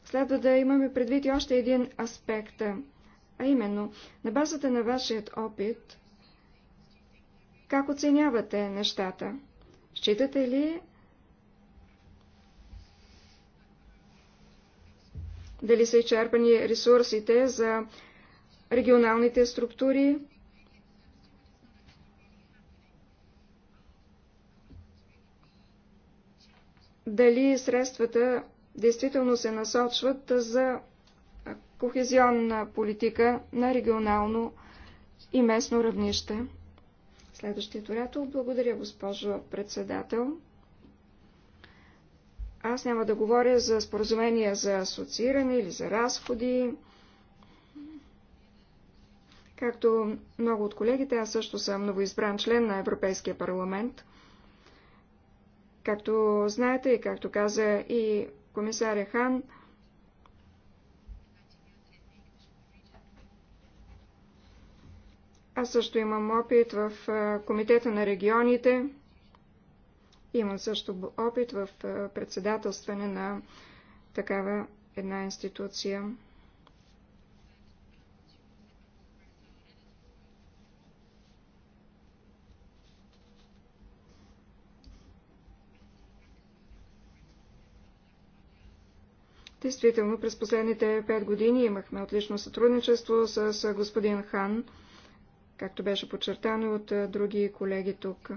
Следва да имаме предвид и още един аспект, а именно, на базата на вашият опит, как оценявате нещата? Считате ли, дали са изчерпани ресурсите за регионалните структури. Дали средствата действително се насочват за кохезионна политика на регионално и местно равнище. Следващият оратор. Благодаря, госпожо председател. Аз няма да говоря за споразумения за асоцииране или за разходи. Както много от колегите, аз също съм новоизбран член на Европейския парламент. Както знаете и както каза и комисаря Хан, Аз също имам опит в Комитета на регионите. Имам също опит в председателстване на такава една институция. Действително, през последните пет години имахме отлично сътрудничество с господин Хан, както беше подчертано от е, други колеги тук.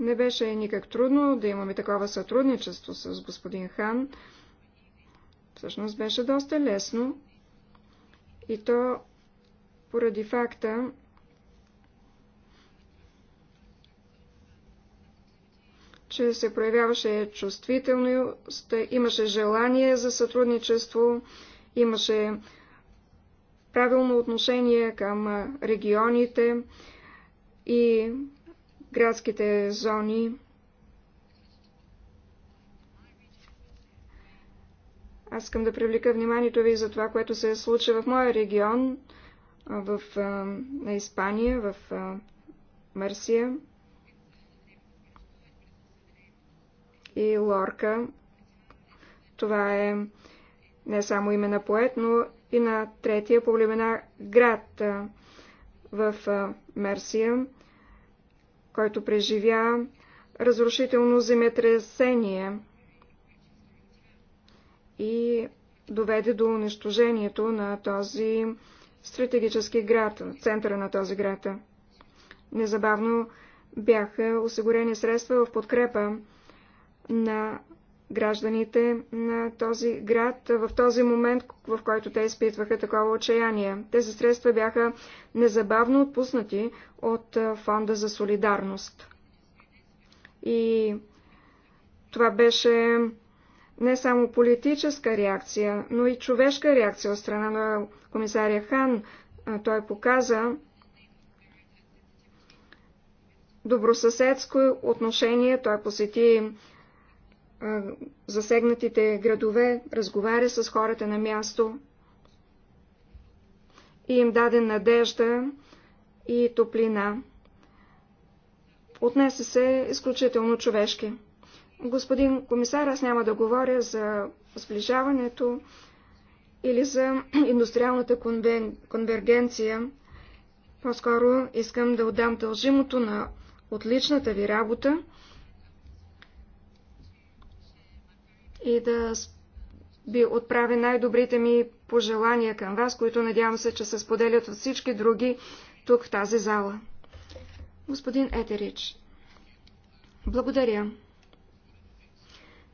Не беше никак трудно да имаме такова сътрудничество с господин Хан. Всъщност беше доста лесно и то поради факта, че се проявяваше чувствителност, имаше желание за сътрудничество, имаше правилно отношение към регионите и градските зони. Аз искам да привлека вниманието ви за това, което се случи в моя регион, в, на Испания, в Марсия. и Лорка. Това е не само име на поет, но и на третия по времена град в Мерсия, който преживя разрушително земетресение и доведе до унищожението на този стратегически град, центъра на този град. Незабавно бяха осигурени средства в подкрепа на гражданите на този град в този момент, в който те изпитваха такова отчаяние. Тези средства бяха незабавно отпуснати от Фонда за солидарност. И това беше не само политическа реакция, но и човешка реакция от страна на комисаря Хан. Той показа добросъседско отношение. Той посети засегнатите градове, разговаря с хората на място и им даде надежда и топлина. Отнесе се изключително човешки. Господин комисар, аз няма да говоря за сближаването или за индустриалната конвен... конвергенция. По-скоро искам да отдам дължимото на отличната ви работа, и да ви отправя най-добрите ми пожелания към вас, които надявам се, че се споделят от всички други тук в тази зала. Господин Етерич, благодаря.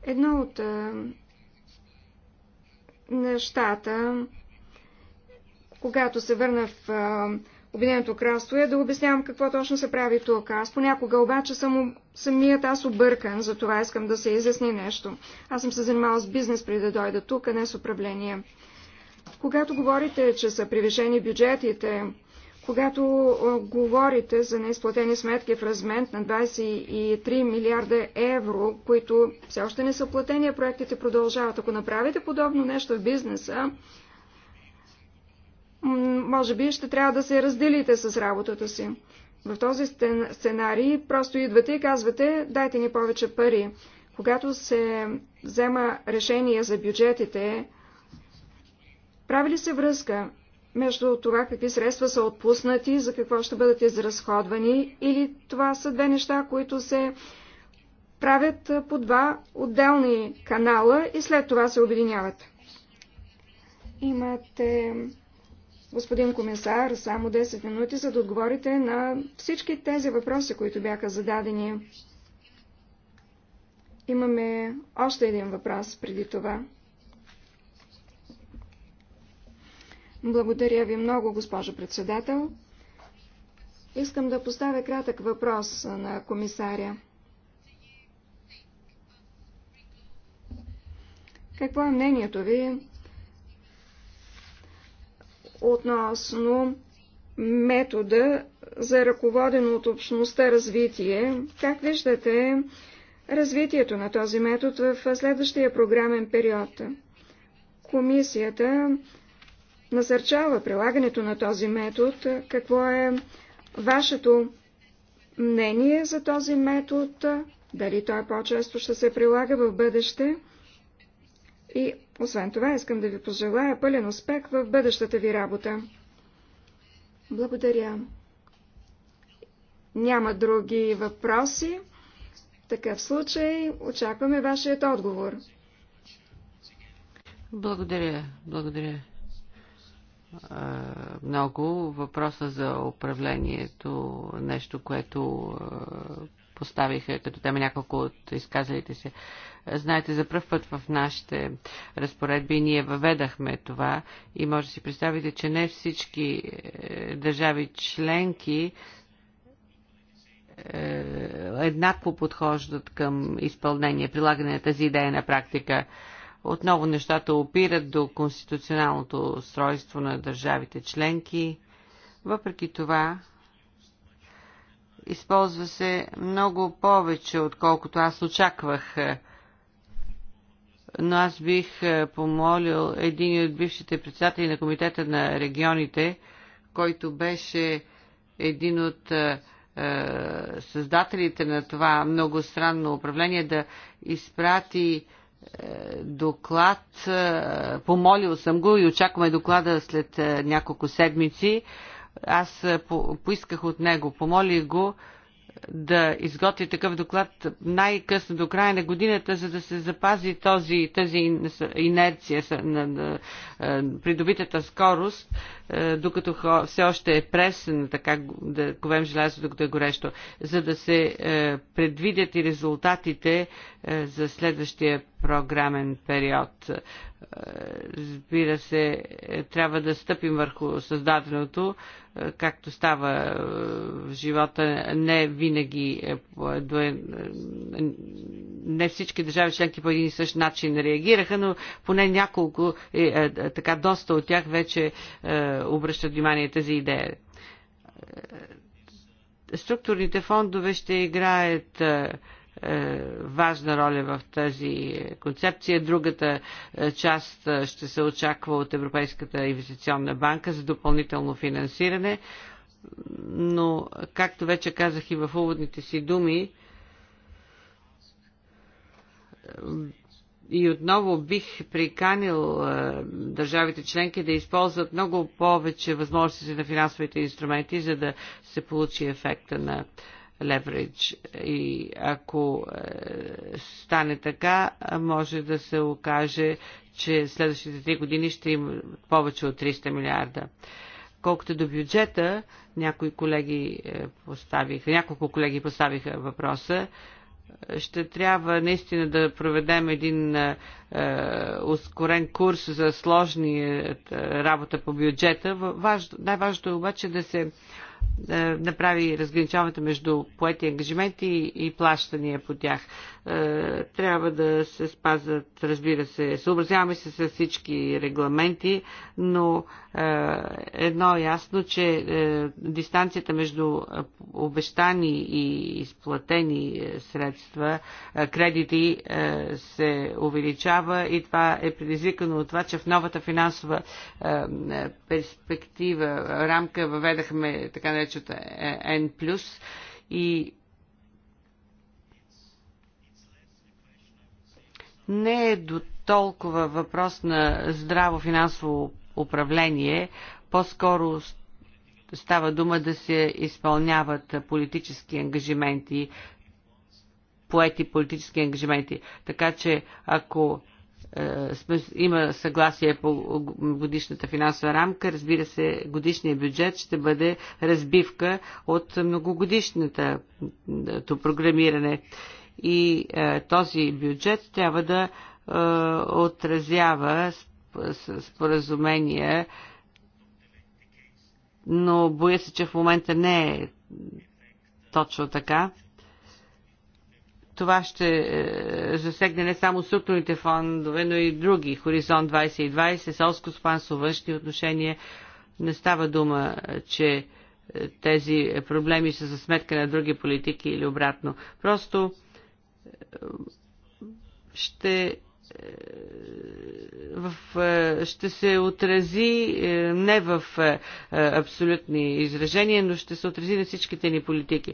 Едно от нещата, когато се върна в а, Обединеното кралство е да обяснявам какво точно се прави тук. Аз понякога обаче съм, самият аз объркан, за това искам да се изясни нещо. Аз съм се занимавал с бизнес преди да дойда тук, а не с управление. Когато говорите, че са превишени бюджетите, когато говорите за неизплатени сметки в размен на 23 милиарда евро, които все още не са платени, а проектите продължават. Ако направите подобно нещо в бизнеса, може би ще трябва да се разделите с работата си. В този сценарий просто идвате и казвате, дайте ни повече пари. Когато се взема решение за бюджетите, прави ли се връзка между това какви средства са отпуснати, за какво ще бъдат изразходвани, или това са две неща, които се правят по два отделни канала и след това се объединяват. Имате господин комисар, само 10 минути, за да отговорите на всички тези въпроси, които бяха зададени. Имаме още един въпрос преди това. Благодаря ви много, госпожо председател. Искам да поставя кратък въпрос на комисаря. Какво е мнението ви относно метода за ръководено от общността развитие. Как виждате развитието на този метод в следващия програмен период? Комисията насърчава прилагането на този метод. Какво е вашето мнение за този метод? Дали той по-често ще се прилага в бъдеще? И освен това, искам да ви пожелая пълен успех в бъдещата ви работа. Благодаря. Няма други въпроси. В такъв случай очакваме вашият отговор. Благодаря, благодаря. много въпроса за управлението, нещо, което поставиха като тема няколко от изказалите се. Знаете, за първ път в нашите разпоредби ние въведахме това и може да си представите, че не всички е, държави членки е, еднакво подхождат към изпълнение, прилагане на тази идея на практика. Отново нещата опират до конституционалното устройство на държавите членки. Въпреки това, използва се много повече, отколкото аз очаквах но аз бих е, помолил един от бившите председатели на Комитета на регионите, който беше един от е, е, създателите на това многостранно управление да изпрати доклад. Помолил съм го и очакваме доклада след няколко седмици. Аз поисках от него, помолих го да изготви такъв доклад най-късно до края на годината, за да се запази този, тази инерция, на, на, е, придобитата скорост, е, докато все още е пресен, така да ковем желязо, докато е горещо, за да се е, предвидят и резултатите за следващия програмен период разбира се, трябва да стъпим върху създаденото, е, както става е, в живота, не винаги, е, не всички държави членки по един и същ начин реагираха, но поне няколко, така доста от тях вече обръщат внимание тази идея. Структурните фондове ще играят е, важна роля в тази концепция. Другата е, част е, ще се очаква от Европейската инвестиционна банка за допълнително финансиране. Но, както вече казах и в уводните си думи, и отново бих приканил държавите членки да използват много повече възможности на финансовите инструменти, за да се получи ефекта на leverage. И ако е, стане така, може да се окаже, че следващите три години ще има повече от 300 милиарда. Колкото до бюджета, някои колеги е, поставиха, няколко колеги поставиха въпроса, е, ще трябва наистина да проведем един е, ускорен курс за сложни е, работа по бюджета. Най-важното е обаче да се е, направи разграничаването между поети ангажименти и плащания по тях. Е, трябва да се спазват, разбира се, съобразяваме се с всички регламенти, но е, едно е ясно, че дистанцията между обещани и изплатени средства, кредити се увеличава и това е предизвикано от това, че в новата финансова перспектива, рамка въведахме така така наречената е, е, N+, и не е до толкова въпрос на здраво финансово управление, по-скоро става дума да се изпълняват политически ангажименти, поети политически ангажименти. Така че ако е, има съгласие по годишната финансова рамка. Разбира се, годишният бюджет ще бъде разбивка от многогодишната е, програмиране. И е, този бюджет трябва да е, отразява споразумения, но боя се, че в момента не е точно така това ще е, засегне не само структурните фондове, но и други. Хоризонт 2020, селско спанство, външни отношения. Не става дума, че е, тези проблеми са за сметка на други политики или обратно. Просто е, ще в, ще се отрази не в абсолютни изражения, но ще се отрази на всичките ни политики.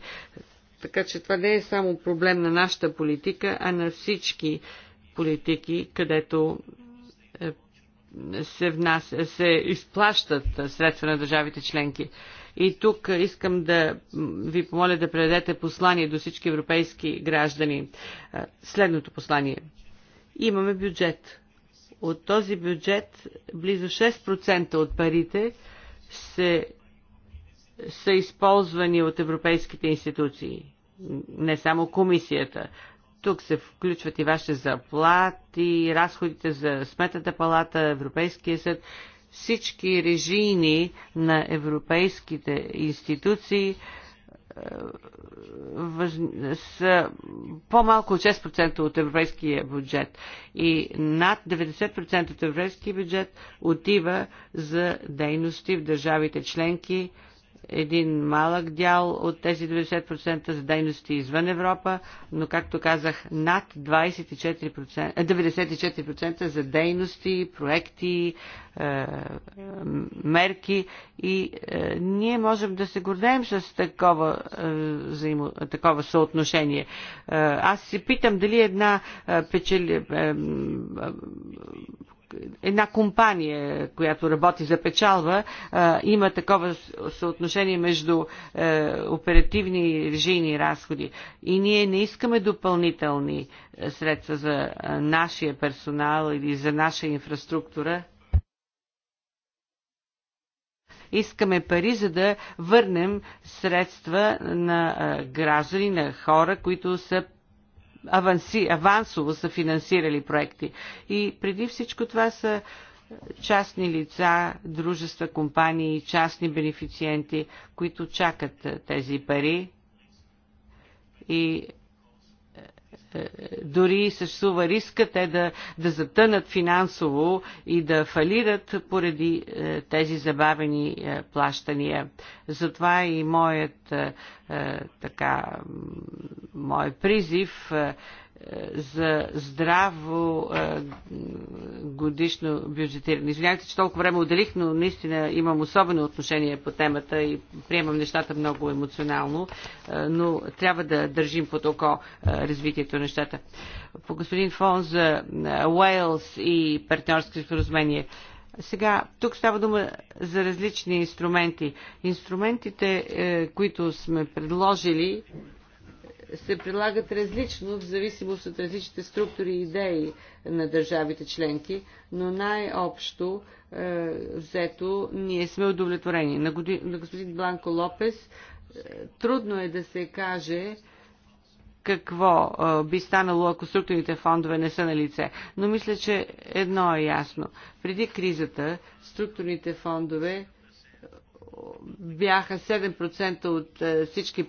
Така че това не е само проблем на нашата политика, а на всички политики, където е, се, внас, се изплащат средства на държавите членки. И тук искам да ви помоля да предадете послание до всички европейски граждани. Е, следното послание. Имаме бюджет. От този бюджет близо 6% от парите се, са използвани от европейските институции не само комисията. Тук се включват и вашите заплати, разходите за сметната палата, Европейския съд, всички режини на европейските институции е, са по-малко от 6% от европейския бюджет и над 90% от европейския бюджет отива за дейности в държавите членки, един малък дял от тези 90% за дейности извън Европа, но както казах, над 24%, 94% е, за дейности, проекти, е, мерки и е, ние можем да се гордеем с такова, взаимо, такова съотношение. Аз се питам дали една печели, една компания, която работи за печалба, има такова съотношение между е, оперативни и режийни разходи. И ние не искаме допълнителни е, средства за нашия персонал или за наша инфраструктура. Искаме пари, за да върнем средства на граждани, на хора, които са аванси, авансово са финансирали проекти. И преди всичко това са частни лица, дружества, компании, частни бенефициенти, които чакат тези пари и е, дори съществува риска те да, да затънат финансово и да фалират поради е, тези забавени е, плащания. Затова и моят така, мой призив за здраво годишно бюджетиране. Извинявайте, че толкова време отделих, но наистина имам особено отношение по темата и приемам нещата много емоционално, но трябва да държим под око развитието на нещата. По господин Фон за Уейлс и партньорски споразумение. Сега, тук става дума за различни инструменти. Инструментите, е, които сме предложили, се прилагат различно в зависимост от различните структури и идеи на държавите членки, но най-общо е, взето ние сме удовлетворени. На, годи, на господин Бланко Лопес е, трудно е да се каже какво е, би станало, ако структурните фондове не са на лице. Но мисля, че едно е ясно. Преди кризата структурните фондове бяха 7% от е, всички е,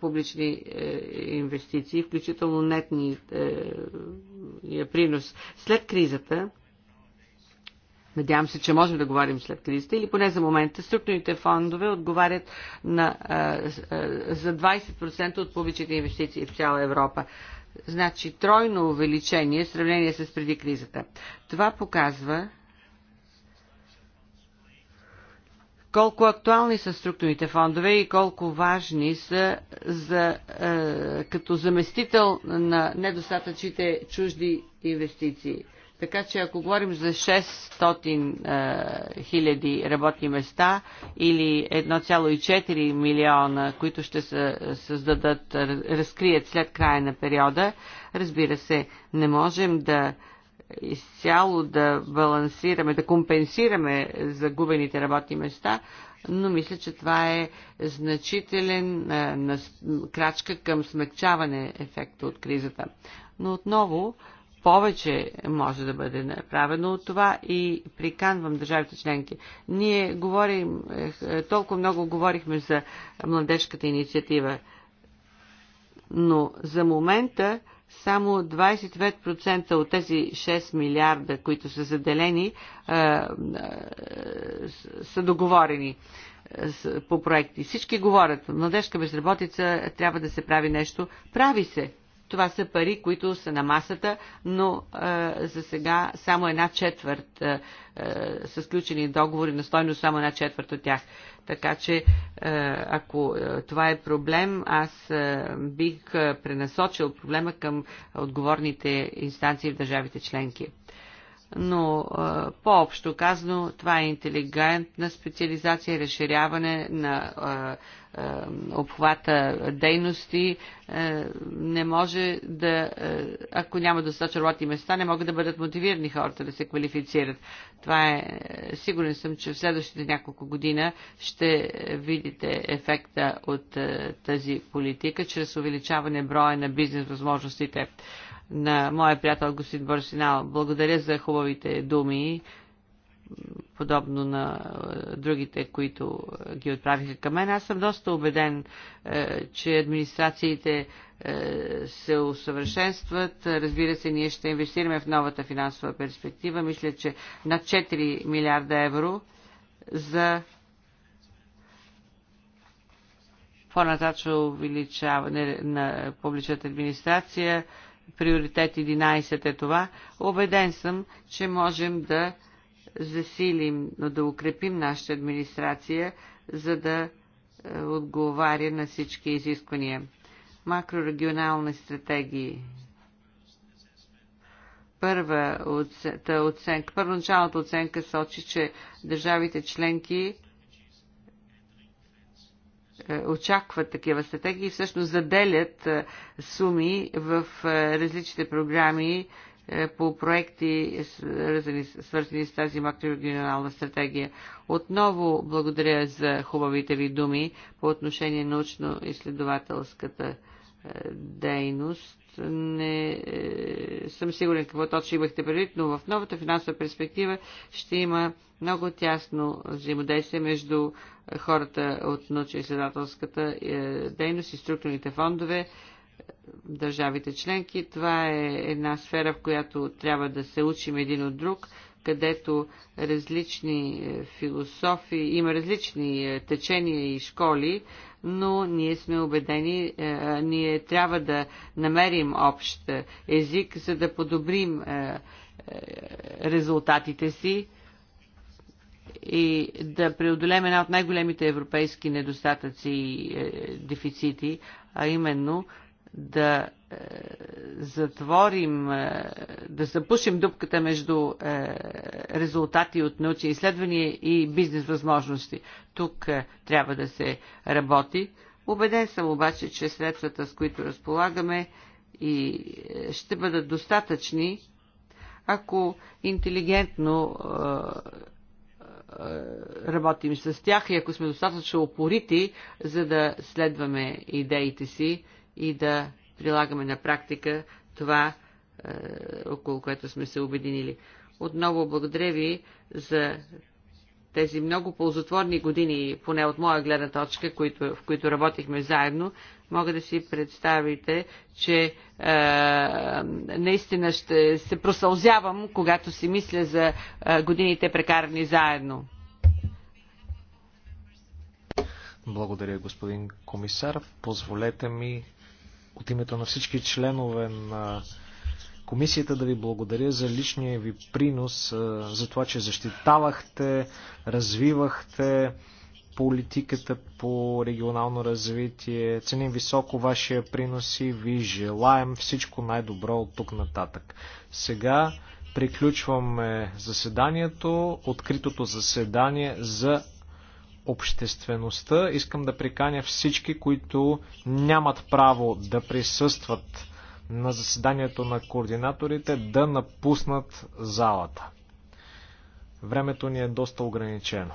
публични е, инвестиции, включително нетния принос след кризата. Надявам се, че можем да говорим след кризата или поне за момента. Структурните фондове отговарят на, за 20% от публичните инвестиции в цяла Европа. Значи тройно увеличение в сравнение с преди кризата. Това показва, колко актуални са структурните фондове и колко важни са за, е, като заместител на недостатъчните чужди инвестиции. Така че ако говорим за 600 е, хиляди работни места или 1,4 милиона, които ще се създадат, разкрият след края на периода, разбира се, не можем да изцяло да балансираме, да компенсираме загубените работни места, но мисля, че това е значителен а, на, крачка към смягчаване ефекта от кризата. Но отново, повече може да бъде направено от това и приканвам държавите членки. Ние говорим, толкова много говорихме за младежката инициатива, но за момента само 25% от тези 6 милиарда, които са заделени, е, е, са договорени е, по проекти. Всички говорят, младежка безработица трябва да се прави нещо. Прави се. Това са пари, които са на масата, но е, за сега само една четвърт е, е, са сключени договори на стойност само една четвърт от тях. Така че, е, ако е, това е проблем, аз е, бих е, пренасочил проблема към отговорните инстанции в държавите членки но по-общо казано това е интелигентна специализация, разширяване на обхвата дейности, е, не може да, е, ако няма достатъчно работни места, не могат да бъдат мотивирани хората да се квалифицират. Това е, е сигурен съм, че в следващите няколко година ще видите ефекта от тази политика, чрез увеличаване броя на бизнес възможностите на моя приятел господин Борсинал. Благодаря за хубавите думи подобно на е, другите, които е, ги отправиха към мен. Аз съм доста убеден, е, че администрациите се усъвършенстват. Разбира се, ние ще инвестираме в новата финансова перспектива. Мисля, че над 4 милиарда евро за по-нататъчно увеличаване на публичната администрация. Приоритет 11 е това. Обеден съм, че можем да засилим, но да укрепим нашата администрация, за да е, отговаря на всички изисквания. Макрорегионални стратегии. Първа оценка, първоначалната оценка сочи, че държавите членки е, очакват такива стратегии и всъщност заделят е, суми в различните програми е, по проекти, свързани с тази макрорегионална стратегия. Отново благодаря за хубавите ви думи по отношение на научно-изследователската е, дейност. Не е, съм сигурен какво точно имахте предвид, но в новата финансова перспектива ще има много тясно взаимодействие между хората от научно-изследователската дейност и структурните фондове държавите членки. Това е една сфера, в която трябва да се учим един от друг, където различни е, философи, има различни е, течения и школи, но ние сме убедени, е, ние трябва да намерим общ език, за да подобрим резултатите си и да преодолеем една от най-големите европейски недостатъци и дефицити, а именно да е, затворим, е, да запушим дупката между е, резултати от научни изследвания и бизнес възможности. Тук трябва да се работи. Обеден съм обаче, че средствата, с които разполагаме, и ще бъдат достатъчни, ако интелигентно работим с тях и ако сме достатъчно опорити, за да следваме идеите си и да прилагаме на практика това, е, около което сме се обединили. Отново благодаря ви за тези много ползотворни години, поне от моя гледна точка, които, в които работихме заедно, мога да си представите, че е, наистина ще се просълзявам, когато си мисля за е, годините прекарани заедно. Благодаря, господин комисар. Позволете ми от името на всички членове на комисията да ви благодаря за личния ви принос, за това, че защитавахте, развивахте политиката по регионално развитие. Ценим високо вашия принос и ви желаем всичко най-добро от тук нататък. Сега приключваме заседанието, откритото заседание за обществеността. Искам да приканя всички, които нямат право да присъстват на заседанието на координаторите, да напуснат залата. Времето ни е доста ограничено.